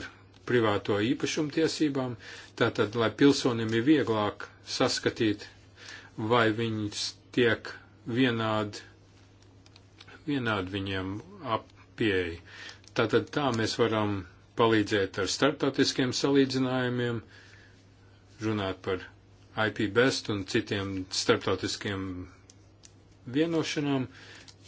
privāto īpašumu tiesībām, tātad, lai pilsonim ir vieglāk saskatīt, vai viņas tiek vienādi vienādi viņiem apieeja. Tātad tā mēs varam palīdzēt ar starptautiskiem salīdzinājumiem, runāt par IP best un citiem starptautiskiem vienošanām,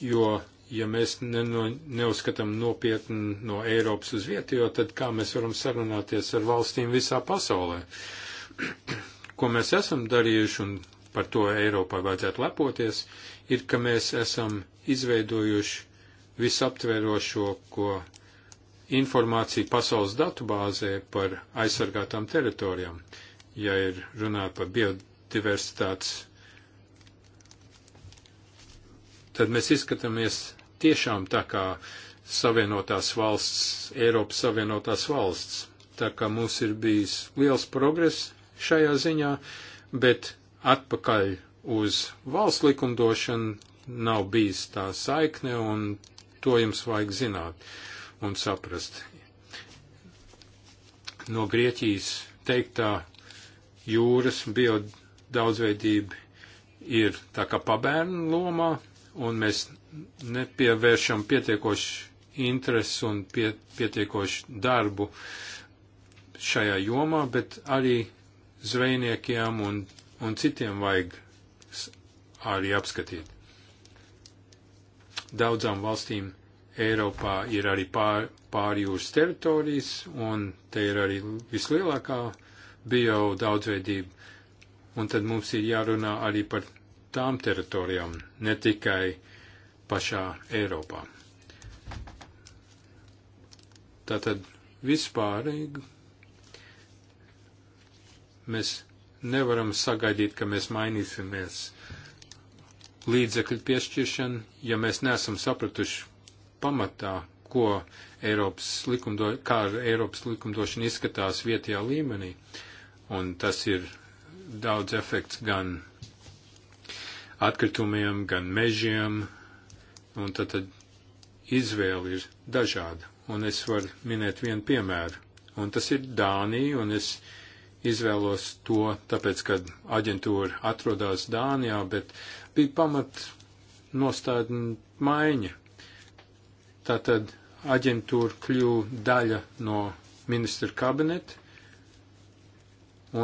jo ja mēs neno, neuzskatām nopietni no Eiropas uz vietējo, tad kā mēs varam sarunāties ar valstīm visā pasaulē? Ko mēs esam darījuši un par to Eiropā vajadzētu lepoties, ir, ka mēs esam izveidojuši visaptverošo, ko informācija pasaules datubāzē par aizsargātām teritorijām, ja ir runāt par biodiversitātes, tad mēs izskatāmies tiešām tā kā Savienotās valsts, Eiropas Savienotās valsts. Tā kā mums ir bijis liels progress šajā ziņā, bet atpakaļ uz valsts likumdošanu nav bijis tā saikne, un to jums vajag zināt un saprast. No Grieķijas teiktā jūras bio daudzveidība ir tā kā pabērnu lomā, un mēs nepievēršam pietiekoši interesi un pie, pietiekoši darbu šajā jomā, bet arī zvejniekiem un, un citiem vajag arī apskatīt. Daudzām valstīm Eiropā ir arī pār, pārjūras teritorijas, un te ir arī vislielākā bio daudzveidība. Un tad mums ir jārunā arī par tām teritorijām, ne tikai pašā Eiropā. Tātad vispārīgi mēs nevaram sagaidīt, ka mēs mainīsimies līdzekļu piešķiršana, ja mēs nesam sapratuši pamatā, ko Eiropas likumdo, kā Eiropas likumdošana izskatās vietējā līmenī, un tas ir daudz efekts gan atkritumiem, gan mežiem, un tad, tad izvēle ir dažāda. Un es varu minēt vienu piemēru, un tas ir Dānija, un es izvēlos to, tāpēc, kad aģentūra atrodas Dānijā, bet bija pamat nostādņu maiņa. Tātad aģentūra kļuva daļa no ministra kabineta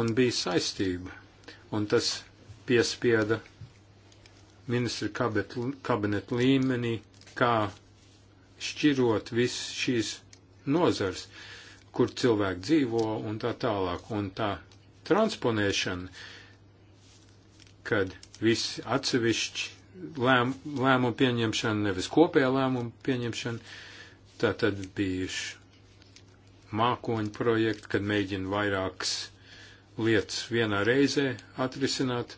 un bija saistība. Un tas piespieda ministra kabineta, kabineta līmenī, kā šķirot visas šīs nozars, kur cilvēki dzīvo un tā tālāk. Un tā transponēšana, kad viss atsevišķi lēm, lēmumu pieņemšana, nevis kopējā lēmumu pieņemšana. Tā tad bijuši mākoņu projekti, kad mēģina vairākas lietas vienā reizē atrisināt,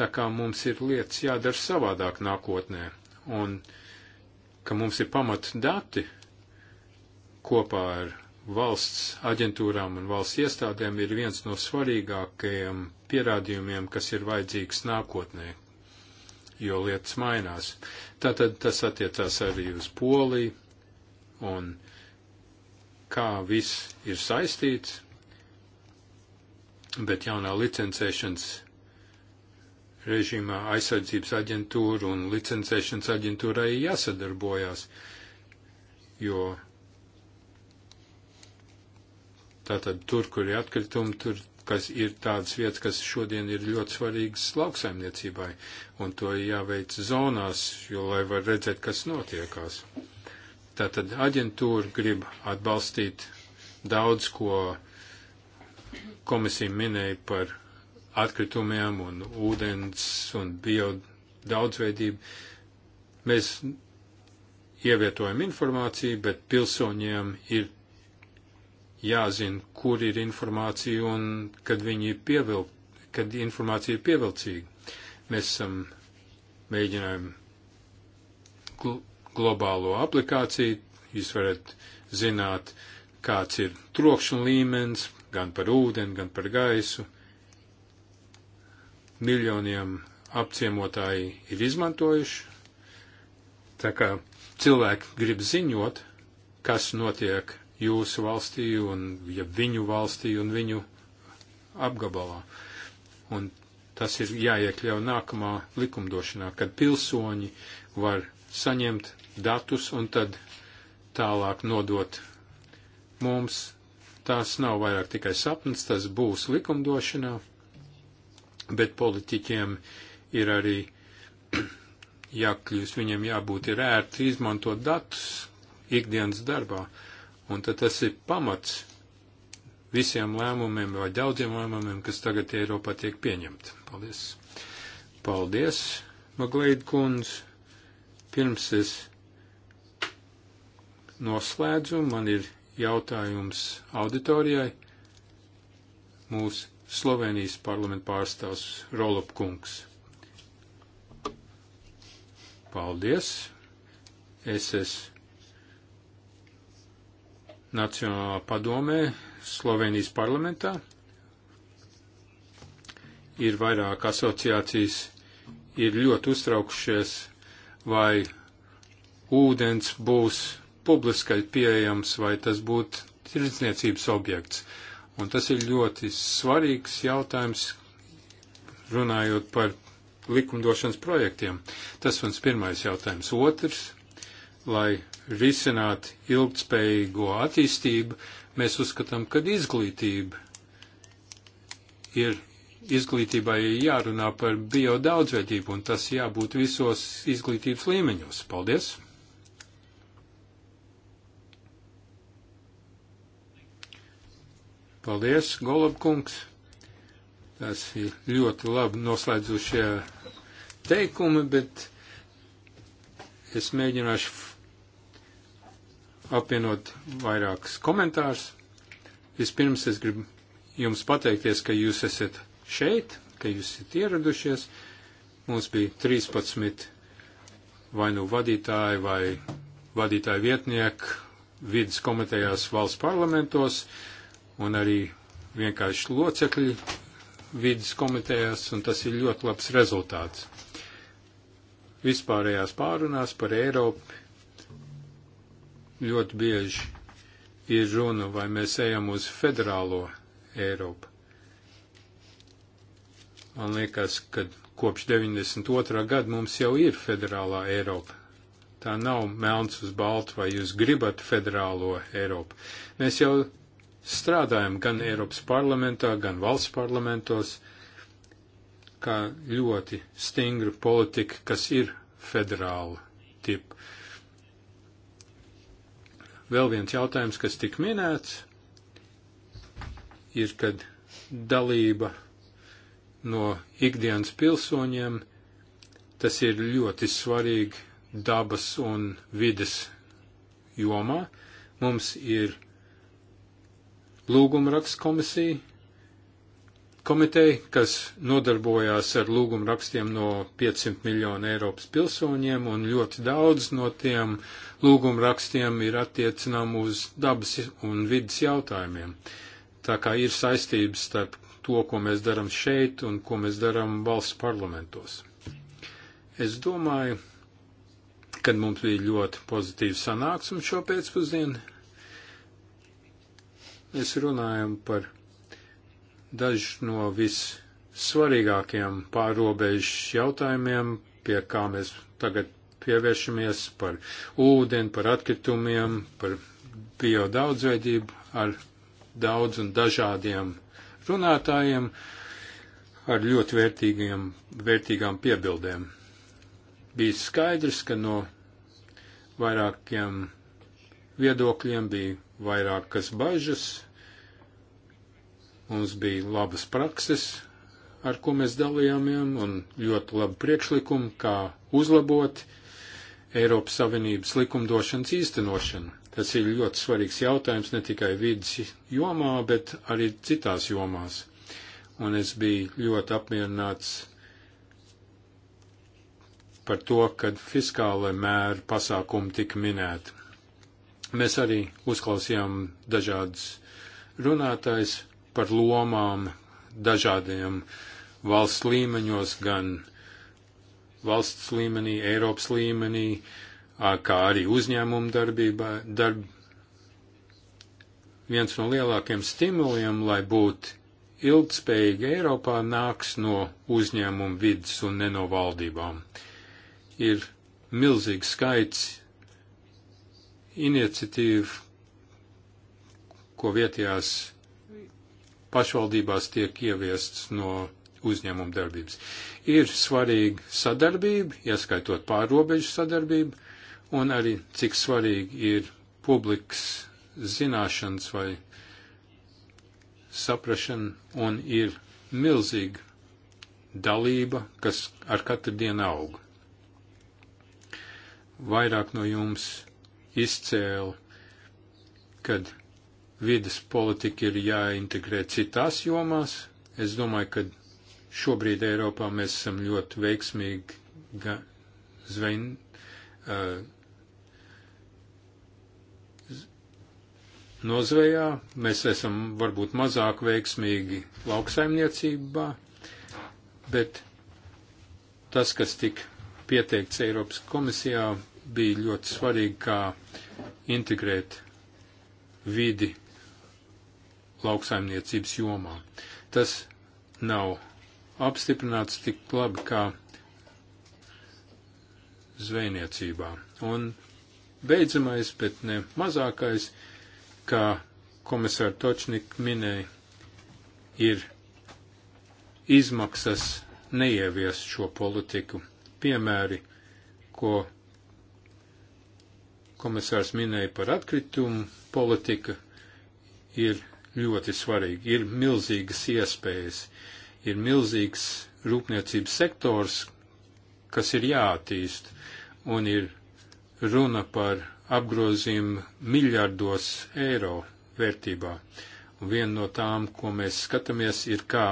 tā kā mums ir lietas jādara savādāk nākotnē, un ka mums ir pamat dati kopā ar valsts aģentūrām un valsts iestādēm ir viens no svarīgākajiem pierādījumiem, kas ir vajadzīgs nākotnē, jo lietas mainās. Tātad tas attiecās arī uz Poliju un kā viss ir saistīts, bet jaunā licencēšanas režīmā aizsardzības aģentūra un licencēšanas aģentūrai jāsadarbojās, jo tātad tur, kur ir atkritumi, tur kas ir tādas vietas, kas šodien ir ļoti svarīgas lauksaimniecībai, un to jāveic zonās, jo lai var redzēt, kas notiekās. Tātad aģentūra grib atbalstīt daudz, ko komisija minēja par atkritumiem un ūdens un bio daudzveidību. Mēs ievietojam informāciju, bet pilsoņiem ir jāzina, kur ir informācija un kad viņi ir pievilk, kad informācija ir pievilcīga. Mēs esam mēģinājumi gl globālo aplikāciju, jūs varat zināt, kāds ir trokšņa līmenis, gan par ūdeni, gan par gaisu. Miljoniem apciemotāji ir izmantojuši. Tā kā cilvēki grib ziņot, kas notiek jūsu valstī un ja viņu valstī un viņu apgabalā. Un tas ir jāiekļauj nākamā likumdošanā, kad pilsoņi var saņemt datus un tad tālāk nodot mums. Tas nav vairāk tikai sapnis, tas būs likumdošanā, bet politiķiem ir arī jākļūst, viņiem jābūt ir ērti izmantot datus ikdienas darbā. Un tad tas ir pamats visiem lēmumiem vai daudziem lēmumiem, kas tagad Eiropā tiek pieņemti. Paldies! Paldies, Magleid kundz! Pirms es noslēdzu, man ir jautājums auditorijai. Mūsu Slovenijas parlamenta pārstāvs Rolop kungs. Paldies! Es esmu Nacionālā padomē, Slovenijas parlamentā. Ir vairāk asociācijas, ir ļoti uztraukušies, vai ūdens būs publiskai pieejams, vai tas būtu tirdzniecības objekts. Un tas ir ļoti svarīgs jautājums, runājot par likumdošanas projektiem. Tas mans pirmais jautājums. Otrs lai risinātu ilgtspējīgo attīstību, mēs uzskatām, ka izglītība ir izglītībai jārunā par biodaudzveidību, un tas jābūt visos izglītības līmeņos. Paldies! Paldies, Golubkungs! Tas ir ļoti labi noslēdzušie teikumi, bet es mēģināšu apvienot vairākus komentārus. Vispirms es gribu jums pateikties, ka jūs esat šeit, ka jūs esat ieradušies. Mums bija 13 vai nu vadītāji vai vadītāji vietnieki vidas komitejās valsts parlamentos un arī vienkārši locekļi vidas komitejās, un tas ir ļoti labs rezultāts. Vispārējās pārunās par Eiropu ļoti bieži ir runa, vai mēs ejam uz federālo Eiropu. Man liekas, ka kopš 92. gada mums jau ir federālā Eiropa. Tā nav melns uz baltu, vai jūs gribat federālo Eiropu. Mēs jau strādājam gan Eiropas parlamentā, gan valsts parlamentos, kā ļoti stingra politika, kas ir federāla tipa. Vēl viens jautājums, kas tik minēts, ir, kad dalība no ikdienas pilsoņiem, tas ir ļoti svarīgi dabas un vides jomā. Mums ir lūgumraksts komisija, komiteja, kas nodarbojās ar lūgumu rakstiem no 500 miljonu Eiropas pilsoņiem, un ļoti daudz no tiem lūgumu rakstiem ir attiecinām uz dabas un vidas jautājumiem. Tā kā ir saistības starp to, ko mēs daram šeit un ko mēs daram valsts parlamentos. Es domāju, kad mums bija ļoti pozitīva sanāksme šo pēcpusdienu, mēs runājam par daži no vissvarīgākajiem pārobežu jautājumiem, pie kā mēs tagad pievēršamies par ūdeni, par atkritumiem, par biodaudzveidību ar daudz un dažādiem runātājiem ar ļoti vērtīgiem, vērtīgām piebildēm. Bija skaidrs, ka no vairākiem viedokļiem bija vairākas bažas, Mums bija labas prakses, ar ko mēs dalījāmies, un ļoti labi priekšlikumi, kā uzlabot Eiropas Savienības likumdošanas īstenošanu. Tas ir ļoti svarīgs jautājums ne tikai vidas jomā, bet arī citās jomās. Un es biju ļoti apmierināts par to, ka fiskālai mēra pasākumi tika minēti. Mēs arī uzklausījām dažādus runātājus, par lomām dažādiem valsts līmeņos, gan valsts līmenī, Eiropas līmenī, kā arī uzņēmumu darbībā. Darb... Viens no lielākiem stimuliem, lai būtu ilgspējīga Eiropā, nāks no uzņēmumu vidas un ne no valdībām. Ir milzīgs skaits iniciatīvu, ko vietējās pašvaldībās tiek ieviests no uzņēmuma darbības. Ir svarīga sadarbība, ieskaitot pārobežu sadarbību, un arī cik svarīgi ir publikas zināšanas vai saprašana, un ir milzīga dalība, kas ar katru dienu aug. Vairāk no jums izcēla, kad vidas politika ir jāintegrē citās jomās. Es domāju, ka šobrīd Eiropā mēs esam ļoti veiksmīgi zvein, uh, nozvejā, mēs esam varbūt mazāk veiksmīgi lauksaimniecībā, bet tas, kas tika pieteikts Eiropas komisijā, bija ļoti svarīgi, kā integrēt vidi lauksaimniecības jomā. Tas nav apstiprināts tik labi kā zvejniecībā. Un beidzamais, bet ne mazākais, kā komisāra Točnik minēja, ir izmaksas neievies šo politiku. Piemēri, ko komisārs minēja par atkritumu politiku, ir ļoti svarīgi. Ir milzīgas iespējas, ir milzīgs rūpniecības sektors, kas ir jātīst, un ir runa par apgrozījumu miljardos eiro vērtībā. Un viena no tām, ko mēs skatāmies, ir kā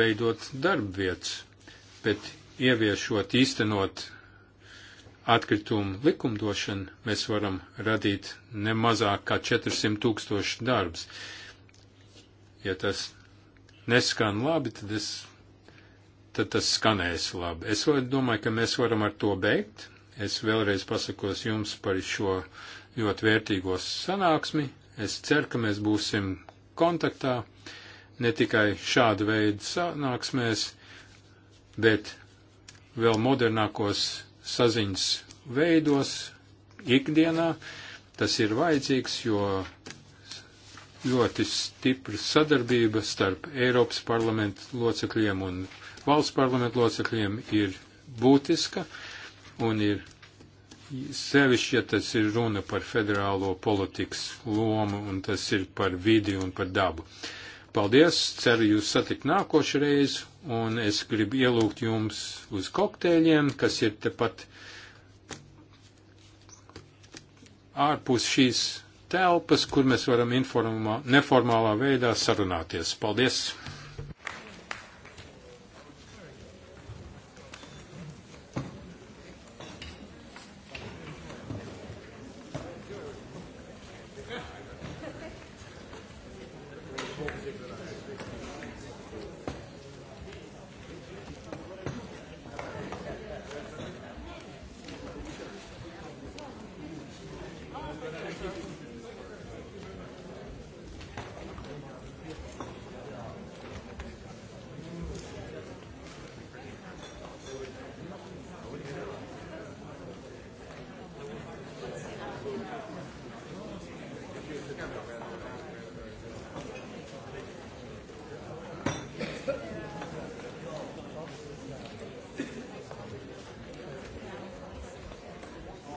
veidot darbvietas, bet ieviešot, īstenot atkritumu likumdošanu, mēs varam radīt ne mazāk kā 400 tūkstoši darbs. Ja tas neskan labi, tad, es, tad tas skanēs labi. Es domāju, ka mēs varam ar to beigt. Es vēlreiz pasakos jums par šo ļoti vērtīgo sanāksmi. Es ceru, ka mēs būsim kontaktā ne tikai šāda veida sanāksmēs, bet vēl modernākos saziņas veidos ikdienā. Tas ir vajadzīgs, jo ļoti stipra sadarbība starp Eiropas parlamentu locekļiem un valsts parlamentu locekļiem ir būtiska un ir sevišķi, ja tas ir runa par federālo politikas lomu un tas ir par vidi un par dabu. Uh, Paldies, ceru jūs satikt nākošreiz, un es gribu ielūgt jums uz kokteļiem, kas ir tepat ārpus šīs telpas, kur mēs varam informā, neformālā veidā sarunāties. Paldies!